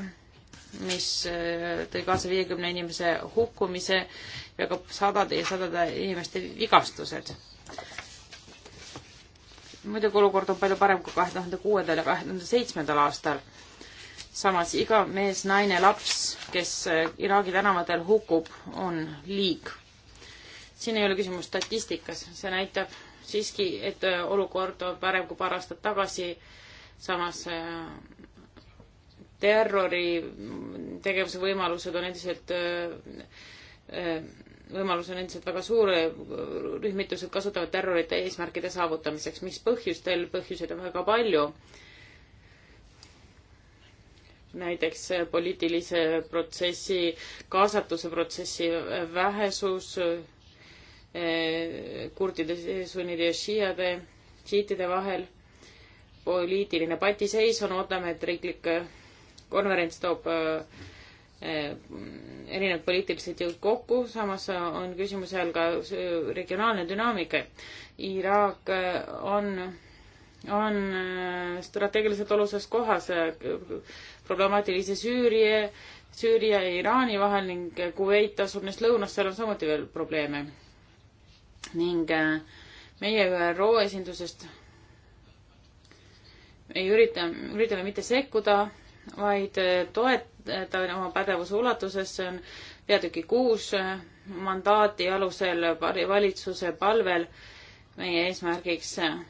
mis äh, tõi kaasa viiekümne inimese hukkumise ja ka sadade ja sadade inimeste vigastused muidugi olukord on palju parem kui kahe tuhande kuuendal ja kahe tuhande seitsmendal aastal. samas iga mees, naine, laps, kes äh, Iraagi tänavatel hukkub, on liig. siin ei ole küsimus statistikas, see näitab siiski, et äh, olukord on parem kui paar aastat tagasi. samas äh, terrori tegevuse võimalused on endiselt võimalus on endiselt väga suur, rühmitused kasutavad terrorite eesmärkide saavutamiseks, mis põhjustel, põhjuseid on väga palju. näiteks poliitilise protsessi, kaasatuse protsessi vähesus, eh, kurdide, sunnide ja šiiade, šiitide vahel, poliitiline patiseis on, ootame, et riiklik eh, konverents toob äh, Eh, erinevad poliitilised jõud kokku, samas on küsimuse all ka eh, regionaalne dünaamika. Iraak eh, on, on strateegiliselt olulises kohas problemaatilise Süüria, Süüria ja Iraani vahel ning Kuveit asub neist lõunas, seal on samuti veel probleeme. ning meie ÜRO esindusest ei ürita, üritame mitte sekkuda vaid eh, toetada oma pädevuse ulatuses, see on peatüki kuus eh, mandaati alusel valitsuse palvel. meie eesmärgiks eh,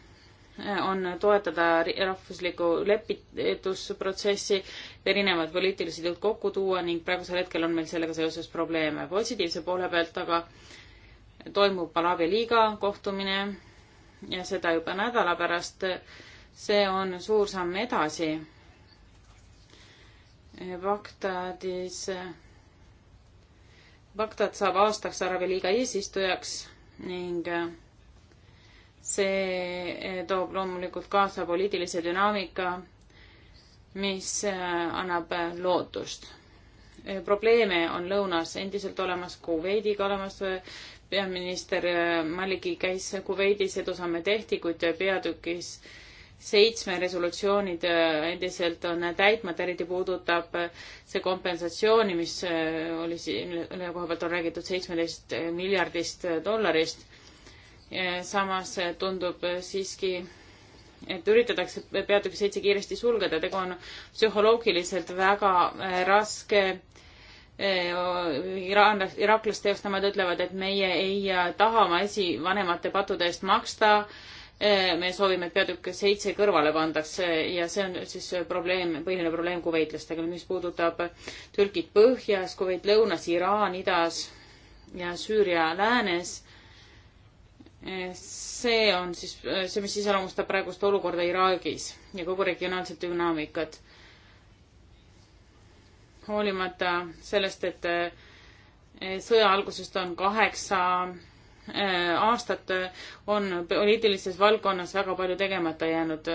on toetada rahvuslikku lepitusprotsessi, erinevad poliitilised jõud kokku tuua ning praegusel hetkel on meil sellega seoses probleeme. positiivse poole pealt aga toimub Araabia liiga kohtumine ja seda juba nädala pärast. see on suur samm edasi Bagdadis, eh, Bagdad saab aastaks Araabia liiga eesistujaks ning eh, see eh, toob loomulikult kaasa poliitilise dünaamika, mis annab lootust. probleeme on lõunas endiselt olemas, Kuveidiga olemas, peaminister Maliki käis Kuveidis, edusamme tehti, kuid peatükis seitsme resolutsioonid äh, endiselt on täitmata, eriti puudutab äh, see kompensatsiooni, mis äh, oli siin, mille koha pealt on räägitud seitsmeteist miljardist dollarist. samas tundub siiski, et üritatakse peatükk seitse kiiresti sulgeda, tegu on psühholoogiliselt väga raske Iraan, iraaklaste jaoks nemad ütlevad, et meie ei taha oma esivanemate patude eest maksta Eh, me soovime, et peatükk seitse kõrvale pandakse eh, ja see on siis probleem, põhiline probleem kuveitlastega, mis puudutab Türgit põhjas, Kuveit lõunas, Iraan idas ja Süüria läänes. Eh, see on siis see, mis iseloomustab praegust olukorda Iraagis ja kogu regionaalset dünaamikat. hoolimata sellest, et sõja algusest on kaheksa 8 Äh, aastat äh, on poliitilises valdkonnas väga palju tegemata jäänud.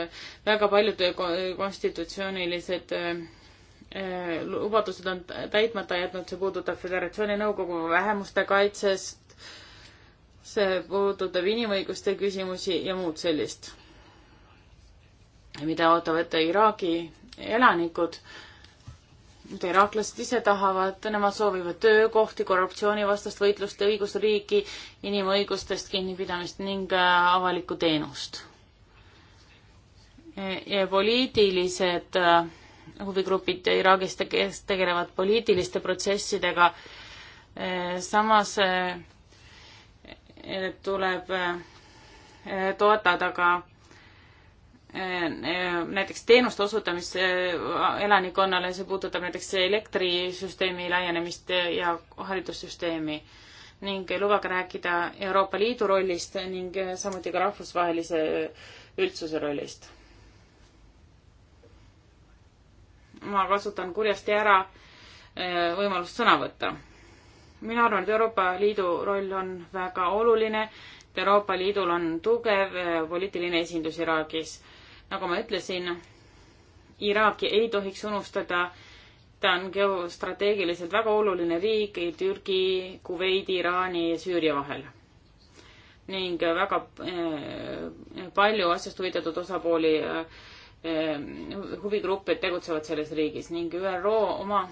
väga paljud äh, konstitutsioonilised lubadused on täitmata jätnud, see puudutab Föderatsiooni Nõukogu vähemuste kaitsest, see puudutab inimõiguste küsimusi ja muud sellist, mida ootavad Iraagi elanikud mida iraaklased ise tahavad, nemad soovivad töökohti, korruptsioonivastast võitlust, õigusriiki, inimõigustest kinnipidamist ning äh, avalikku teenust. E, ja poliitilised äh, huvigrupid Iraagis tegelevad poliitiliste protsessidega, e, samas äh, e, tuleb toetada ka Äh, äh, näiteks teenuste osutamist äh, elanikkonnale, see puudutab näiteks elektrisüsteemi laienemist ja haridussüsteemi ning lubage rääkida Euroopa Liidu rollist ning samuti ka rahvusvahelise üldsuse rollist. ma kasutan kurjasti ära võimalust sõna võtta. mina arvan, et Euroopa Liidu roll on väga oluline. Euroopa Liidul on tugev poliitiline esindus Iraagis nagu ma ütlesin, Iraaki ei tohiks unustada, ta on geostrateegiliselt väga oluline riik Türgi, Kuveidi, Iraani ja Süüria vahel. ning väga eh, palju asjast huvitatud osapooli eh, huvigruppe tegutsevad selles riigis ning ÜRO oma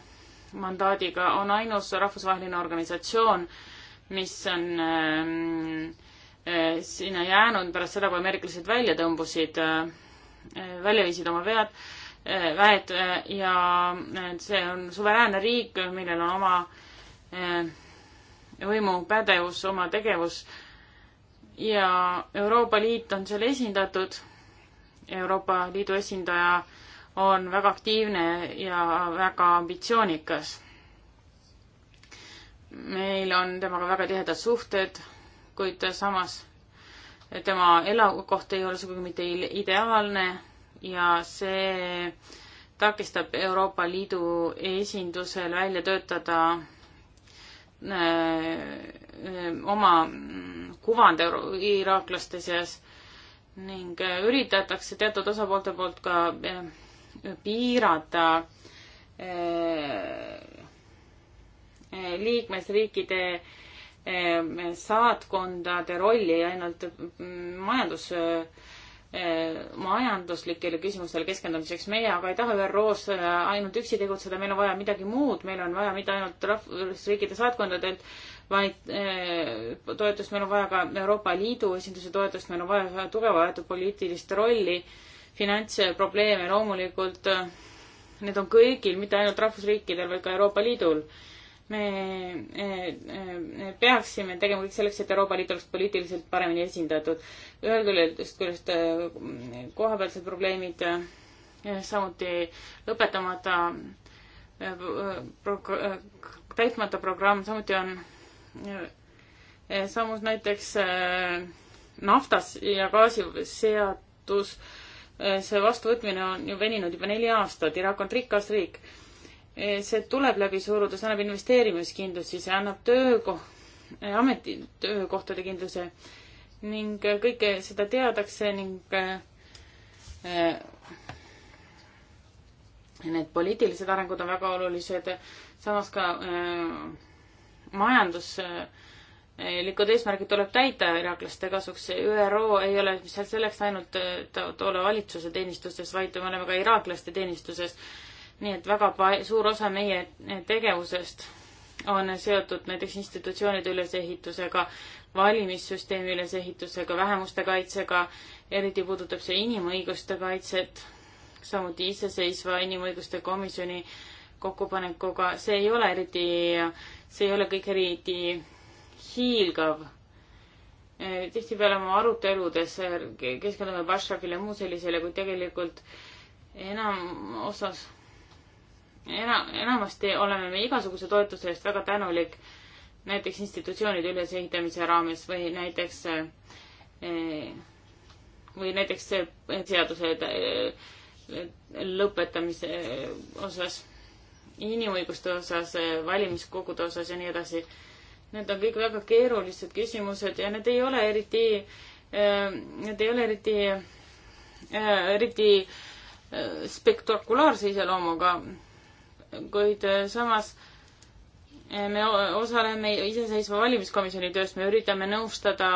mandaadiga on ainus rahvusvaheline organisatsioon, mis on äh, sinna jäänud pärast seda, kui ameeriklased välja tõmbusid äh, välja viisid oma vead, väed äh, ja äh, see on suveräänne riik, millel on oma äh, võimupädevus, oma tegevus ja Euroopa Liit on seal esindatud. Euroopa Liidu esindaja on väga aktiivne ja väga ambitsioonikas. meil on temaga väga tihedad suhted, kuid samas tema elukoht ei ole sugugi mitte ideaalne ja see takistab Euroopa Liidu esindusel välja töötada äh, äh, oma kuvand iraaklaste seas ning äh, üritatakse teatud osapoolte poolt ka piirata liikmesriikide Ehm, saatkondade rolli ainult mm, majandus, ehm, majanduslikele küsimustele keskendumiseks. meie aga ei taha ÜRO-s äh, ainult üksi tegutseda, meil on vaja midagi muud, meil on vaja mitte ainult rahvusriikide saatkondadelt, vaid ehm, toetust, meil on vaja ka Euroopa Liidu esinduse toetust, meil on vaja tugevat poliitilist rolli, finantsprobleeme loomulikult. Need on kõigil, mitte ainult rahvusriikidel, vaid ka Euroopa Liidul me eh, eh, peaksime tegema kõik selleks, et Euroopa Liit oleks poliitiliselt paremini esindatud. ühest küljest, küljest eh, kohapealsed probleemid, samuti lõpetamata, täitmata programm, samuti on samus näiteks naftas ja gaasiseadus, see vastuvõtmine on ju veninud juba neli aastat, Iraak on rikas riik, riik Eh, see tuleb läbi suruda, see annab investeerimiskindlusi, see annab töökoht, eh, ametitöökohtade kindluse ning eh, kõike seda teadakse ning äh, need poliitilised arengud on väga olulised, samas ka äh, majanduslikud äh, eesmärgid tuleb täita iraaklaste kasuks. ÜRO ei ole seal selleks ainult tolle valitsuse teenistustes, vaid me oleme ka iraaklaste teenistuses äh, nii et väga suur osa meie tegevusest on seotud näiteks institutsioonide ülesehitusega, valimissüsteemi ülesehitusega, vähemuste kaitsega, eriti puudutab see inimõiguste kaitset, samuti iseseisva inimõiguste komisjoni kokkupanekuga, see ei ole eriti, see ei ole kõik eriti hiilgav. tihtipeale oma aruteludes keskendume Varssavile ja muu sellisele, kuid tegelikult enam osas ena-, enamasti oleme me igasuguse toetuse eest väga tänulik, näiteks institutsioonide ülesehitamise raames või näiteks eh, või näiteks seaduse eh, lõpetamise eh, osas, inimõiguste osas, valimiskogude osas ja nii edasi. Need on kõik väga keerulised küsimused ja need ei ole eriti, need ei ole eriti, eriti spektakulaarse iseloomuga kuid äh, samas äh, me osaleme iseseisva valimiskomisjoni töös, me üritame nõustada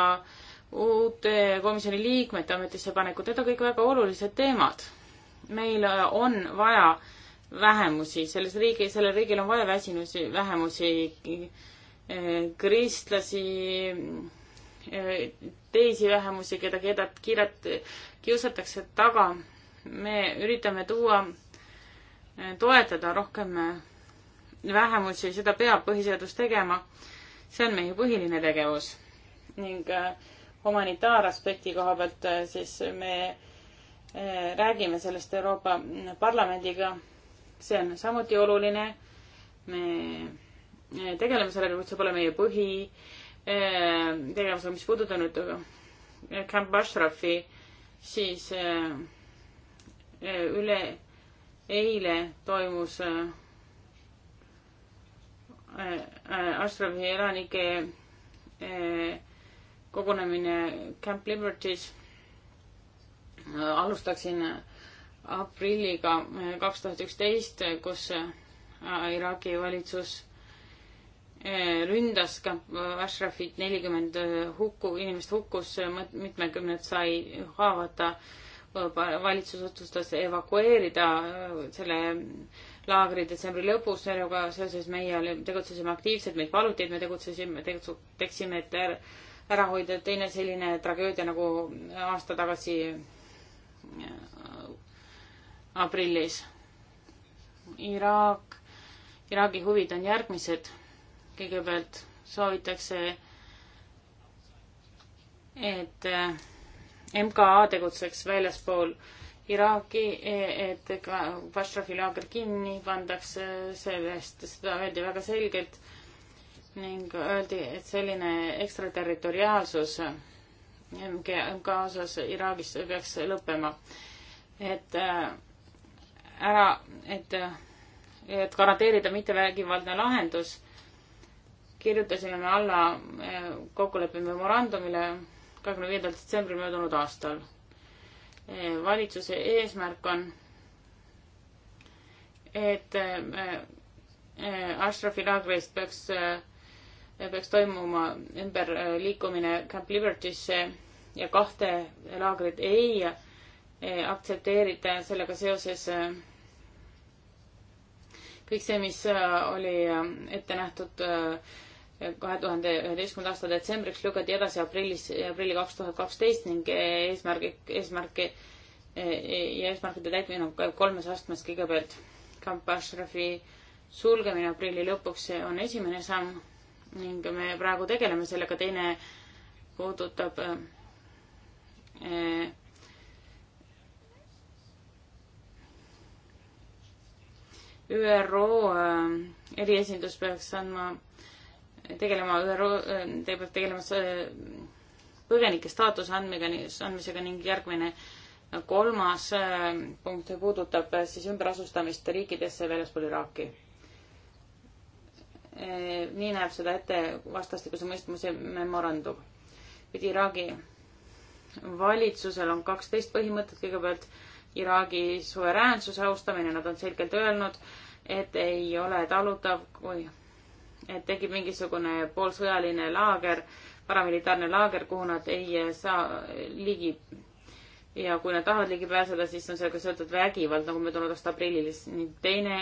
uute komisjoni liikmete ametisse panekut, need on kõik väga olulised teemad. meil äh, on vaja vähemusi, selles riigi, sellel riigil on vaja väsinusi, vähemusi, kristlasi, teisi vähemusi, keda, keda kiirat-, kiusatakse taga. me üritame tuua toetada rohkem eh, vähemusi, seda peab põhiseadus tegema. see on meie põhiline tegevus ning eh, humanitaaraspekti koha pealt eh, siis me räägime sellest Euroopa Parlamendiga. see on samuti oluline. me tegeleme sellega, kuid see pole meie põhitegevusega, mis puudutab nüüd Camp Ashrafi, siis üle eile toimus äh, äh, äh, Ashrafi elanike kogunemine Camp Liberties. alustaksin aprilliga kaks tuhat üksteist, kus Iraagi valitsus ründas Camp Ashrafit, nelikümmend hukku, inimest hukkus, mitmekümned sai haavata valitsus otsustas evakueerida äh, selle laagri detsembri lõpus, sellega seoses meie tegutsesime aktiivselt, meid paluti, et me tegutsesime, tegutseksime, et ära hoida teine selline tragöödia nagu aasta tagasi äh, aprillis. Iraak, Iraagi huvid on järgmised. kõigepealt soovitakse, et äh, MKA tegutseks väljaspool Iraagi, et ka Bashrafi laager kinni pandaks, sellest, seda öeldi väga selgelt ning öeldi, et selline ekstraterritoriaalsus MK, MK osas Iraagis peaks lõppema. et äh, ära, et, et garanteerida mittevägivaldne lahendus, kirjutasime me alla äh, kokkuleppe memorandumile kahekümne viiendal detsembril möödunud aastal. Eh, valitsuse eesmärk on, et eh, eh, Ashrafi laagrist peaks, peaks toimuma ümberliikumine Camp Libertysse ja kahte laagrit ei aktsepteerida ja sellega seoses kõik see, mis oli ette nähtud äh, kahe tuhande üheteistkümnenda aasta detsembriks lükati edasi aprillis, aprilli kaks tuhat kaksteist ning eesmärgi, eesmärki ja eesmärkide täitmine on kolmes astmes kõigepealt Camp Ashrafi sulgemine aprilli lõpuks on esimene samm ning me praegu tegeleme sellega, teine puudutab äh, ÜRO äh, eriesindus peaks andma äh, tegelema ÜRO, äh, te peab tegelema äh, põgenike staatuse andmega, andmisega ning järgmine äh, kolmas punkt puudutab siis ümberasustamist riikidesse väljaspool Iraaki. nii näeb seda ette vastastikuse mõistmise memorandum. nüüd Iraagi valitsusel on kaksteist põhimõtet, kõigepealt Iraagi suveräänsuse austamine, nad on selgelt öelnud, et ei ole talutav, kui et tekib mingisugune poolsõjaline laager, paramilitaarne laager, kuhu nad ei saa ligi. ja kui nad tahavad ligi pääseda, siis on sellega seotud vägivald, nagu möödunud aasta aprillis. ning teine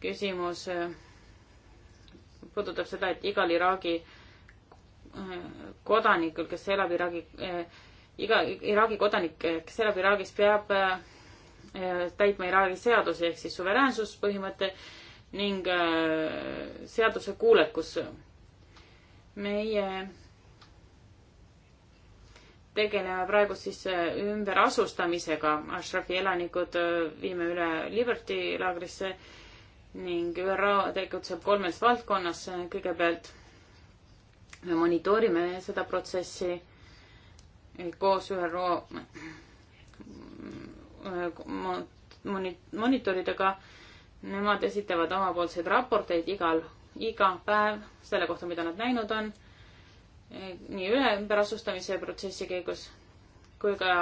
küsimus äh, puudutab seda, et igal Iraagi äh, kodanikul, kes elab Iraagi, äh, iga Iraagi kodanik, kes elab Iraagis, peab täitma Iraagi seadusi ehk siis suveräänsuspõhimõte ning äh, seadusekuulekus. meie tegeleme praegu siis äh, ümberasustamisega, Ashrafi elanikud äh, viime üle Liberty laagrisse ning ÜRO tegutseb kolmes valdkonnas. kõigepealt me monitoorime seda protsessi eh, koos ÜRO monitoridega Nemad esitavad omapoolseid raporteid igal, iga päev selle kohta, mida nad näinud on, e, nii üle ümberasustamise protsessi käigus kui ka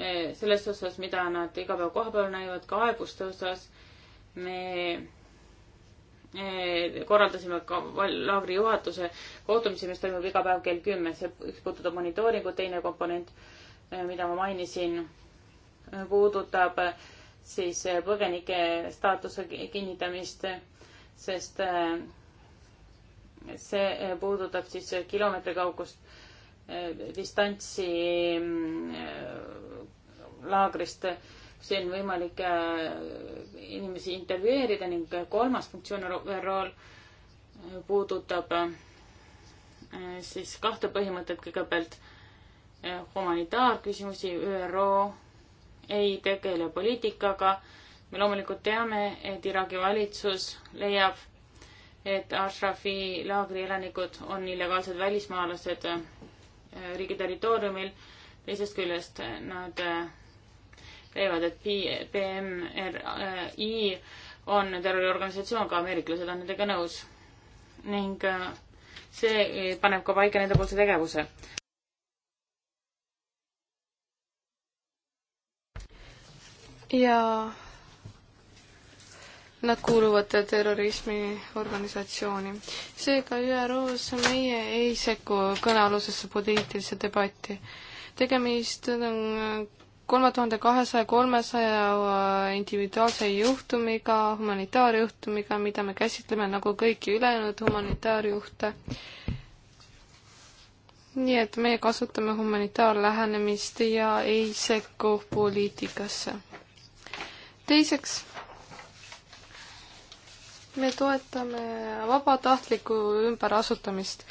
e, selles osas, mida nad iga päev kohapeal näivad, kaebuste osas. me e, korraldasime ka laagri juhatuse kohtumise, mis toimub iga päev kell kümme, see üks puudutab monitooringut, teine komponent, mida ma mainisin, puudutab äh, siis eh, põgenike staatuse kinnitamist, sest eh, see eh, puudutab siis kilomeetri kaugust distantsi mm, laagrist, kus on võimalik inimesi intervjueerida ning kolmas funktsioon ÜRO-l puudutab siis kahte põhimõtet, kõigepealt humanitaarküsimusi ÜRO ei tegele poliitikaga. me loomulikult teame, et Iraagi valitsus leiab, et Ashrafi laagri elanikud on illegaalsed välismaalased äh, riigi territooriumil. teisest küljest nad äh, leiavad, et PMRI on terroriorganisatsioon, ka ameeriklased on nendega nõus. ning äh, see paneb ka paika nendepoolse tegevuse. ja nad kuuluvad terrorismiorganisatsiooni. seega ÜRO-s meie ei sekku kõnealusesse poliitilisse debatti. tegemist on kolme tuhande kahesaja, kolmesaja individuaalse juhtumiga, humanitaarjuhtumiga, mida me käsitleme nagu kõiki ülejäänud humanitaarjuhte. nii et meie kasutame humanitaarlähenemist ja ei sekku poliitikasse teiseks, me toetame vabatahtlikku ümberasutamist.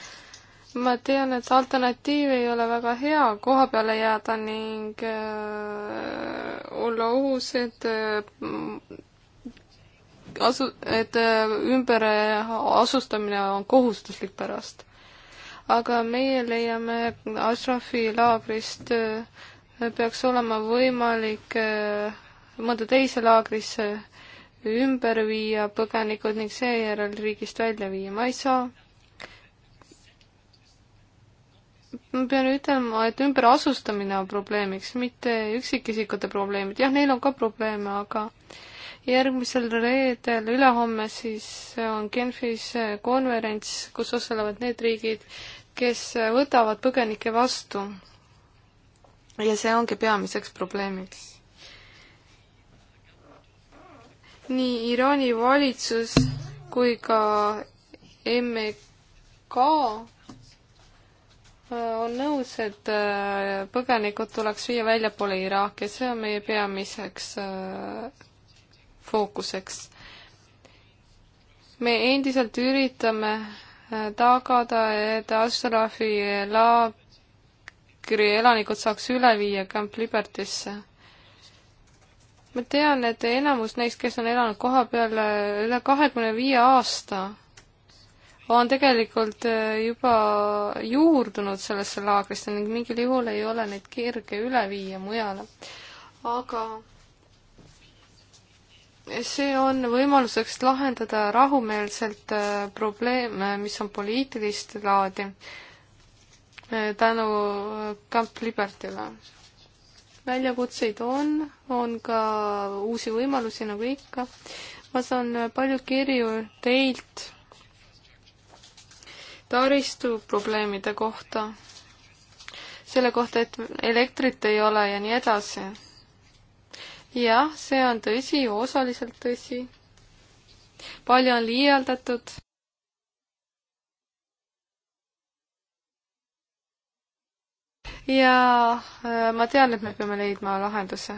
ma tean, et alternatiiv ei ole väga hea koha peale jääda ning äh, olla ohus, et äh, asu-, et äh, ümberasustamine on kohustuslik pärast. aga meie leiame Ashrafi laagrist äh, peaks olema võimalik äh, mõnda teise laagrisse ümber viia põgenikud ning seejärel riigist välja viia, ma ei saa. ma pean ütlema, et ümberasustamine on probleemiks, mitte üksikisikute probleemid, jah, neil on ka probleeme, aga järgmisel reedel, ülehomme siis on Genfis konverents, kus osalevad need riigid, kes võtavad põgenikke vastu. ja see ongi peamiseks probleemiks nii Iraani valitsus kui ka MEK äh, on nõus, et äh, põgenikud tuleks viia väljapoole Iraaki, see on meie peamiseks äh, fookuseks. me endiselt üritame tagada, et Ashrafi laagri elanikud saaks üle viia Camp Libertisse ma tean, et enamus neist, kes on elanud koha peal äh, üle kahekümne viie aasta, on tegelikult äh, juba juurdunud sellesse laagrisse ning mingil juhul ei ole neid kerge üle viia mujale. aga see on võimaluseks lahendada rahumeelselt äh, probleeme, mis on poliitilist laadi, tänu Camp Libertyle väljakutseid on, on ka uusi võimalusi, nagu ikka. ma saan palju kirju teilt taristu probleemide kohta, selle kohta, et elektrit ei ole ja nii edasi. jah, see on tõsi, osaliselt tõsi. palju on liialdatud ja äh, ma tean, et me peame leidma lahenduse.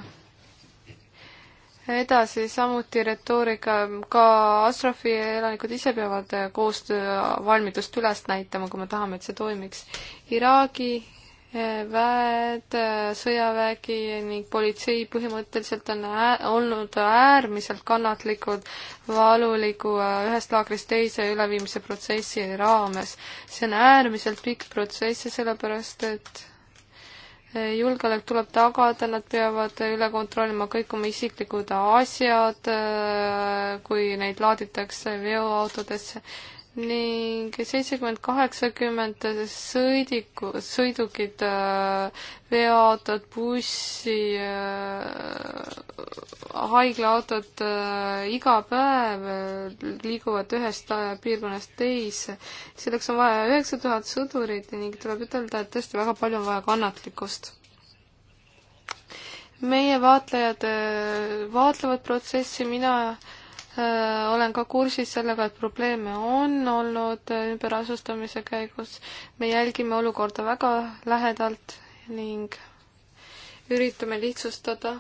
edasi samuti retoorika, ka Astrofi elanikud ise peavad äh, koostöövalmidust üles näitama, kui me tahame, et see toimiks. Iraagi äh, väed, sõjavägi ning politsei põhimõtteliselt on ää, olnud äärmiselt kannatlikud valuliku ühest laagrist teise üleviimise protsessi raames. see on äärmiselt pikk protsess ja sellepärast, et julgeolek tuleb tagada, nad peavad üle kontrollima kõik oma isiklikud asjad, äh, kui neid laaditakse veoautodesse ning seitsekümmend, kaheksakümmend sõidiku, sõidukid, äh, veoautod, bussi, äh, haiglaautod äh, iga päev liiguvad ühest piirkonnast teise. selleks on vaja üheksa tuhat sõdurit ning tuleb ütelda, et tõesti väga palju on vaja kannatlikkust. meie vaatlejad vaatlevad protsessi, mina äh, Äh, olen ka kursis sellega, et probleeme on olnud äh, ümberasustamise käigus. me jälgime olukorda väga lähedalt ning üritame lihtsustada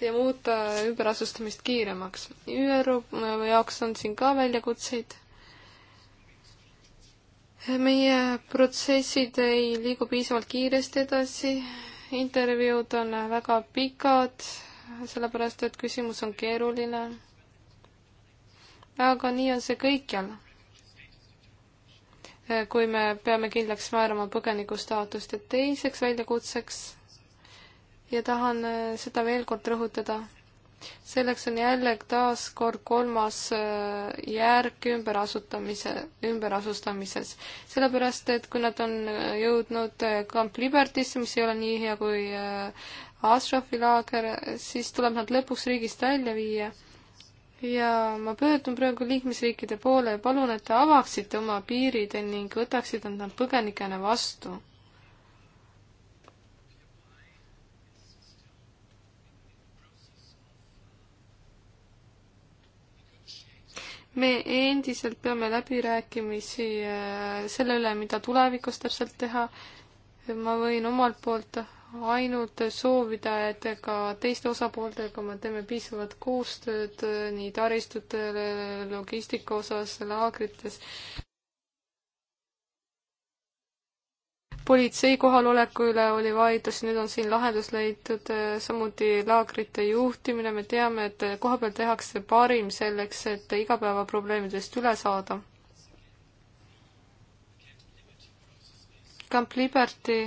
ja muuta ümberasustamist kiiremaks. ÜRO äh, jaoks on siin ka väljakutseid. meie protsessid ei liigu piisavalt kiiresti edasi, intervjuud on väga pikad sellepärast et küsimus on keeruline. aga nii on see kõikjal. kui me peame kindlaks määrama põgeniku staatust ja teiseks väljakutseks ja tahan äh, seda veel kord rõhutada, selleks on jälle taas kord kolmas äh, järg ümberasutamise, ümberasustamises. sellepärast, et kui nad on äh, jõudnud Camp Libertisse, mis ei ole nii hea kui äh, Ashrafi laager, siis tuleb nad lõpuks riigist välja viia. ja ma pöördun praegu liikmesriikide poole ja palun, et te avaksite oma piirid ning võtaksite nad põgenikena vastu. me endiselt peame läbirääkimisi äh, selle üle, mida tulevikus täpselt teha. ma võin omalt poolt ainult soovida, et ka teiste osapooltega me teeme piisavalt koostööd eh, nii taristutele, logistika osas, laagrites. politsei kohaloleku üle oli vaidlus, nüüd on siin lahendus leitud, eh, samuti laagrite juhtimine, me teame, et kohapeal tehakse parim selleks, et igapäevaprobleemidest üle saada. Camp Liberty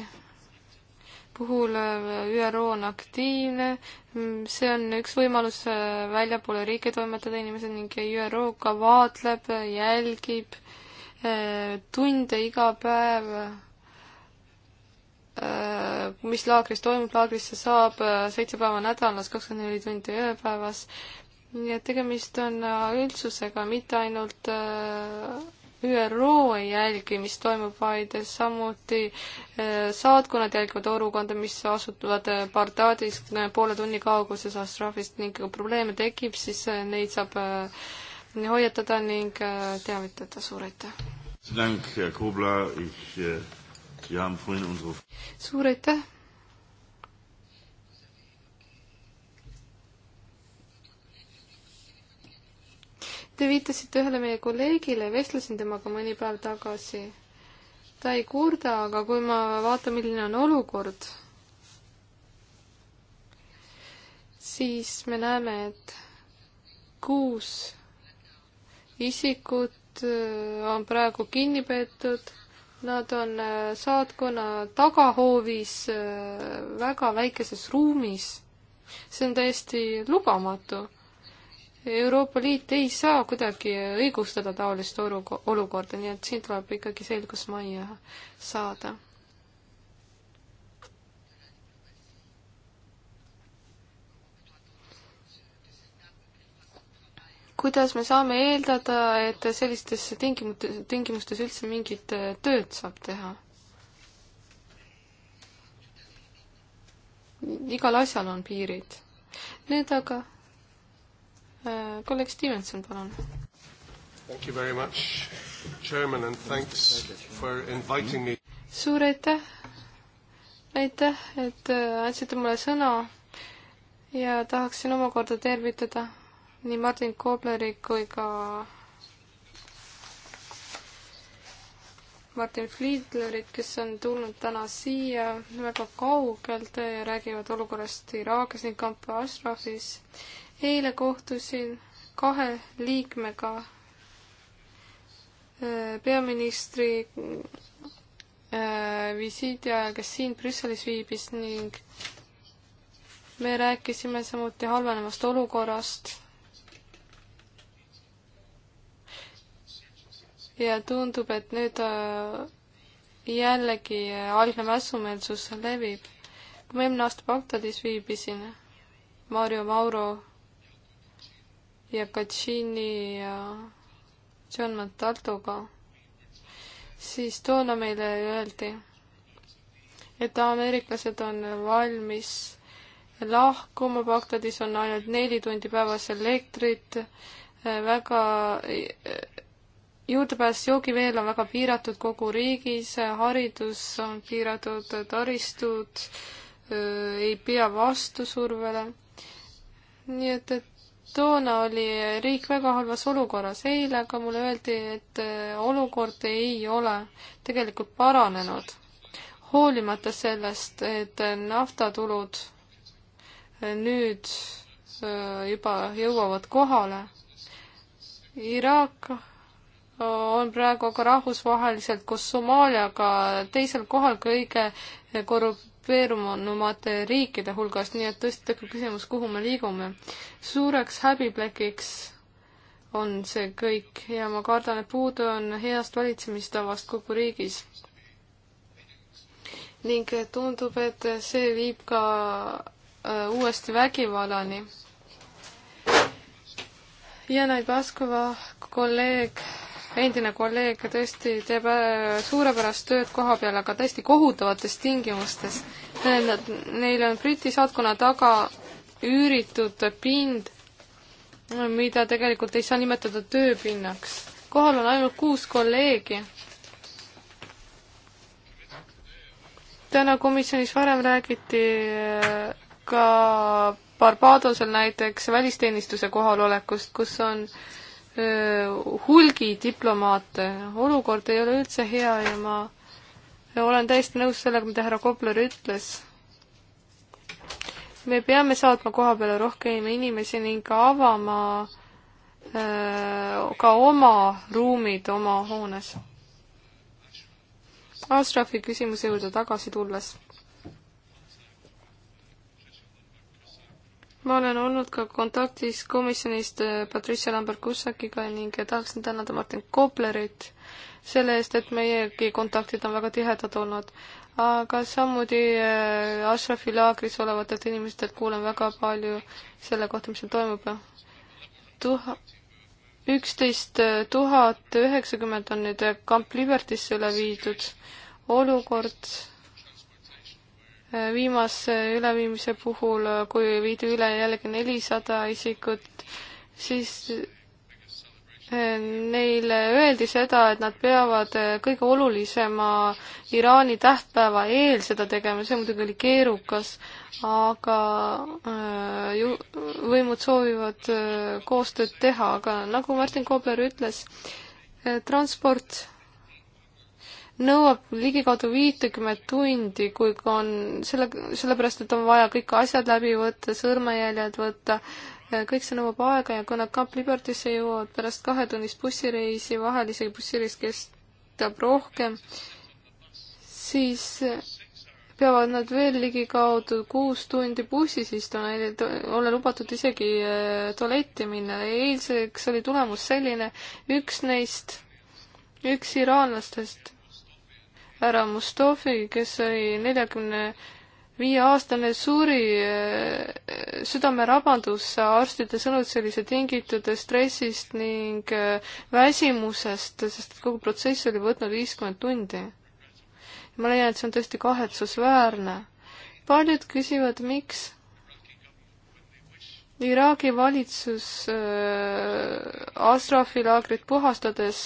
puhul äh, ÜRO on aktiivne, mm, see on üks võimalus äh, väljapoole riike toimetada inimesed ning ÜRO ka vaatleb, jälgib äh, tunde iga päev, mis laagris toimub, laagrisse saab seitse päeva nädalas, kakskümmend neli tundi ööpäevas. nii et tegemist on üldsusega, mitte ainult ÜRO ei jälgi, mis toimub, vaid samuti äh, saatkonnad jälgivad olukorda, mis asutuvad äh, Bagdadis äh, poole tunni kauguses Ashrafist ning kui probleeme tekib, siis neid saab hoiatada ning teavitada. suur aitäh! suur aitäh! Te viitasite ühele meie kolleegile, vestlesin temaga mõni päev tagasi. ta ei kurda, aga kui ma vaatan, milline on olukord, siis me näeme, et kuus isikut äh, on praegu kinni peetud Nad on äh, saatkonna tagahoovis äh, väga väikeses ruumis. see on täiesti lubamatu. Euroopa Liit ei saa kuidagi õigustada taolist olukorda, nii et siin tuleb ikkagi selgus majja saada. kuidas me saame eeldada, et sellistes tingimustes, tingimustes üldse mingit äh, tööd saab teha? igal asjal on piirid. nüüd aga Äh, kolleeg Stevenson, palun. Thank you very much, chairman and thanks for inviting me. suur aitäh, aitäh, et äh, andsite mulle sõna ja tahaksin omakorda tervitada nii Martin Kobleri kui ka Martin Fliedlerit, kes on tulnud täna siia väga kaugelt ja räägivad olukorrast Iraagis ning Camp Ashrafis eile kohtusin kahe liikmega äh, peaministri äh, visiidi ajal, kes siin Brüsselis viibis ning me rääkisime samuti halvenevast olukorrast. ja tundub, et nüüd äh, jällegi algne mässumeelsus levib. kui ma eelmine aasta Bagdadis viibisin, Mario Mauro ja Kachini ja John Montaltoga, siis toona meile öeldi, et ameeriklased on valmis lahkuma, Bagdadis on ainult neli tundi päevas elektrit, väga juurdepääs joogiveel on väga piiratud kogu riigis, haridus on piiratud, taristud äh, ei pea vastu survele. nii et, et toona oli riik väga halvas olukorras. eile aga mulle öeldi, et äh, olukord ei ole tegelikult paranenud. hoolimata sellest, et naftatulud äh, nüüd äh, juba jõuavad kohale. Iraak on praegu aga rahvusvaheliselt koos Somaaliaga teisel kohal kõige korrup-, grupeerumate riikide hulgas, nii et tõesti tekib küsimus, kuhu me liigume. suureks häbiplekiks on see kõik ja ma kardan, et puudu on heast valitsemistavast kogu riigis. ning tundub, et see viib ka äh, uuesti vägivallani. Jana Ivaskova kolleeg endine kolleeg tõesti teeb äh, suurepärast tööd koha peal, aga täiesti kohutavates tingimustes. tähendab, neil on Briti saatkonna taga üüritud pind, mida tegelikult ei saa nimetada tööpinnaks. kohal on ainult kuus kolleegi. täna komisjonis varem räägiti äh, ka Barbadosel näiteks välisteenistuse kohalolekust, kus on äh, hulgi diplomaate, olukord ei ole üldse hea ja ma ja olen täiesti nõus sellega, mida härra Kobler ütles. me peame saatma koha peale rohkem inimesi ning avama öö, ka oma ruumid oma hoones. Asrafi küsimuse juurde tagasi tulles. ma olen olnud ka kontaktis komisjonist äh, Patricia Lambert-Kussakiga ning äh, tahaksin tänada Martin Koplerit selle eest, et meiegi kontaktid on väga tihedad olnud. aga samuti äh, Ashrafi laagris olevatelt inimestelt kuulen väga palju selle kohta, mis seal toimub. tuha-, üksteist tuhat üheksakümmend on nüüd Camp Libertisse üle viidud. olukord viimase üleviimise puhul, kui viidi üle jällegi nelisada isikut, siis eh, neile öeldi seda, et nad peavad eh, kõige olulisema Iraani tähtpäeva eel seda tegema, see muidugi oli keerukas, aga eh, ju-, võimud soovivad koostööd teha, aga nagu Martin Kobler ütles, transport nõuab ligikaudu viitekümmet tundi, kui on selle, sellepärast, et on vaja kõik asjad läbi võtta, sõrmejäljed võtta, kõik see nõuab aega ja kui nad Camp Libertisse jõuavad pärast kahetunnist bussireisi, vahel isegi bussireis kestab rohkem, siis peavad nad veel ligikaudu kuus tundi bussis istuma, ei ole lubatud isegi äh, tualetti minna. eilseks oli tulemus selline, üks neist, üks iraanlastest härra Mustofi, kes oli neljakümne viieaastane suri eh, südamerabandus arstide sõnul sellise tingitud stressist ning eh, väsimusest, sest kogu protsess oli võtnud viiskümmend tundi. ma leian, et see on tõesti kahetsusväärne. paljud küsivad, miks Iraagi valitsus äh, Asrafi laagrit puhastades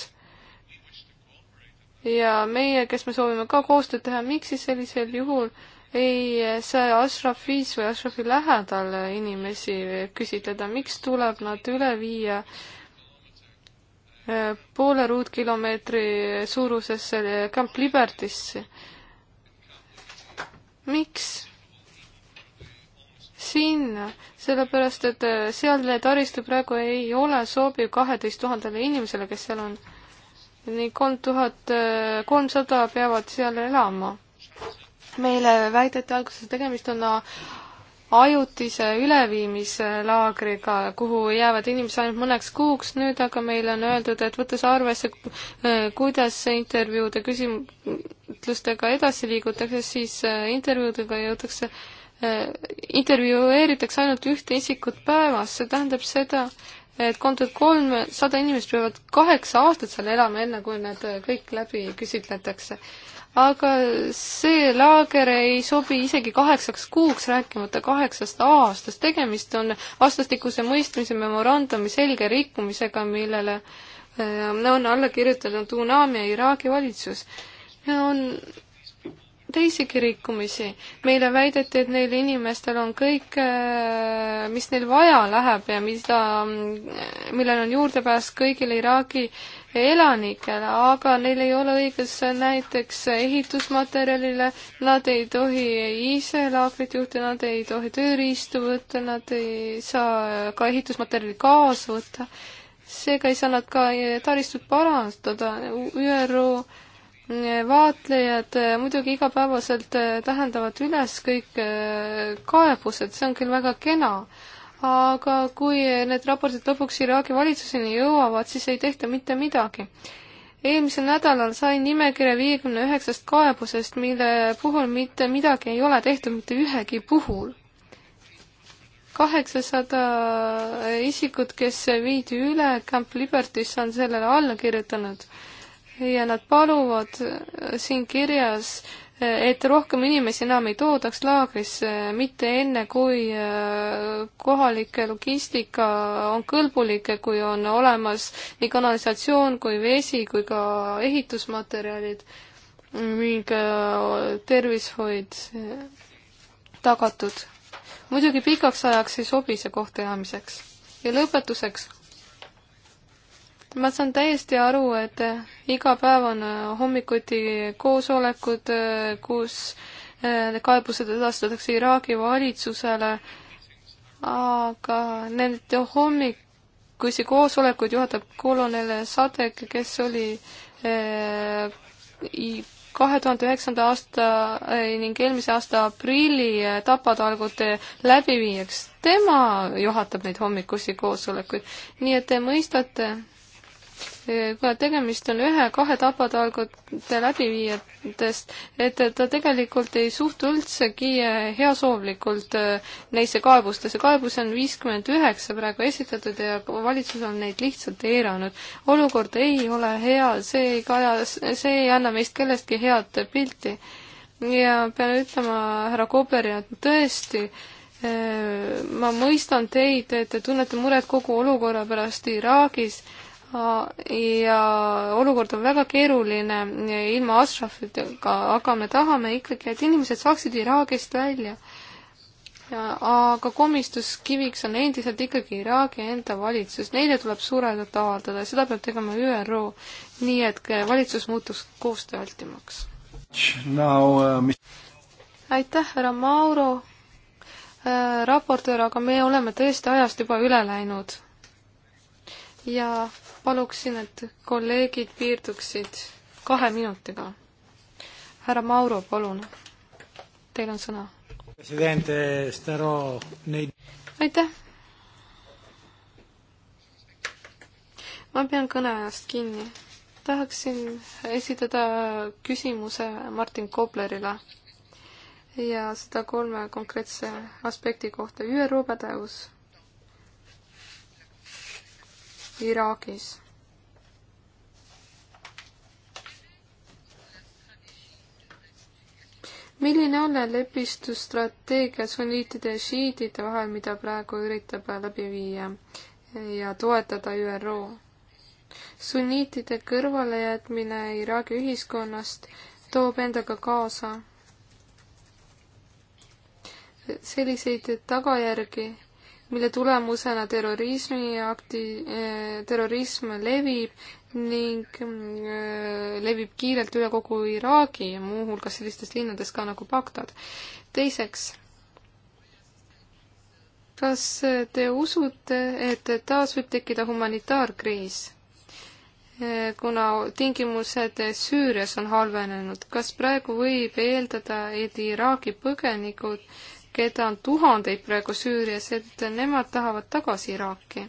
ja meie, kes me soovime ka koostööd teha, miks siis sellisel juhul ei saa Ashrafis või Ashrafi lähedal inimesi küsitleda, miks tuleb nad üle viia äh, poole ruutkilomeetri suurusesse äh, Camp Libertisse? miks? sinna, sellepärast et äh, sealne taristu praegu ei ole sobiv kaheteist tuhandele inimesele, kes seal on nii kolm tuhat äh, kolmsada peavad seal elama. meile väideti alguses, tegemist on äh, ajutise üleviimislaagriga, kuhu jäävad inimesed ainult mõneks kuuks, nüüd aga meile on öeldud, et võttes arvesse, äh, kuidas intervjuude küsimustega edasi liigutakse, siis intervjuudega jõutakse intervjueeritakse ainult ühte isikut päevas, see tähendab seda, et kolmkümmend kolmsada inimest peavad kaheksa aastat seal elama, enne kui nad äh, kõik läbi küsitletakse. aga see laager ei sobi isegi kaheksaks kuuks, rääkimata kaheksast aastast. tegemist on vastastikuse mõistmise memorandumi selge rikkumisega, millele äh, on alla kirjutanud UNAM ja Iraagi valitsus. on teisigi rikkumisi. meile väideti, et neil inimestel on kõik, äh, mis neil vaja läheb ja mida, millel on juurdepääs kõigile Iraagi elanikele, aga neil ei ole õigus näiteks ehitusmaterjalile, nad ei tohi ise laagrit juhtida, nad ei tohi tööriistu võtta, nad ei saa ka ehitusmaterjali kaasa võtta. seega ei saa nad ka taristut parandada, ÜRO vaatlejad eh, muidugi igapäevaselt eh, tähendavad üles kõik eh, kaebused, see on küll väga kena, aga kui need raportid lõpuks Iraagi valitsuseni jõuavad, siis ei tehta mitte midagi. eelmisel nädalal sain nimekirja viiekümne üheksast kaebusest, mille puhul mitte midagi ei ole tehtud mitte ühegi puhul. kaheksasada isikut, kes viidi üle Camp Libertisse, on sellele alla kirjutanud ja nad paluvad äh, siin kirjas, äh, et rohkem inimesi enam ei toodaks laagrisse, äh, mitte enne, kui kohalik logistika on kõlbulik, kui on olemas nii kanalisatsioon kui vesi kui ka ehitusmaterjalid ning tervishoid tagatud. muidugi pikaks ajaks ei sobi see kohtejäämiseks. ja lõpetuseks ma saan täiesti aru, et iga päev on äh, hommikuti koosolekud, äh, kus äh, kaebused edastatakse Iraagi valitsusele, aga need hommikusi koosolekuid juhatab kolonel Sadek, kes oli kahe tuhande üheksanda aasta ning eelmise aasta aprilli tapatalgute läbiviijaks. tema juhatab neid hommikusi koosolekuid, nii et te mõistate, kuna tegemist on ühe-kahe tapatalgute läbiviijatest, et ta tegelikult ei suhtu üldsegi heasoovlikult äh, neisse kaebustesse. kaebusi on viiskümmend üheksa praegu esitatud ja valitsus on neid lihtsalt eiranud. olukord ei ole hea, see ei kaja, see ei anna meist kellestki head pilti. ja pean ütlema härra Koberile, et tõesti, äh, ma mõistan teid, et te tunnete muret kogu olukorra pärast Iraagis ja olukord on väga keeruline ilma Ashrafidega, aga me tahame ikkagi, et inimesed saaksid Iraagist välja. aga komistuskiviks on endiselt ikkagi Iraagi enda valitsus, neile tuleb survet avaldada ja seda peab tegema ÜRO, nii et valitsus muutuks koostööaltimaks. Uh, aitäh, härra Mauro äh,, raportöör, aga me oleme tõesti ajast juba üle läinud ja paluksin, et kolleegid piirduksid kahe minutiga. härra Mauro, palun, teil on sõna. aitäh. ma pean kõneajast kinni. tahaksin esitada küsimuse Martin Koblerile ja seda kolme konkreetse aspekti kohta. ÜRO pädevus Iraagis. milline on lepistusstrateegia sunniitide ja šiidide vahel, mida praegu üritab läbi viia ja toetada ÜRO? sunniitide kõrvalejätmine Iraagi ühiskonnast toob endaga kaasa selliseid tagajärgi, mille tulemusena terrorismiakti, eh, terrorism levib ning eh, levib kiirelt üle kogu Iraagi ja muuhulgas sellistes linnades ka nagu Bagdad. teiseks, kas te usute, et taas võib tekkida humanitaarkriis? Eh, kuna tingimused Süürias on halvenenud, kas praegu võib eeldada, et Iraagi põgenikud keda on tuhandeid praegu Süürias, et nemad tahavad tagasi Iraaki.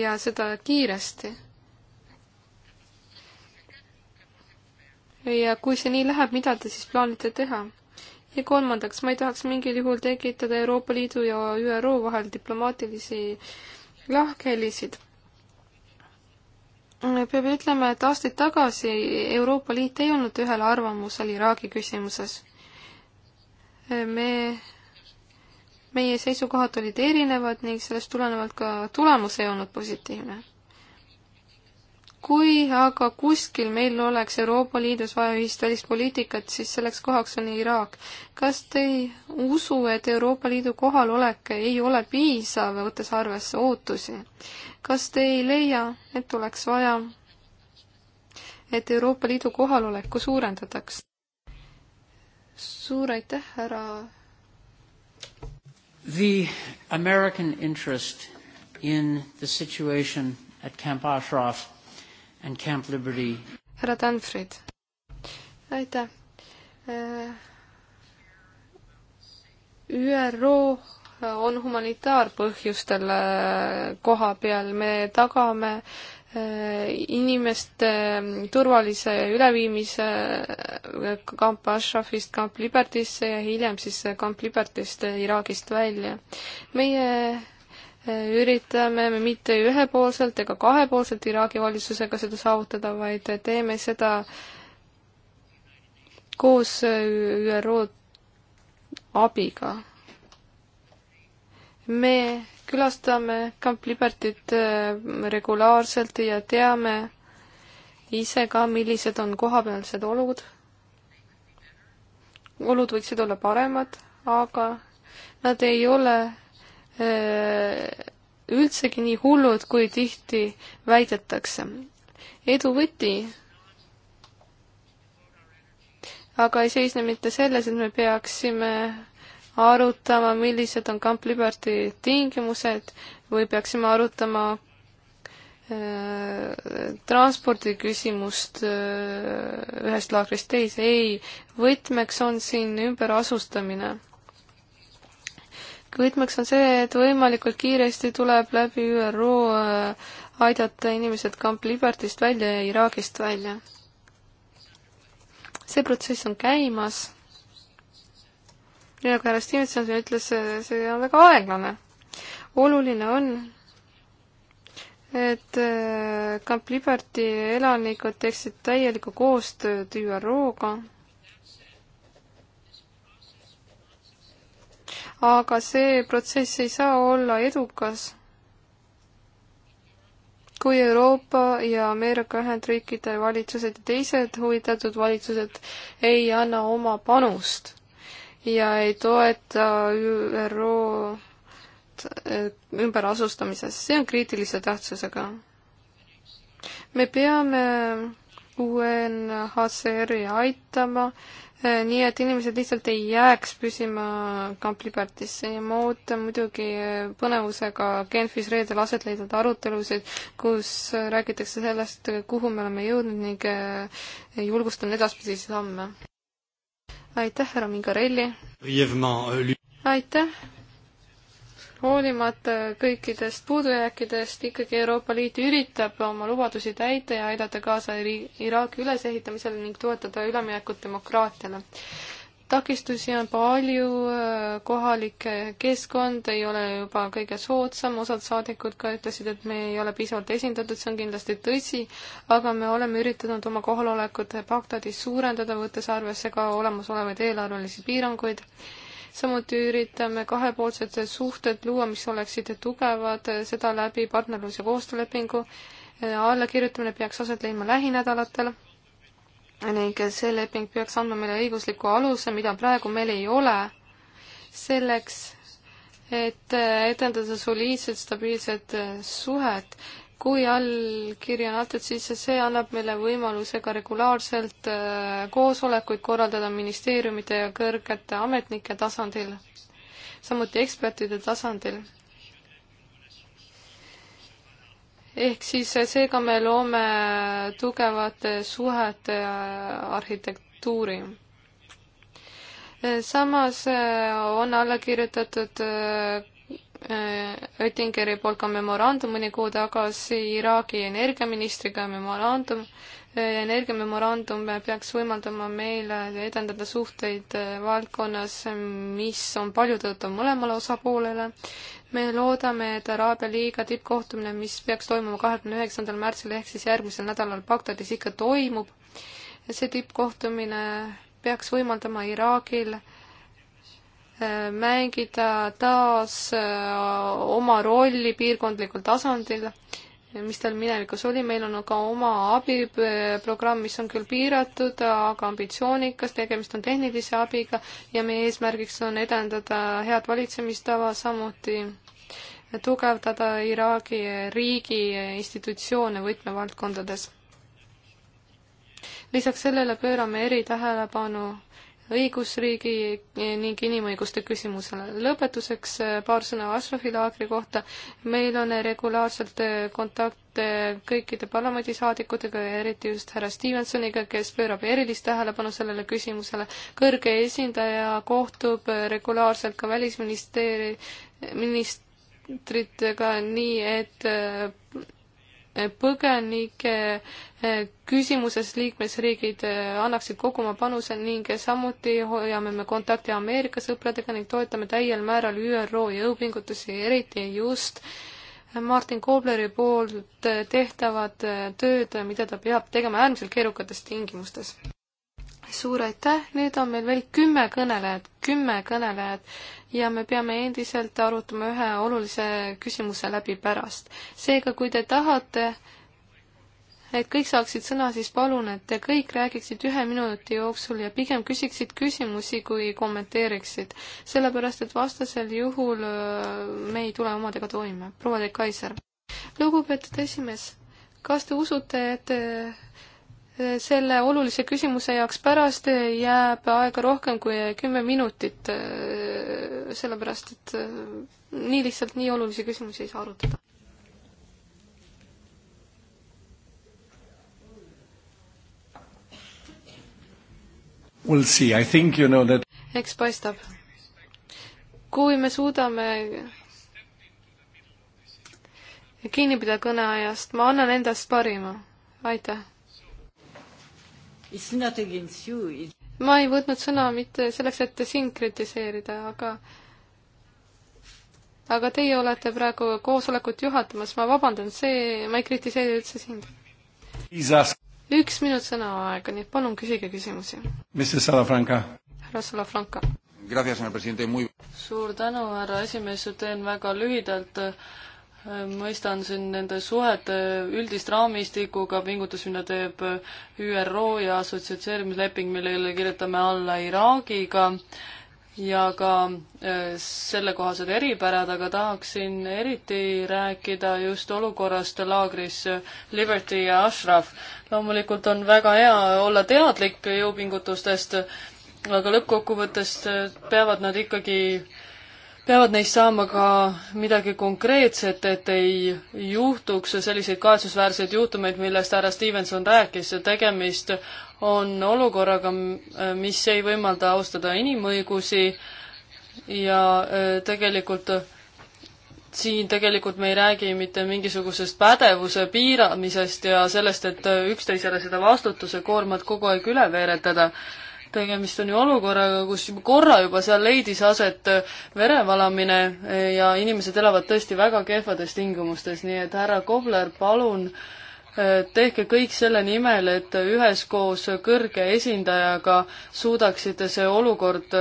ja seda kiiresti. ja kui see nii läheb, mida te siis plaanite teha? ja kolmandaks, ma ei tahaks mingil juhul tekitada Euroopa Liidu ja ÜRO vahel diplomaatilisi lahkhelisid. peab ütlema, et aastaid tagasi Euroopa Liit ei olnud ühel arvamusel Iraagi küsimuses me, meie seisukohad olid erinevad ning sellest tulenevalt ka tulemus ei olnud positiivne. kui aga kuskil meil oleks Euroopa Liidus vaja ühist välispoliitikat, siis selleks kohaks on Iraak. kas te ei usu, et Euroopa Liidu kohalolek ei ole piisav, võttes arvesse ootusi? kas te ei leia, et oleks vaja et Euroopa Liidu kohaloleku suurendataks suur aitäh, härra. The American interest in the situation at Camp Ashraf and Camp Liberty. härra Tanfrid. aitäh. Äh, ÜRO on humanitaarpõhjustel äh, koha peal, me tagame äh, inimeste ähm, turvalise üleviimise kamp äh, Ashrafist kamp Libertisse ja hiljem siis kamp äh, Libertist äh, Iraagist välja. meie üritame me mitte ühepoolselt ega kahepoolselt Iraagi valitsusega seda saavutada, vaid teeme seda koos ÜRO abiga me külastame Camp Libertyt äh, regulaarselt ja teame ise ka, millised on kohapealsed olud. olud võiksid olla paremad, aga nad ei ole äh, üldsegi nii hullud, kui tihti väidetakse. edu võti aga ei seisne mitte selles, et me peaksime arutama, millised on Camp Liberty tingimused või peaksime arutama äh, transpordi küsimust äh, ühest laagrist teise, ei, võtmeks on siin ümberasustamine. võtmeks on see, et võimalikult kiiresti tuleb läbi ÜRO äh, aidata inimesed Camp Libertist välja ja Iraagist välja. see protsess on käimas nii nagu härra Stevenson ütles, see on väga aeglane. oluline on, et äh, Camp Liberty elanikud teeksid täielikku koostööd ÜRO-ga. aga see protsess ei saa olla edukas, kui Euroopa ja Ameerika Ühendriikide valitsused ja teised huvitatud valitsused ei anna oma panust ja ei toeta ÜRO ümberasustamises, see on kriitilise tähtsusega. me peame UNHCR-i aitama, eh, nii et inimesed lihtsalt ei jääks püsima Camp Libertisse ja ma ootan muidugi eh, põnevusega Genfis reedel aset leidnud arutelusid, kus eh, räägitakse sellest, kuhu me oleme jõudnud ning julgustan edaspidisi samme aitäh, härra Mingarelli! Euh, aitäh! hoolimata kõikidest puudujääkidest ikkagi Euroopa Liit üritab oma lubadusi täita ja aidata kaasa Iraagi ülesehitamisele ning toetada üleminekut demokraatiale takistusi on palju, äh, kohalik keskkond ei ole juba kõige soodsam, osad saadikud ka ütlesid, et me ei ole piisavalt esindatud, see on kindlasti tõsi, aga me oleme üritanud oma kohalolekut Bagdadis suurendada, võttes arvesse ka olemasolevaid eelarvelisi piiranguid. samuti üritame kahepoolsed suhted luua, mis oleksid tugevad, seda läbi partnerlus- ja koostöölepingu äh, allakirjutamine peaks aset leidma lähinädalatel ning see leping peaks andma meile õigusliku aluse, mida praegu meil ei ole, selleks, et etendada soliidset, stabiilset suhet. kui allkiri on antud, siis see annab meile võimaluse ka regulaarselt äh, koosolekuid korraldada ministeeriumide ja kõrgete ametnike tasandil, samuti ekspertide tasandil ehk siis seega me loome tugevate suhete äh, arhitektuuri. Äh, samas äh, on alla kirjutatud Oettingeri poolt ka memorandum mõni kuu tagasi Iraagi energiaministriga memorandum, energiamemorandum peaks võimaldama meile edendada suhteid valdkonnas, mis on paljutõotav mõlemale osapoolele me loodame, et Araabia Liiga tippkohtumine, mis peaks toimuma kahekümne üheksandal märtsil ehk siis järgmisel nädalal Bagdadis ikka toimub. see tippkohtumine peaks võimaldama Iraagil äh, mängida taas äh, oma rolli piirkondlikul tasandil mis tal minevikus oli, meil on ka oma abiprogramm, mis on küll piiratud, aga ambitsioonikas, tegemist on tehnilise abiga ja meie eesmärgiks on edendada head valitsemistava, samuti tugevdada Iraagi riigi institutsioone võtmevaldkondades. lisaks sellele pöörame eritähelepanu õigusriigi ning inimõiguste küsimusele. lõpetuseks äh, paar sõna Ashrafi laagri kohta. meil on äh, regulaarselt äh, kontakte kõikide parlamendisaadikutega ja eriti just härra Stevensoniga, kes pöörab erilist tähelepanu sellele küsimusele. kõrge esindaja kohtub regulaarselt ka välisministeeri-, ministritega, nii et põgenike eh, küsimuses liikmesriigid eh, annaksid kogu oma panuse ning samuti hoiame me kontakti Ameerika sõpradega ning toetame täiel määral ÜRO jõupingutusi, eriti just Martin Kobleri poolt tehtavat eh, tööd, mida ta peab tegema äärmiselt keerukates tingimustes suur aitäh, nüüd on meil veel kümme kõnelejat, kümme kõnelejat ja me peame endiselt arutama ühe olulise küsimuse läbi pärast. seega, kui te tahate, et kõik saaksid sõna, siis palun, et te kõik räägiksid ühe minuti jooksul ja pigem küsiksid küsimusi, kui kommenteeriksid. sellepärast, et vastasel juhul äh, me ei tule omadega toime. proua De Kaiser. lugupeetud esimees, kas te usute, et selle olulise küsimuse jaoks pärast jääb aega rohkem kui kümme minutit, sellepärast et äh, nii lihtsalt nii olulisi küsimusi ei saa arutada. We'll see, I think you know that eks paistab. kui me suudame kinni pidada kõneajast, ma annan endast parima, aitäh! ma ei võtnud sõna mitte selleks, et sind kritiseerida, aga aga teie olete praegu koosolekut juhatamas, ma vabandan, see, ma ei kritiseeri üldse sind. üks minut sõnaaega, nii et palun küsige küsimusi. mis see Salafranca? härra Salafranca. suur tänu, härra esimees, teen väga lühidalt mõistan siin nende suhete üldist raamistikuga, pingutus, mida teeb ÜRO ja assotsieerimisleping, millele kirjutame alla Iraagiga ja ka äh, sellekohased eripärad, aga tahaksin eriti rääkida just olukorrast laagris Liberty ja Ashraf. loomulikult on väga hea olla teadlik jõupingutustest, aga lõppkokkuvõttes äh, peavad nad ikkagi äh, peavad neist saama ka midagi konkreetset, et ei juhtuks selliseid kahetsusväärseid juhtumeid, millest härra Stevenson rääkis, tegemist on olukorraga, mis ei võimalda austada inimõigusi ja äh, tegelikult siin tegelikult me ei räägi mitte mingisugusest pädevuse piiramisest ja sellest, et üksteisele seda vastutuse koormat kogu aeg üle veeretada tegemist on ju olukorraga, kus juba korra juba seal leidis aset äh, verevalamine äh, ja inimesed elavad tõesti väga kehvades tingimustes, nii et härra Kobler, palun äh, tehke kõik selle nimel, et üheskoos kõrge esindajaga suudaksite see olukord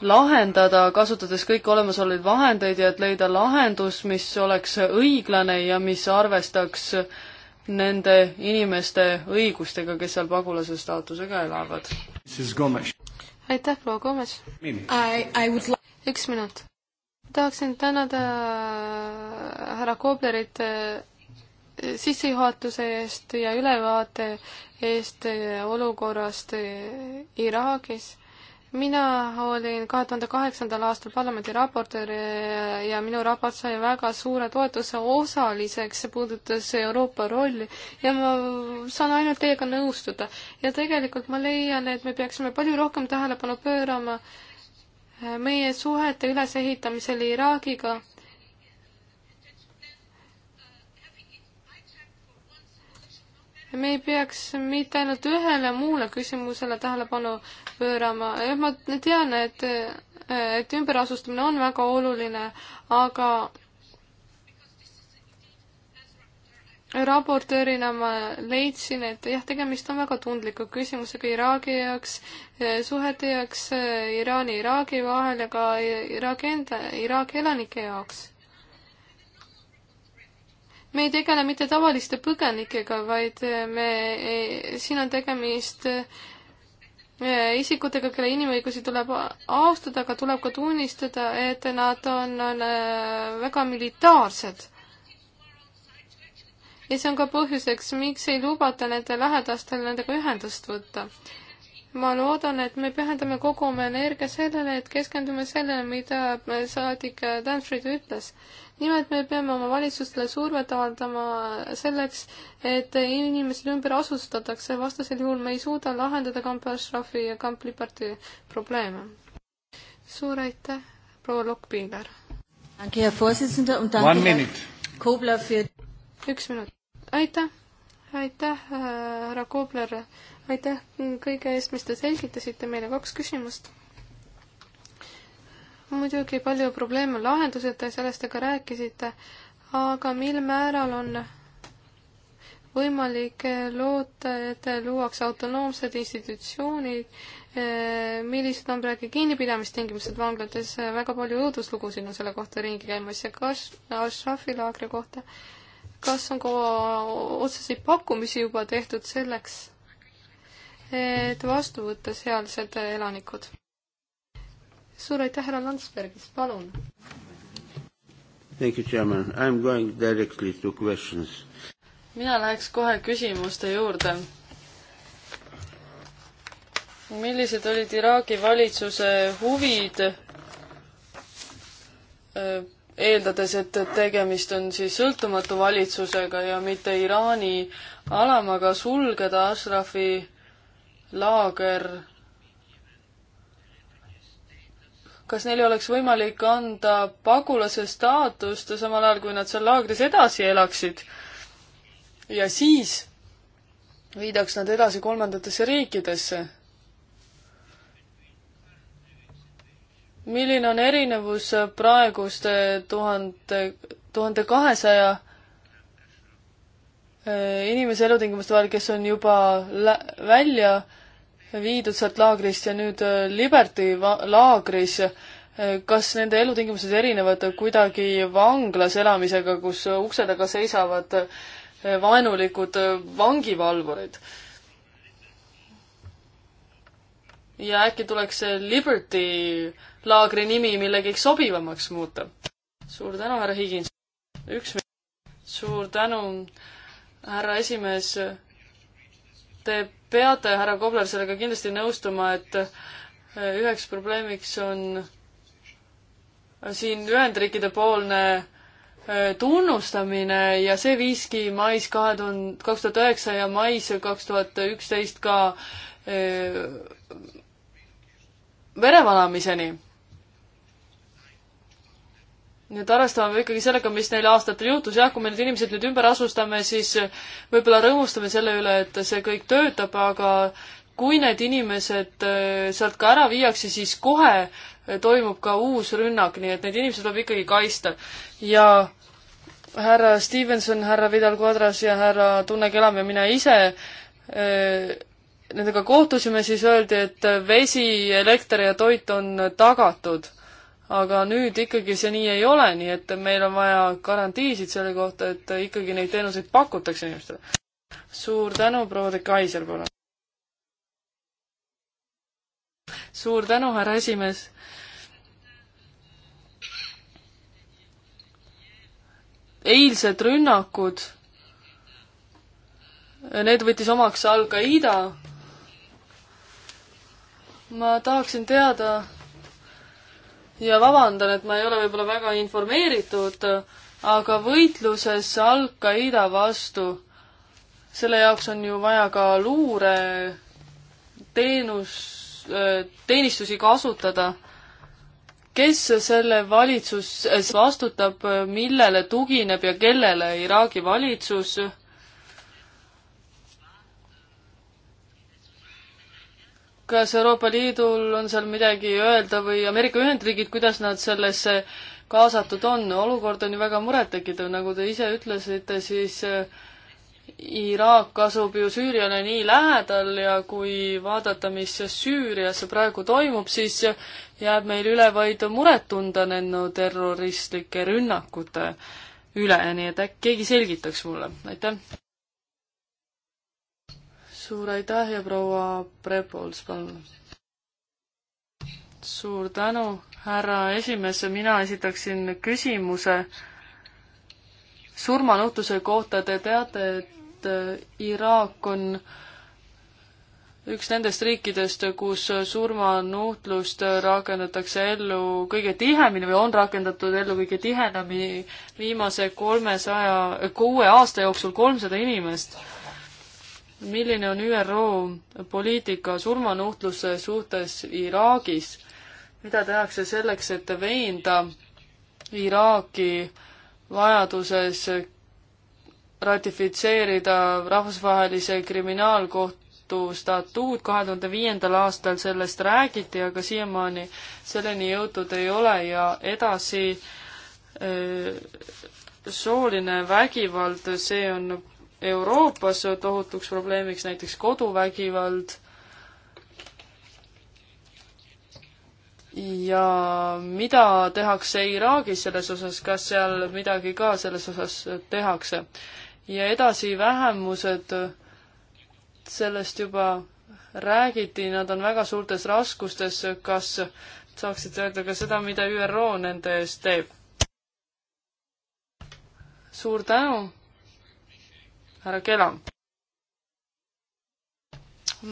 lahendada, kasutades kõiki olemasolevaid vahendeid ja et leida lahendus, mis oleks õiglane ja mis arvestaks nende inimeste õigustega, kes seal pagulase staatusega elavad aitäh, proua Gomes. Would... üks minut. tahaksin tänada äh, härra Koblerit äh, sissejuhatuse eest ja ülevaate eest äh, olukorrast Iraagis mina olin kahe tuhande kaheksandal aastal parlamendi raportöör ja minu raport sai väga suure toetuse osaliseks, see puudutas Euroopa rolli ja ma saan ainult teiega nõustuda. ja tegelikult ma leian, et me peaksime palju rohkem tähelepanu pöörama meie suhete ülesehitamisele Iraagiga me ei peaks mitte ainult ühele muule küsimusele tähelepanu pöörama, jah, ma tean, et, et ümberasustamine on väga oluline, aga raportöörina ma leidsin, et jah, tegemist on väga tundliku küsimusega Iraagi jaoks, suhete jaoks Iraani-Iraagi vahel ja ka Iraagi enda, Iraagi elanike jaoks me ei tegele mitte tavaliste põgenikega, vaid eh, me, eh, siin on tegemist eh, isikutega, kelle inimõigusi tuleb austada, aga tuleb ka tunnistada, et nad on, on väga militaarsed. ja see on ka põhjuseks, miks ei lubata nende lähedastel nendega ühendust võtta. ma loodan, et me pühendame kogu oma energia sellele, et keskendume sellele, mida saadik Danfrid ütles nimelt me peame oma valitsustele survet avaldama selleks, et inimesed ümber asustatakse, vastasel juhul me ei suuda lahendada Camp Ashrafi ja Camp Liberty probleeme. suur aitäh, proua Lokk-Piiler! üks minut. aitäh, aitäh, äh, härra Kobler, aitäh kõige eest, mis te selgitasite meile, kaks küsimust muidugi palju probleeme on lahenduseta ja sellest te ka rääkisite, aga mil määral on võimalik loota, et luuakse autonoomsed institutsioonid, eh, millised on praegu kinnipidamistingimused vanglates, väga palju õuduslugusid on selle kohta ringi käimas ja kas Ashrafi laagri kohta, kas on ka otseseid pakkumisi juba tehtud selleks, et vastu võtta sealsed elanikud? suur aitäh, härra Landsbergis, palun. Thank you, chairman, I am going directly to questions. mina läheks kohe küsimuste juurde. millised olid Iraagi valitsuse huvid äh, eeldades, et tegemist on siis sõltumatu valitsusega ja mitte Iraani alamaga, sulgeda Ashrafi laager kas neile oleks võimalik anda pagulase staatust samal ajal, kui nad seal laagris edasi elaksid. ja siis viidaks nad edasi kolmandatesse riikidesse. milline on erinevus praeguste tuhande, tuhande kahesaja eh, inimese elutingimuste vahel, kes on juba lä-, välja äh, viidud sealt laagrist ja nüüd äh, Liberty laagris. kas nende elutingimused erinevad kuidagi vanglas elamisega, kus ukse taga seisavad äh, vaenulikud äh, vangivalvurid? ja äkki tuleks see Liberty laagri nimi millegiks sobivamaks muuta? suur tänu, härra Higins. üks minut. suur tänu, härra esimees Te peate, härra Kobler, sellega kindlasti nõustuma, et eh, üheks probleemiks on siin Ühendriikide poolne eh, tunnustamine ja see viiski mais kahe tuhande, kaks tuhat üheksa ja mais kaks tuhat üksteist ka eh, verevalamiseni nii et arvestame ikkagi sellega, mis neil aastatel juhtus, jah, kui me need inimesed nüüd ümber asustame, siis võib-olla rõõmustame selle üle, et see kõik töötab, aga kui need inimesed äh, sealt ka ära viiakse, siis kohe äh, toimub ka uus rünnak, nii et need inimesed tuleb ikkagi kaitsta. ja härra Stevenson, härra Vidal Quadras ja härra Tunne Kelam ja mina ise äh, nendega kohtusime, siis öeldi, et vesi, elekter ja toit on tagatud aga nüüd ikkagi see nii ei ole, nii et meil on vaja garantiisid selle kohta, et ikkagi neid teenuseid pakutakse inimestele. suur tänu, proua de Kaiser, palun! suur tänu, härra esimees! eilsed rünnakud, need võttis omaks Al-Qaeda. ma tahaksin teada, ja vabandan, et ma ei ole võib-olla väga informeeritud, aga võitluses Al-Qaeda vastu, selle jaoks on ju vaja ka luureteenus, äh, teenistusi kasutada. kes selle valitsus äh, vastutab, millele tugineb ja kellele Iraagi valitsus kas Euroopa Liidul on seal midagi öelda või Ameerika Ühendriigid, kuidas nad sellesse kaasatud on, olukord on ju väga murettekitav, nagu te ise ütlesite, siis eh, Iraak asub ju Süüriale nii lähedal ja kui vaadata, mis Süürias praegu toimub, siis jääb meil üle vaid muret tunda nende terroristlike rünnakute üle, nii et äkki keegi selgitaks mulle, aitäh! suur aitäh ja proua Prepols, palun. suur tänu, härra esimees, mina esitaksin küsimuse surmanuhtluse kohta. Te teate, et äh, Iraak on üks nendest riikidest, kus surmanuhtlust rakendatakse ellu kõige tihemini või on rakendatud ellu kõige tihedamini viimase kolmesaja, kuue aasta jooksul kolmsada inimest milline on ÜRO poliitika surmanuhtluse suhtes Iraagis, mida tehakse selleks, et veenda Iraaki vajaduses ratifitseerida rahvusvahelise kriminaalkohtu statuut, kahe tuhande viiendal aastal sellest räägiti, aga siiamaani selleni jõutud ei ole ja edasi sooline vägivald, see on Euroopas tohutuks probleemiks, näiteks koduvägivald ja mida tehakse Iraagis selles osas, kas seal midagi ka selles osas tehakse? ja edasi vähemused, sellest juba räägiti, nad on väga suurtes raskustes, kas saaksite öelda ka seda, mida ÜRO nende eest teeb? suur tänu! härra Kelam.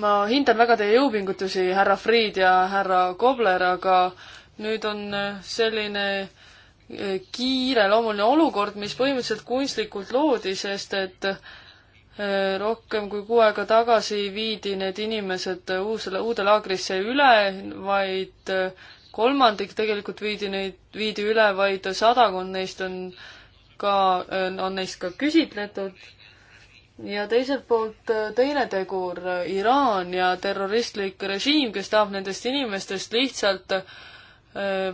ma hindan väga teie jõupingutusi, härra Fried ja härra Kobler, aga nüüd on selline eh, kiireloomuline olukord, mis põhimõtteliselt kunstlikult loodi, sest et eh, rohkem kui kuu aega tagasi viidi need inimesed uusele, uude laagrisse üle, vaid eh, kolmandik tegelikult viidi neid, viidi üle, vaid sadakond neist on ka, on neist ka küsitletud ja teiselt poolt äh, teine tegur, äh, Iraan ja terroristlik režiim, kes tahab nendest inimestest lihtsalt äh,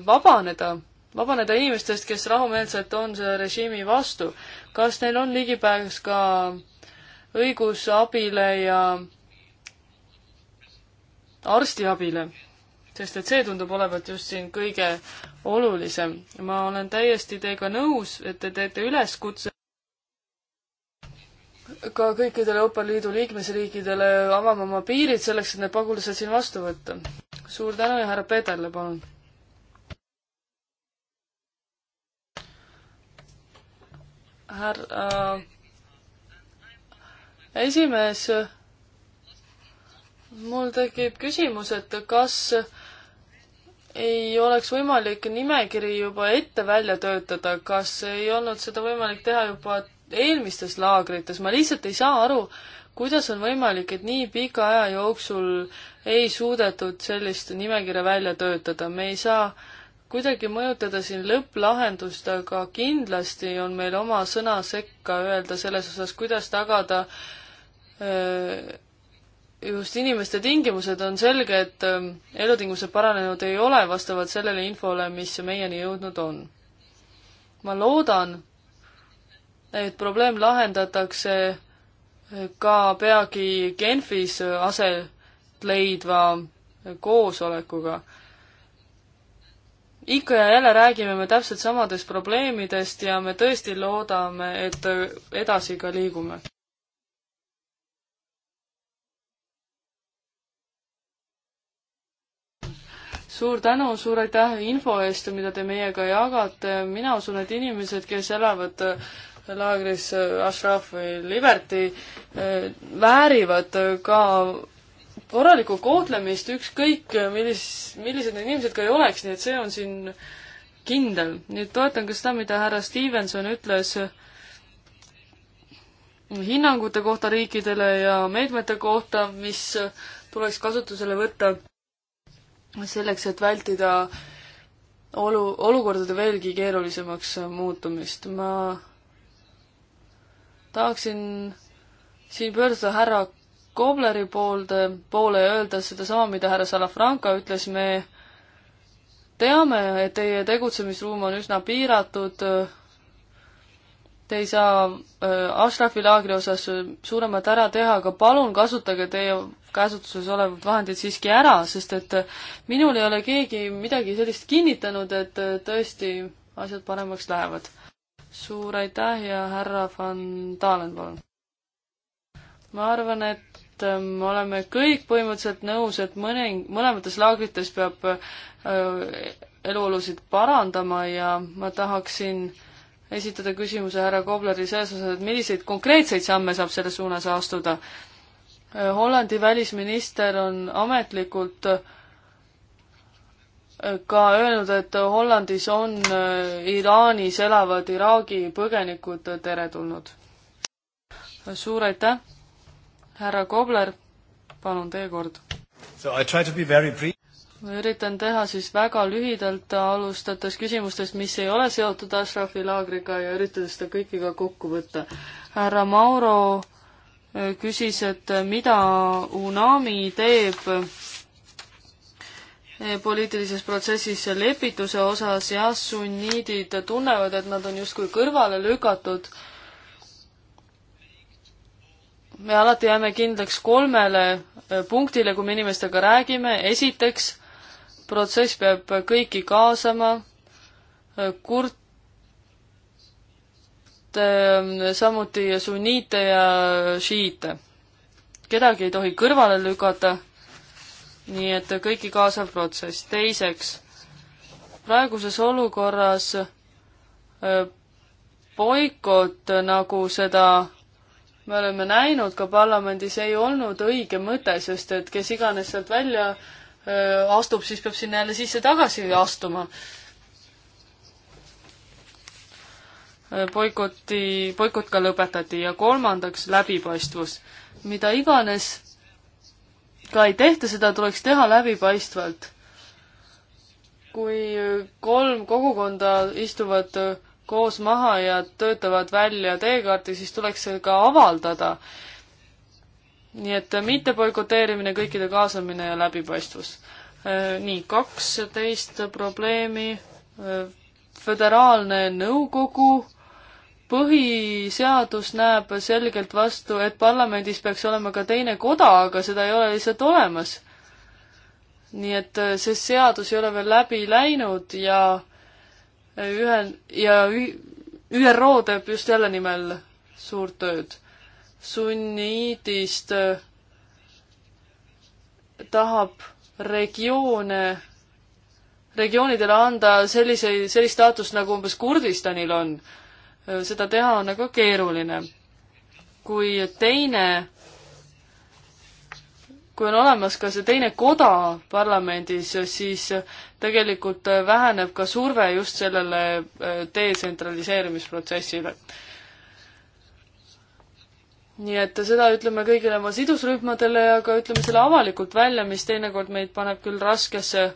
vabaneda, vabaneda inimestest, kes rahumeelselt on selle režiimi vastu. kas neil on ligipääs ka õigusabile ja arstiabile? sest et see tundub olevat just siin kõige olulisem. ma olen täiesti teiega nõus, et te teete üleskutse ka kõikidele Euroopa Liidu liikmesriikidele avama oma piirid selleks, et need pagulased siin vastu võtta. suur tänu ja härra Peterle, palun. härra äh, esimees, mul tekib küsimus, et kas ei oleks võimalik nimekiri juba ette välja töötada, kas ei olnud seda võimalik teha juba eelmistes laagrites, ma lihtsalt ei saa aru, kuidas on võimalik, et nii pika aja jooksul ei suudetud sellist nimekirja välja töötada, me ei saa kuidagi mõjutada siin lõpplahendust, aga kindlasti on meil oma sõna sekka öelda selles osas, kuidas tagada just inimeste tingimused, on selge, et elutingimused paranenud ei ole vastavalt sellele infole, mis meieni jõudnud on. ma loodan, et probleem lahendatakse eh, ka peagi Genfis eh, aset leidva koosolekuga. ikka ja jälle räägime me täpselt samadest probleemidest ja me tõesti loodame, et eh, edasi ka liigume. suur tänu, suur aitäh info eest, mida te meiega jagate, mina usun, et inimesed, kes elavad laagris äh, Ashraf või Liberty äh, väärivad äh, ka korralikku kohtlemist, ükskõik millis, millised need inimesed ka ei oleks, nii et see on siin kindel. nüüd toetan ka seda, mida härra Stevenson ütles hinnangute kohta riikidele ja meetmete kohta, mis tuleks kasutusele võtta selleks, et vältida olu, olukordade veelgi keerulisemaks muutumist. ma tahaksin siin pöörduda härra Kobleri poolde, poole ja öelda sedasama, mida härra Salafranca ütles, me teame, et teie tegutsemisruum on üsna piiratud, te ei saa äh, Ashrafi laagri osas suuremat ära teha, aga palun kasutage teie käsutuses olevad vahendid siiski ära, sest et minul ei ole keegi midagi sellist kinnitanud, et äh, tõesti asjad paremaks lähevad suur aitäh ja härra Van Dalen, palun. ma arvan, et ähm, me oleme kõik põhimõtteliselt nõus, et mõne, mõlemates laagrites peab äh, eluolusid parandama ja ma tahaksin esitada küsimuse härra Kobleri selles osas, et milliseid konkreetseid samme saab selles suunas astuda. Äh, Hollandi välisminister on ametlikult äh, ka öelnud, et Hollandis on äh, Iraanis elavad Iraagi põgenikud teretulnud. suur aitäh, härra Kobler, palun teie kord. ma üritan teha siis väga lühidalt, alustades küsimustest, mis ei ole seotud Ashrafi laagriga ja üritades seda kõike ka kokku võtta. härra Mauro äh, küsis, et mida UNAMI teeb Eh, poliitilises protsessis lepituse osas ja sunniidid tunnevad, et nad on justkui kõrvale lükatud. me alati jääme kindlaks kolmele eh, punktile, kui me inimestega räägime. esiteks, protsess peab kõiki kaasama, eh, kurt-, ehm, samuti sunniite ja šiite. kedagi ei tohi kõrvale lükata nii et kõiki kaasav protsess. teiseks, praeguses olukorras boikott, nagu seda me oleme näinud ka parlamendis, ei olnud õige mõte, sest et kes iganes sealt välja astub, siis peab sinna jälle sisse tagasi astuma. boikoti, boikot ka lõpetati ja kolmandaks läbipaistvus. mida iganes ka ei tehta, seda tuleks teha läbipaistvalt. kui kolm kogukonda istuvad koos maha ja töötavad välja teekaarti, siis tuleks see ka avaldada. nii et mitte boikoteerimine, kõikide kaasamine ja läbipaistvus. Äh, nii, kaksteist probleemi. Äh, föderaalne nõukogu põhiseadus näeb selgelt vastu, et parlamendis peaks olema ka teine koda, aga seda ei ole lihtsalt olemas. nii et äh, see seadus ei ole veel läbi läinud ja äh, ühe ja ÜRO teeb just selle nimel suurt tööd. sunniidist äh, tahab regioone, regioonidele anda selliseid, sellist staatust, nagu umbes Kurdistanil on seda teha on väga keeruline. kui teine, kui on olemas ka see teine koda parlamendis, siis tegelikult väheneb ka surve just sellele äh, detsentraliseerimisprotsessile. nii et seda ütleme kõigile oma sidusrühmadele ja ka ütleme selle avalikult välja, mis teinekord meid paneb küll raskesse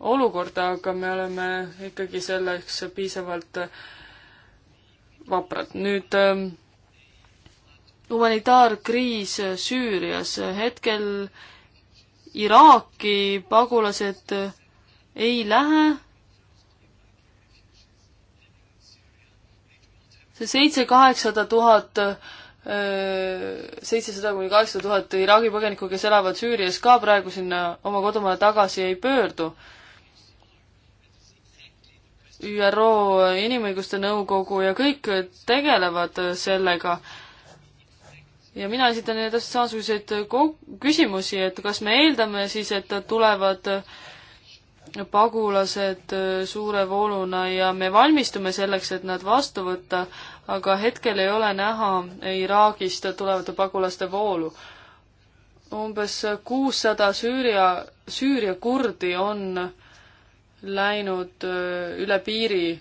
olukorda, aga me oleme ikkagi selleks piisavalt äh, vapralt. nüüd ähm, humanitaarkriis Süürias. hetkel Iraaki pagulased ei lähe. see seitse-kaheksasada tuhat äh, seitsesada kuni kaheksasada tuhat Iraagi põgenikku, kes elavad Süürias, ka praegu sinna oma kodumaale tagasi ei pöördu. ÜRO Inimõiguste Nõukogu ja kõik tegelevad sellega. ja mina esitan neile täpselt samasuguseid küsimusi, et kas me eeldame siis, et tulevad pagulased suure vooluna ja me valmistume selleks, et nad vastu võtta, aga hetkel ei ole näha Iraagist tulevate pagulaste voolu. umbes kuussada Süüria, Süüria kurdi on äh, läinud äh, üle piiri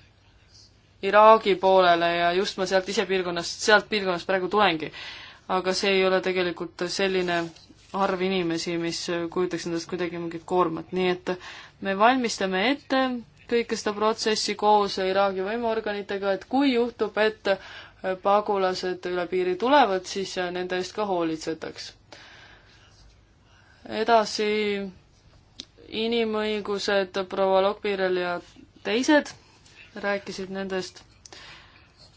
Iraagi poolele ja just ma sealt ise piirkonnast, sealt piirkonnast praegu tulengi. aga see ei ole tegelikult selline arv inimesi, mis äh, kujutaks endast kuidagi mingit koormat, nii et me valmistame ette kõike seda protsessi koos Iraagi võimuorganitega, et kui juhtub, et äh, pagulased üle piiri tulevad, siis nende eest ka hoolitsetaks. edasi inimõigused, proua Lokvirel ja teised rääkisid nendest.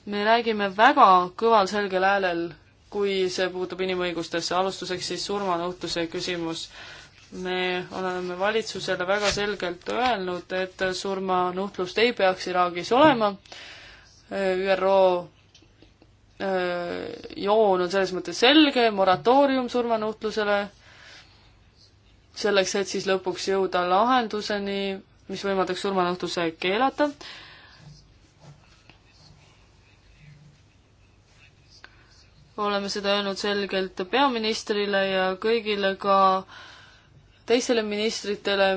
me räägime väga kõval selgel häälel, kui see puutub inimõigustesse, alustuseks siis surmanuhtluse küsimus. me oleme valitsusele väga selgelt öelnud, et surmanuhtlust ei peaks Iraagis olema. ÜRO äh, joon on selles mõttes selge, moratoorium surmanuhtlusele selleks, et siis lõpuks jõuda lahenduseni, mis võimaldaks surmanuhtluse keelata. oleme seda öelnud selgelt peaministrile ja kõigile ka teistele ministritele,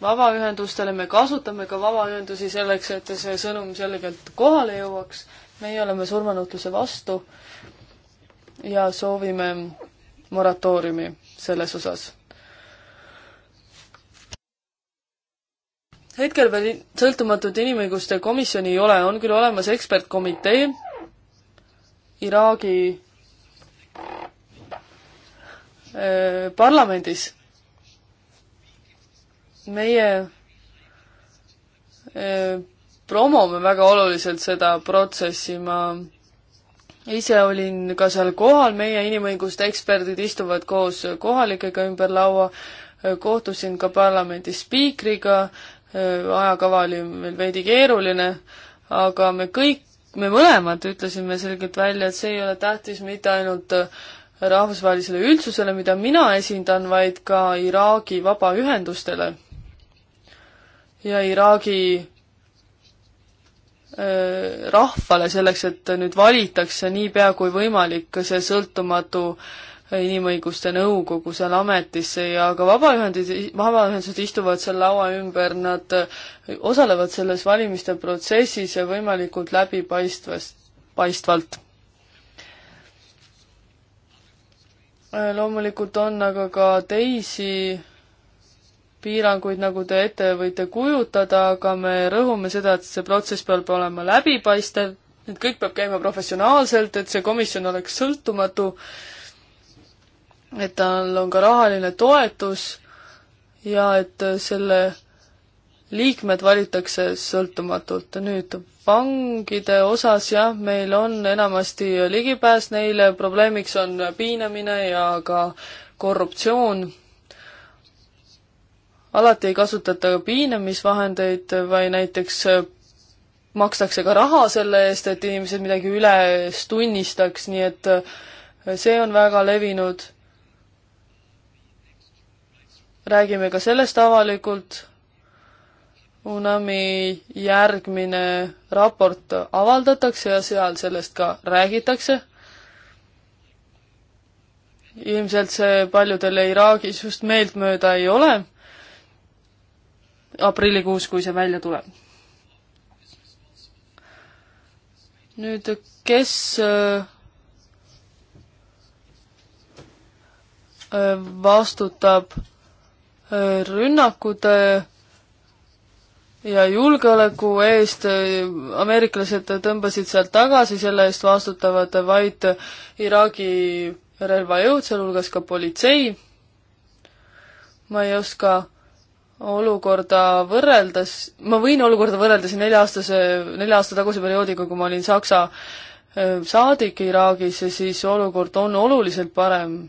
vabaühendustele, me kasutame ka vabaühendusi selleks, et see sõnum selgelt kohale jõuaks. meie oleme surmanuhtluse vastu ja soovime moratooriumi selles osas hetkel veel sõltumatut inimõiguste komisjoni ei ole, on küll olemas ekspertkomitee Iraagi äh, parlamendis. meie äh, promome väga oluliselt seda protsessi, ma ise olin ka seal kohal, meie inimõiguste eksperdid istuvad koos kohalikega ümber laua, kohtusin ka parlamendi spiikriga äh,, Äh, ajakava oli meil veidi keeruline, aga me kõik, me mõlemad ütlesime selgelt välja, et see ei ole tähtis mitte ainult äh, rahvusvahelisele üldsusele, mida mina esindan, vaid ka Iraagi vabaühendustele. ja Iraagi äh, rahvale selleks, et nüüd valitakse niipea kui võimalik see sõltumatu äh, inimõiguste nõukogu seal ametisse ja ka vabaühendid, vabaühendused istuvad seal laua ümber, nad äh, osalevad selles valimiste protsessis ja võimalikult läbipaistvast, paistvalt. Äh, loomulikult on aga ka teisi piiranguid, nagu te ette võite kujutada, aga me rõhume seda, et see protsess peab olema läbipaistev, et kõik peab käima professionaalselt, et see komisjon oleks sõltumatu äh, et tal on ka rahaline toetus ja et selle liikmed valitakse sõltumatult. nüüd vangide osas jah, meil on enamasti ligipääs neile, probleemiks on piinamine ja ka korruptsioon. alati ei kasutata ka piinamisvahendeid, vaid näiteks makstakse ka raha selle eest, et inimesed midagi üles tunnistaks, nii et see on väga levinud räägime ka sellest avalikult. UNAMI järgmine raport avaldatakse ja seal sellest ka räägitakse. ilmselt see paljudele Iraagis just meeltmööda ei ole. aprillikuus, kui see välja tuleb. nüüd, kes äh, vastutab rünnakute ja julgeoleku eest ameeriklased tõmbasid sealt tagasi, selle eest vastutavad vaid Iraagi relvajõud, sealhulgas ka politsei. ma ei oska olukorda võrreldes, ma võin olukorda võrrelda siin nelja-aastase, nelja aasta taguse perioodiga, kui ma olin Saksa äh, saadik Iraagis, siis olukord on oluliselt parem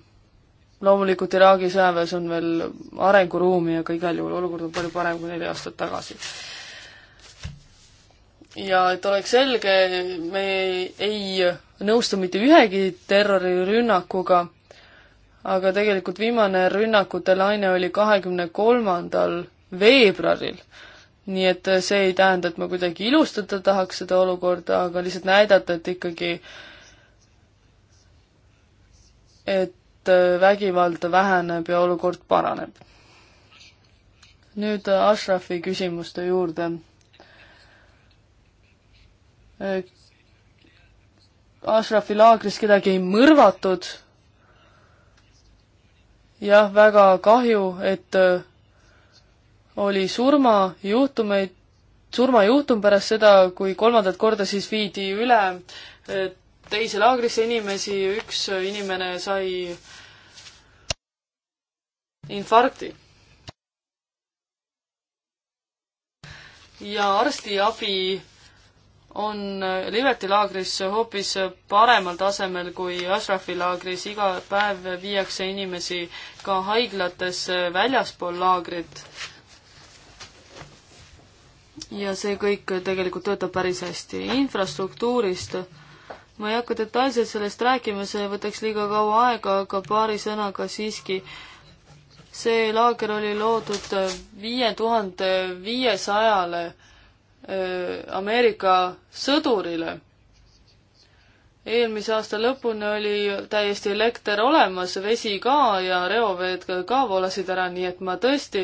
loomulikult Iraagi sõjaväes on veel arenguruumi, aga igal juhul olukord on palju parem kui neli aastat tagasi. ja et oleks selge, me ei nõustu mitte ühegi terrorirünnakuga, aga tegelikult viimane rünnakute laine oli kahekümne kolmandal veebruaril. nii et see ei tähenda, et ma kuidagi ilustada tahaks seda olukorda, aga lihtsalt näidata, et ikkagi et et äh, vägivald väheneb ja olukord paraneb. nüüd äh, Ashrafi küsimuste juurde. Äh, Ashrafi laagris kedagi ei mõrvatud. jah, väga kahju, et oli surmajuhtumeid, surmajuhtum pärast seda, kui kolmandat korda siis viidi üle teise laagrisse inimesi, üks inimene sai infarkti. ja arstiabi on Liberty laagris hoopis paremal tasemel kui Ashrafi laagris, iga päev viiakse inimesi ka haiglatesse väljaspool laagrit. ja see kõik tegelikult töötab päris hästi. infrastruktuurist ma ei hakka detailselt sellest rääkima, see võtaks liiga kaua aega, aga paari sõnaga siiski äh, see laager oli loodud viie tuhande viiesajale äh, Ameerika sõdurile. eelmise aasta lõpuni oli täiesti elekter olemas, vesi ka ja reoveed ka voolasid ära, nii et ma tõesti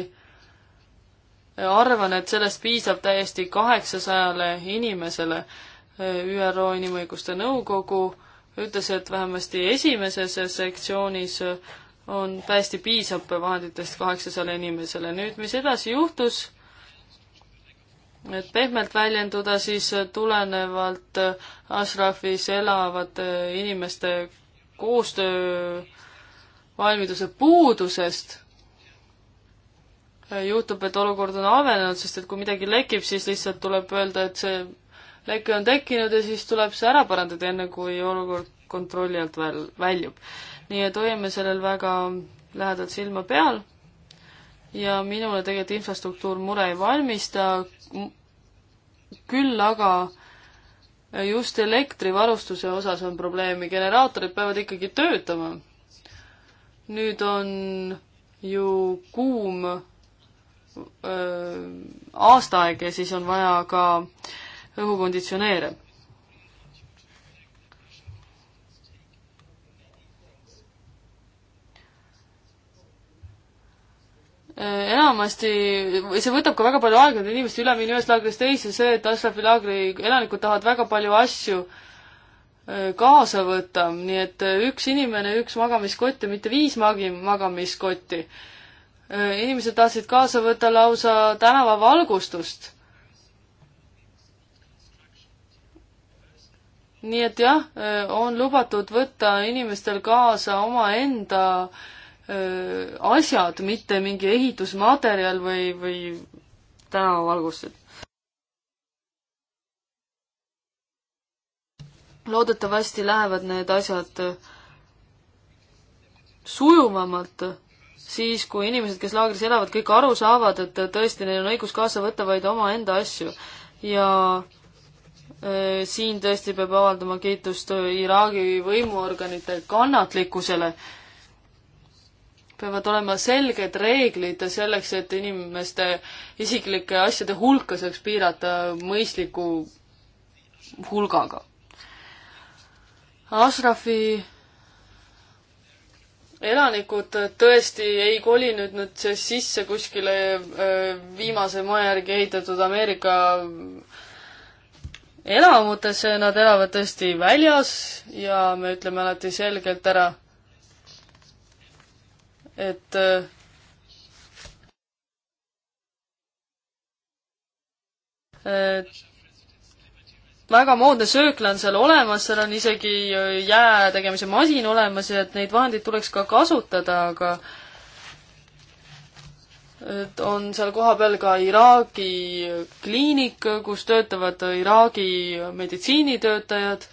arvan, et sellest piisab täiesti kaheksasajale inimesele. Äh, ÜRO Inimõiguste Nõukogu ütles, et vähemasti esimeses sektsioonis on täiesti piisab vahenditest kaheksasajale inimesele. nüüd, mis edasi juhtus, et pehmelt väljenduda, siis tulenevalt Ashrafis elavate inimeste koostöövalmiduse puudusest juhtub, et olukord on halvenenud, sest et kui midagi lekib, siis lihtsalt tuleb öelda, et see leke on tekkinud ja siis tuleb see ära parandada, enne kui olukord kontrolli alt väl-, väljub nii et hoiame sellel väga lähedalt silma peal ja minule tegelikult infrastruktuur mure ei valmista, küll aga just elektrivarustuse osas on probleemi, generaatorid peavad ikkagi töötama. nüüd on ju kuum öö, aastaaeg ja siis on vaja ka õhukonditsioneere Äh, enamasti, või see võtab ka väga palju aega nende inimeste ülemine ühest laagrist teise, see, et Ashrafi laagri elanikud tahavad väga palju asju äh, kaasa võtta, nii et äh, üks inimene, üks magamiskott ja mitte viis magi-, magamiskotti. inimesed tahtsid kaasa võtta lausa tänavavalgustust. nii et jah, on lubatud võtta inimestel kaasa omaenda äh, asjad, mitte mingi ehitusmaterjal või, või tänavavalgustused. loodetavasti lähevad need asjad sujuvamalt siis, kui inimesed, kes laagris elavad, kõik aru saavad, et tõesti, neil on õigus kaasa võtta vaid omaenda asju. ja äh, siin tõesti peab avaldama kiitust Iraagi võimuorganite kannatlikkusele äh, peavad olema selged reeglid selleks, et inimeste isiklike asjade hulka saaks piirata mõistliku hulgaga. Ashrafi elanikud tõesti ei kolinud nüüd sisse kuskile viimase maja järgi ehitatud Ameerika elamutesse, nad elavad tõesti väljas ja me ütleme alati selgelt ära Äh, et väga moodne söökla on seal olemas, seal on isegi äh, jää tegemise masin olemas ja et neid vahendeid tuleks ka kasutada, aga et on seal kohapeal ka Iraagi kliinik, kus töötavad Iraagi meditsiinitöötajad.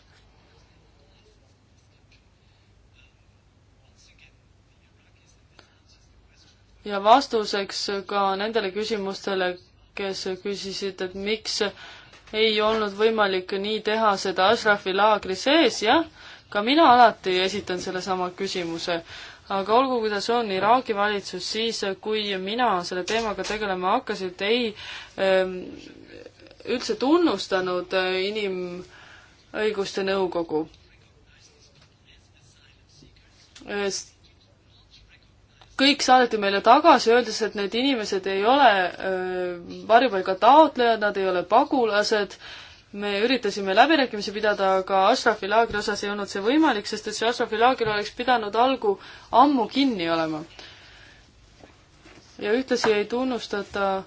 ja vastuseks ka nendele küsimustele, kes küsisid, et miks ei olnud võimalik nii teha seda Ashrafi laagri sees, jah, ka mina alati esitan sellesama küsimuse. aga olgu, kuidas on, Iraagi valitsus siis, kui mina selle teemaga tegelema hakkasin, ei ähm, üldse tunnustanud äh, inimõiguste nõukogu. Äh, kõik saadeti meile tagasi, öeldes, et need inimesed ei ole varjupaiga taotlejad, nad ei ole pagulased. me üritasime läbirääkimisi pidada, aga Ashrafi laagri osas ei olnud see võimalik, sest et see Ashrafi laager oleks pidanud algu ammu kinni olema. ja ühtlasi ei tunnustata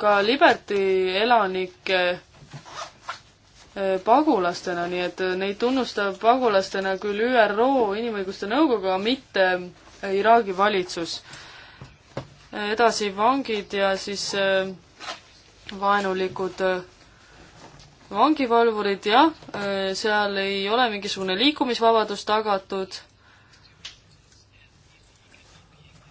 ka Liberty elanike Äh, pagulastena, nii et äh, neid tunnustab pagulastena küll ÜRO Inimõiguste Nõukogu, aga mitte äh, Iraagi valitsus. edasi vangid ja siis vaenulikud vangivalvurid, jah, seal ei ole mingisugune liikumisvabadus tagatud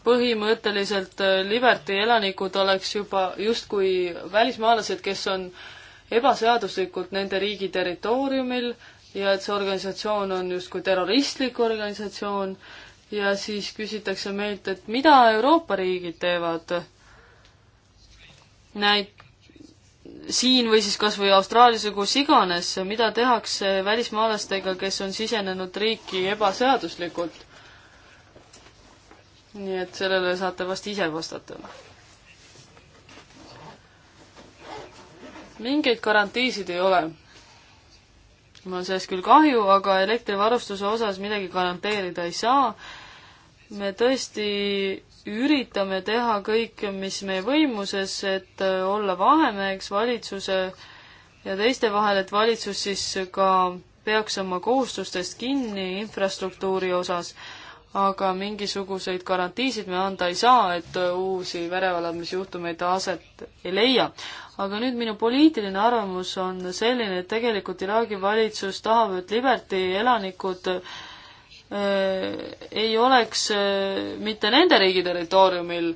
põhimõtteliselt Liberty elanikud oleks juba justkui välismaalased, kes on ebaseaduslikult nende riigi territooriumil ja et see organisatsioon on justkui terroristlik organisatsioon ja siis küsitakse meilt, et mida Euroopa riigid teevad. näit-, siin või siis kas või Austraalias või kus iganes, mida tehakse välismaalastega, kes on sisenenud riiki ebaseaduslikult? nii et sellele saate vast ise vastata mingeid garantiisid ei ole. mul on sellest küll kahju, aga elektrivarustuse osas midagi garanteerida ei saa. me tõesti üritame teha kõik, mis meie võimuses, et äh, olla vahemeheks valitsuse ja teiste vahel, et valitsus siis ka peaks oma kohustustest kinni infrastruktuuri osas aga mingisuguseid garantiisid me anda ei saa, et uusi verevalamisjuhtumeid aset ei leia. aga nüüd minu poliitiline arvamus on selline, et tegelikult Iraagi valitsus tahab, et Liberty elanikud äh, ei oleks äh, mitte nende riigi territooriumil,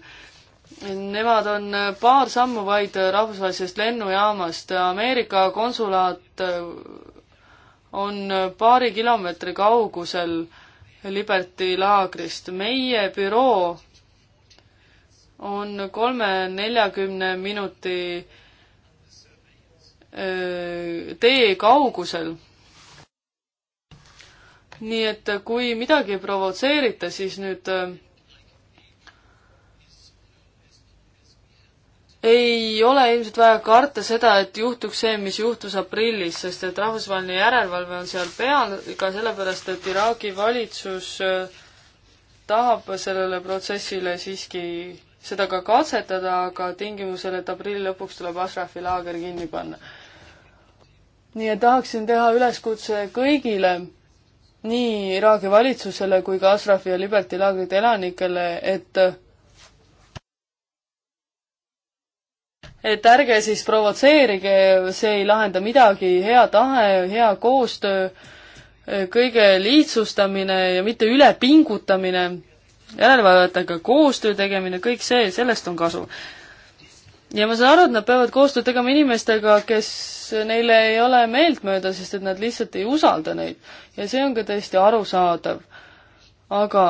Nemad on paar sammu vaid rahvusvahelisest lennujaamast, Ameerika konsulaat äh, on paari kilomeetri kaugusel äh, Liberty laagrist. meie büroo on kolme-neljakümne minuti tee kaugusel. nii et kui midagi provotseerite, siis nüüd ei ole ilmselt vaja karta seda, et juhtuks see, mis juhtus aprillis, sest et rahvusvaheline järelevalve on seal peal ka sellepärast, et Iraagi valitsus äh, tahab sellele protsessile siiski seda ka katsetada, aga tingimusel, et aprilli lõpuks tuleb Ashrafi laager kinni panna. nii et tahaksin teha üleskutse kõigile, nii Iraagi valitsusele kui ka Ashrafi ja Liberty laagrite elanikele, et äh, et ärge siis provotseerige, see ei lahenda midagi, hea tahe, hea koostöö, kõige lihtsustamine ja mitte ülepingutamine, järelevalvetega koostöö tegemine, kõik see, sellest on kasu. ja ma saan aru, et nad peavad koostööd tegema inimestega, kes neile ei ole meeltmööda, sest et nad lihtsalt ei usalda neid. ja see on ka täiesti arusaadav. aga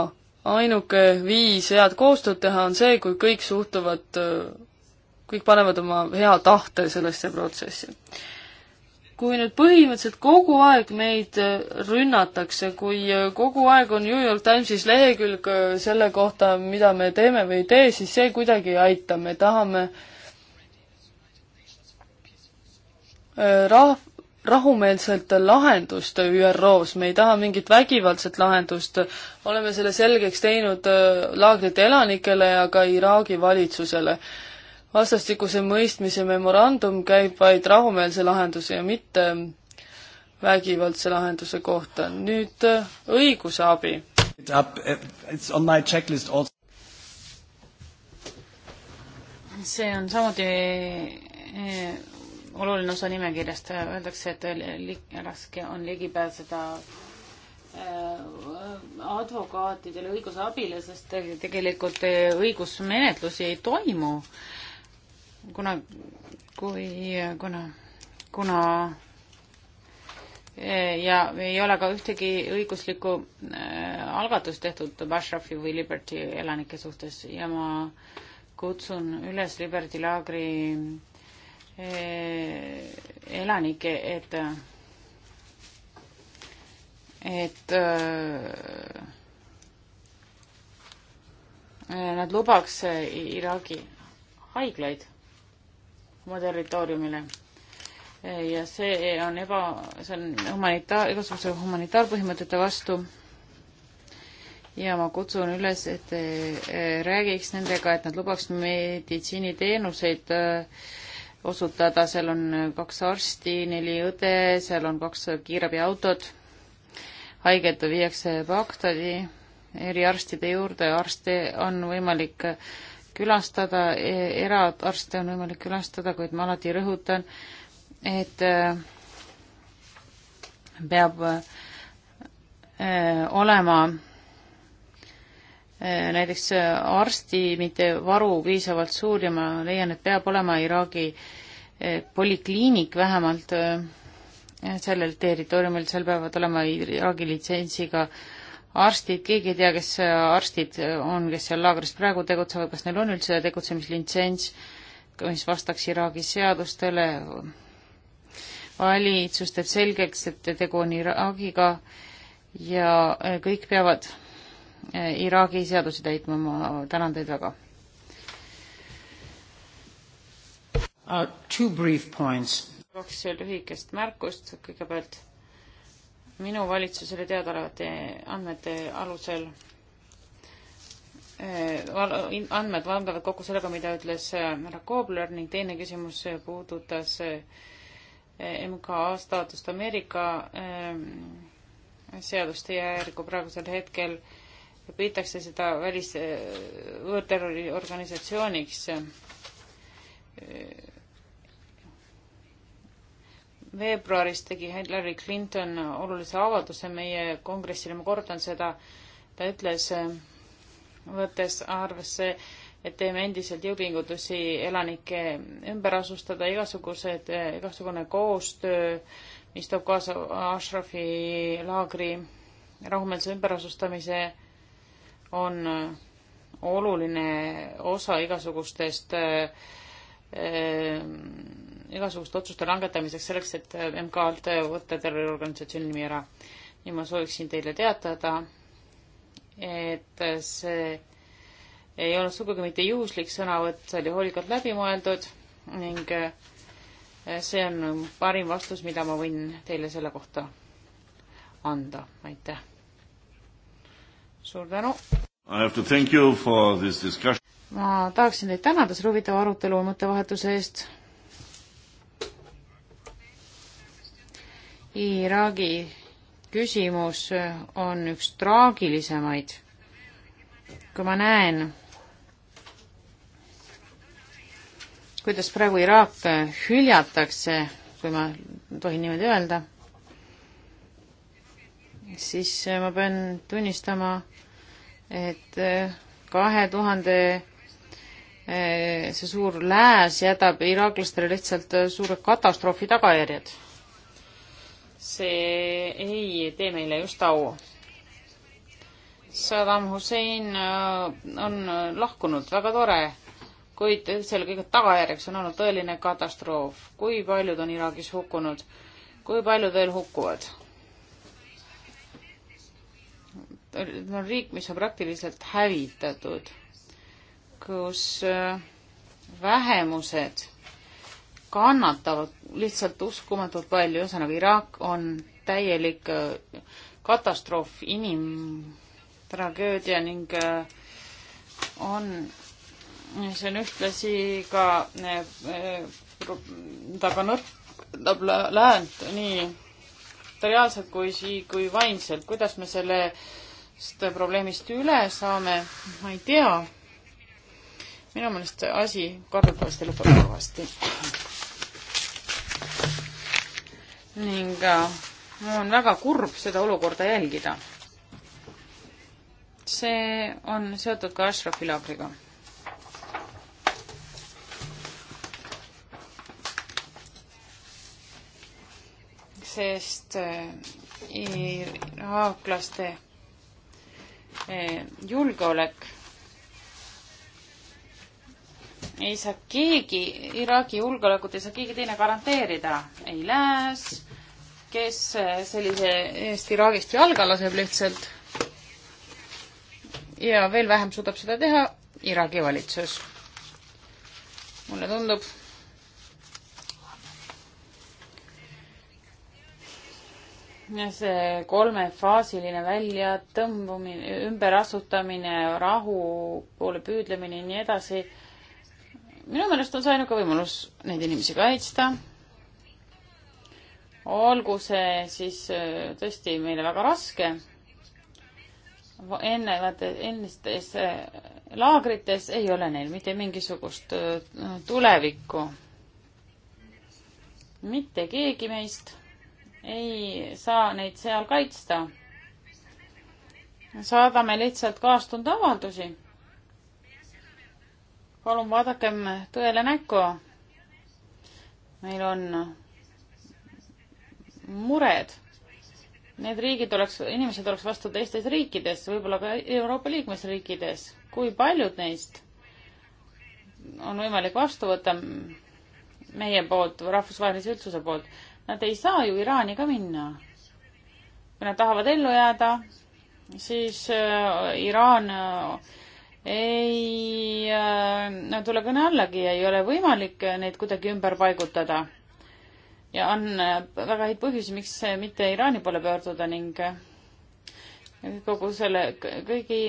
ainuke viis head koostööd teha on see, kui kõik suhtuvad kõik panevad oma hea tahte sellesse protsessi. kui nüüd põhimõtteliselt kogu aeg meid äh, rünnatakse, kui äh, kogu aeg on New York Timesis lehekülg äh, selle kohta, mida me teeme või ei tee, siis see kuidagi ei aita, me tahame rahv-, rahumeelselt lahendust ÜRO-s, me ei taha mingit vägivaldset lahendust. oleme selle selgeks teinud laagrite elanikele ja ka Iraagi valitsusele vastastikuse mõistmise memorandum käib vaid rahumeelse lahenduse ja mitte vägivaldse lahenduse kohta. nüüd äh, õigusabi. Uh, see on samuti äh, oluline osa nimekirjast, öeldakse, et raske on ligi pääseda äh, advokaatidele õigusabile, sest tegelikult õigusmenetlusi ei toimu kuna, kui, kuna, kuna e, ja ei ole ka ühtegi õiguslikku e, algatust tehtud Bashrafi või Liberty elanike suhtes ja ma kutsun üles Liberty laagri e, elanikke, et, et nad lubaks Iraagi haiglaid mu territooriumile. ja see on eba, see on humanitaar, igasuguse humanitaarpõhimõtete vastu. ja ma kutsun üles, et e, räägiks nendega, et nad lubaks meditsiiniteenuseid e, osutada, seal on kaks arsti, neli õde, seal on kaks kiirabiautot, haiged viiakse Bagdadi eriarstide juurde, arste on võimalik külastada, e, eraarste on võimalik külastada, kuid ma alati rõhutan, et äh, peab äh, olema äh, näiteks arsti, mitte varu piisavalt suur ja ma leian, et peab olema Iraagi polikliinik vähemalt sellel territooriumil, seal peavad olema Iraagi litsentsiga äh, arstid, keegi ei tea, kes arstid on, kes seal laagris praegu tegutsevad, kas neil on üldse tegutsemislitsents, mis vastaks Iraagi seadustele. valitsus teeb selgeks, et tegu on Iraagiga ja eh, kõik peavad eh, Iraagi seadusi täitma, ma tänan teid väga. Uh, kaks lühikest märkust kõigepealt minu valitsusele teadaolevate andmete alusel eh, andmed valdavad kokku sellega, mida ütles eh, härra Koobler ning teine küsimus puudutas eh, MKA staatust Ameerika seaduste järgu praegusel hetkel püütakse seda välis, võõrterrori organisatsiooniks veebruaris tegi Hillary Clinton olulise avalduse meie kongressile, ma kordan seda, ta ütles, äh, võttes arvesse, et teeme endiselt jõupingutusi elanikke ümber asustada, igasugused, äh, igasugune koostöö, mis toob kaasa Ashrafi laagri rahumeelse ümberasustamise, on äh, oluline osa igasugustest äh, igasuguste otsuste langetamiseks selleks, et äh, MK-lt võtta terroriorganisatsiooni nimi ära. ja ma sooviksin teile teatada, et äh, see ei olnud sugugi mitte juhuslik sõnavõtt, see oli hoolikalt läbi mõeldud ning äh, see on parim vastus, mida ma võin teile selle kohta anda, aitäh. suur tänu. ma tahaksin teid tänada selle huvitava arutelu ja mõttevahetuse eest Iraagi küsimus on üks traagilisemaid. kui ma näen, kuidas praegu Iraak hüljatakse, kui ma tohin niimoodi öelda, siis ma pean tunnistama, et kahe tuhande eh, see suur lääs jätab iraaklastele lihtsalt suure katastroofi tagajärjed see ei tee meile just au. Saddam Hussein äh, on äh, lahkunud, väga tore, kuid selle kõige tagajärjeks on olnud tõeline katastroof. kui paljud on Iraagis hukkunud, kui paljud veel hukkuvad? on riik, mis on praktiliselt hävitatud, kus äh, vähemused kannatavad lihtsalt uskumatult palju, ühesõnaga Iraak on täielik äh, katastroof, inimtragöödia ning äh, on, see on ühtlasi ka, äh, ta ka nõrkab läänt nii materiaalselt kui, kui vaimselt. kuidas me sellest probleemist üle saame, ma ei tea. minu meelest see asi kardetavasti lõpeb halvasti ning äh, on väga kurb seda olukorda jälgida. see on seotud ka Ashrafi laagriga. sest äh, iraaklaste äh, julgeolek ei saa keegi, Iraagi julgeolekut ei saa keegi teine garanteerida, ei lääs kes eh, sellise eest Iraagist jalga laseb lihtsalt. ja veel vähem suudab seda teha Iraagi valitsus. mulle tundub. ja see kolmefaasiline väljatõmbumine, ümberasutamine, rahu poole püüdlemine ja nii edasi. minu meelest on see ainuke võimalus neid inimesi kaitsta olgu see siis äh, tõesti meile väga raske, ennevate, ennistes äh, laagrites ei ole neil mitte mingisugust äh, tulevikku. mitte keegi meist ei saa neid seal kaitsta. saadame lihtsalt kaastunde avaldusi. palun vaadakem tõele näkku. meil on mured. Need riigid oleks, inimesed oleks vastu teistes riikides, võib-olla ka Euroopa liikmesriikides. kui paljud neist on võimalik vastu võtta meie poolt, rahvusvahelise üldsuse poolt? Nad ei saa ju Iraani ka minna. kui nad tahavad ellu jääda, siis äh, Iraan äh, ei äh,, nad ei tule kõne allagi ja ei ole võimalik äh, neid kuidagi ümber paigutada ja on äh, väga häid põhjusi, miks äh, mitte Iraani poole pöörduda ning äh, kogu selle kõigi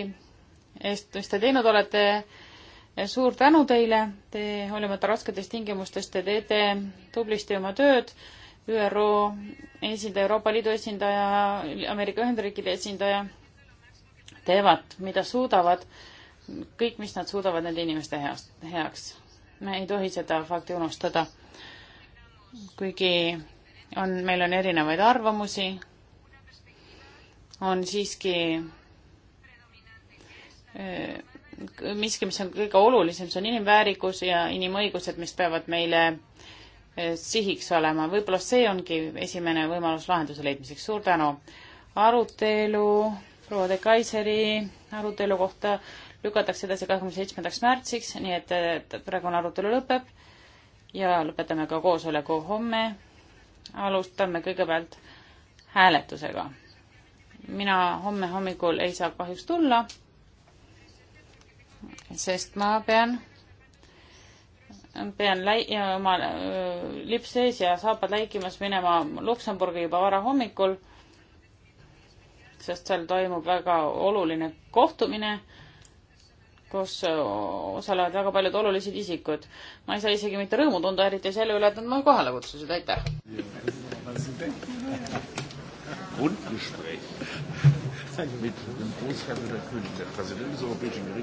eest, mis te teinud olete, suur tänu teile, te hoolimata rasketest tingimustest, te teete tublisti oma tööd, ÜRO esindaja, Euroopa Liidu esindaja, Ameerika Ühendriikide esindaja teevad, mida suudavad, kõik, mis nad suudavad nende inimeste heast, heaks. me ei tohi seda fakti unustada kuigi on, meil on erinevaid arvamusi, on siiski eh, miski, mis on kõige olulisem, see on inimväärikus ja inimõigused, mis peavad meile eh, sihiks olema. võib-olla see ongi esimene võimalus lahenduse leidmiseks. suur tänu! arutelu proua de Kaiseri arutelu kohta lükatakse edasi kahekümne seitsmendaks märtsiks, nii et praegune arutelu lõpeb ja lõpetame ka koosoleku homme. alustame kõigepealt hääletusega. mina homme hommikul ei saa kahjuks tulla, sest ma pean, pean läi-, oma lips ees ja saapad läikimas minema Luksemburgi juba varahommikul, sest seal toimub väga oluline kohtumine kus äh, osalevad väga paljud olulised isikud. ma ei saa isegi mitte rõõmu tunda, eriti selle üle, et nad mind kohale kutsusid, aitäh. Grundgespräch mit dem Großherrn der König, der Präsident des Europäischen Gerichtshofs.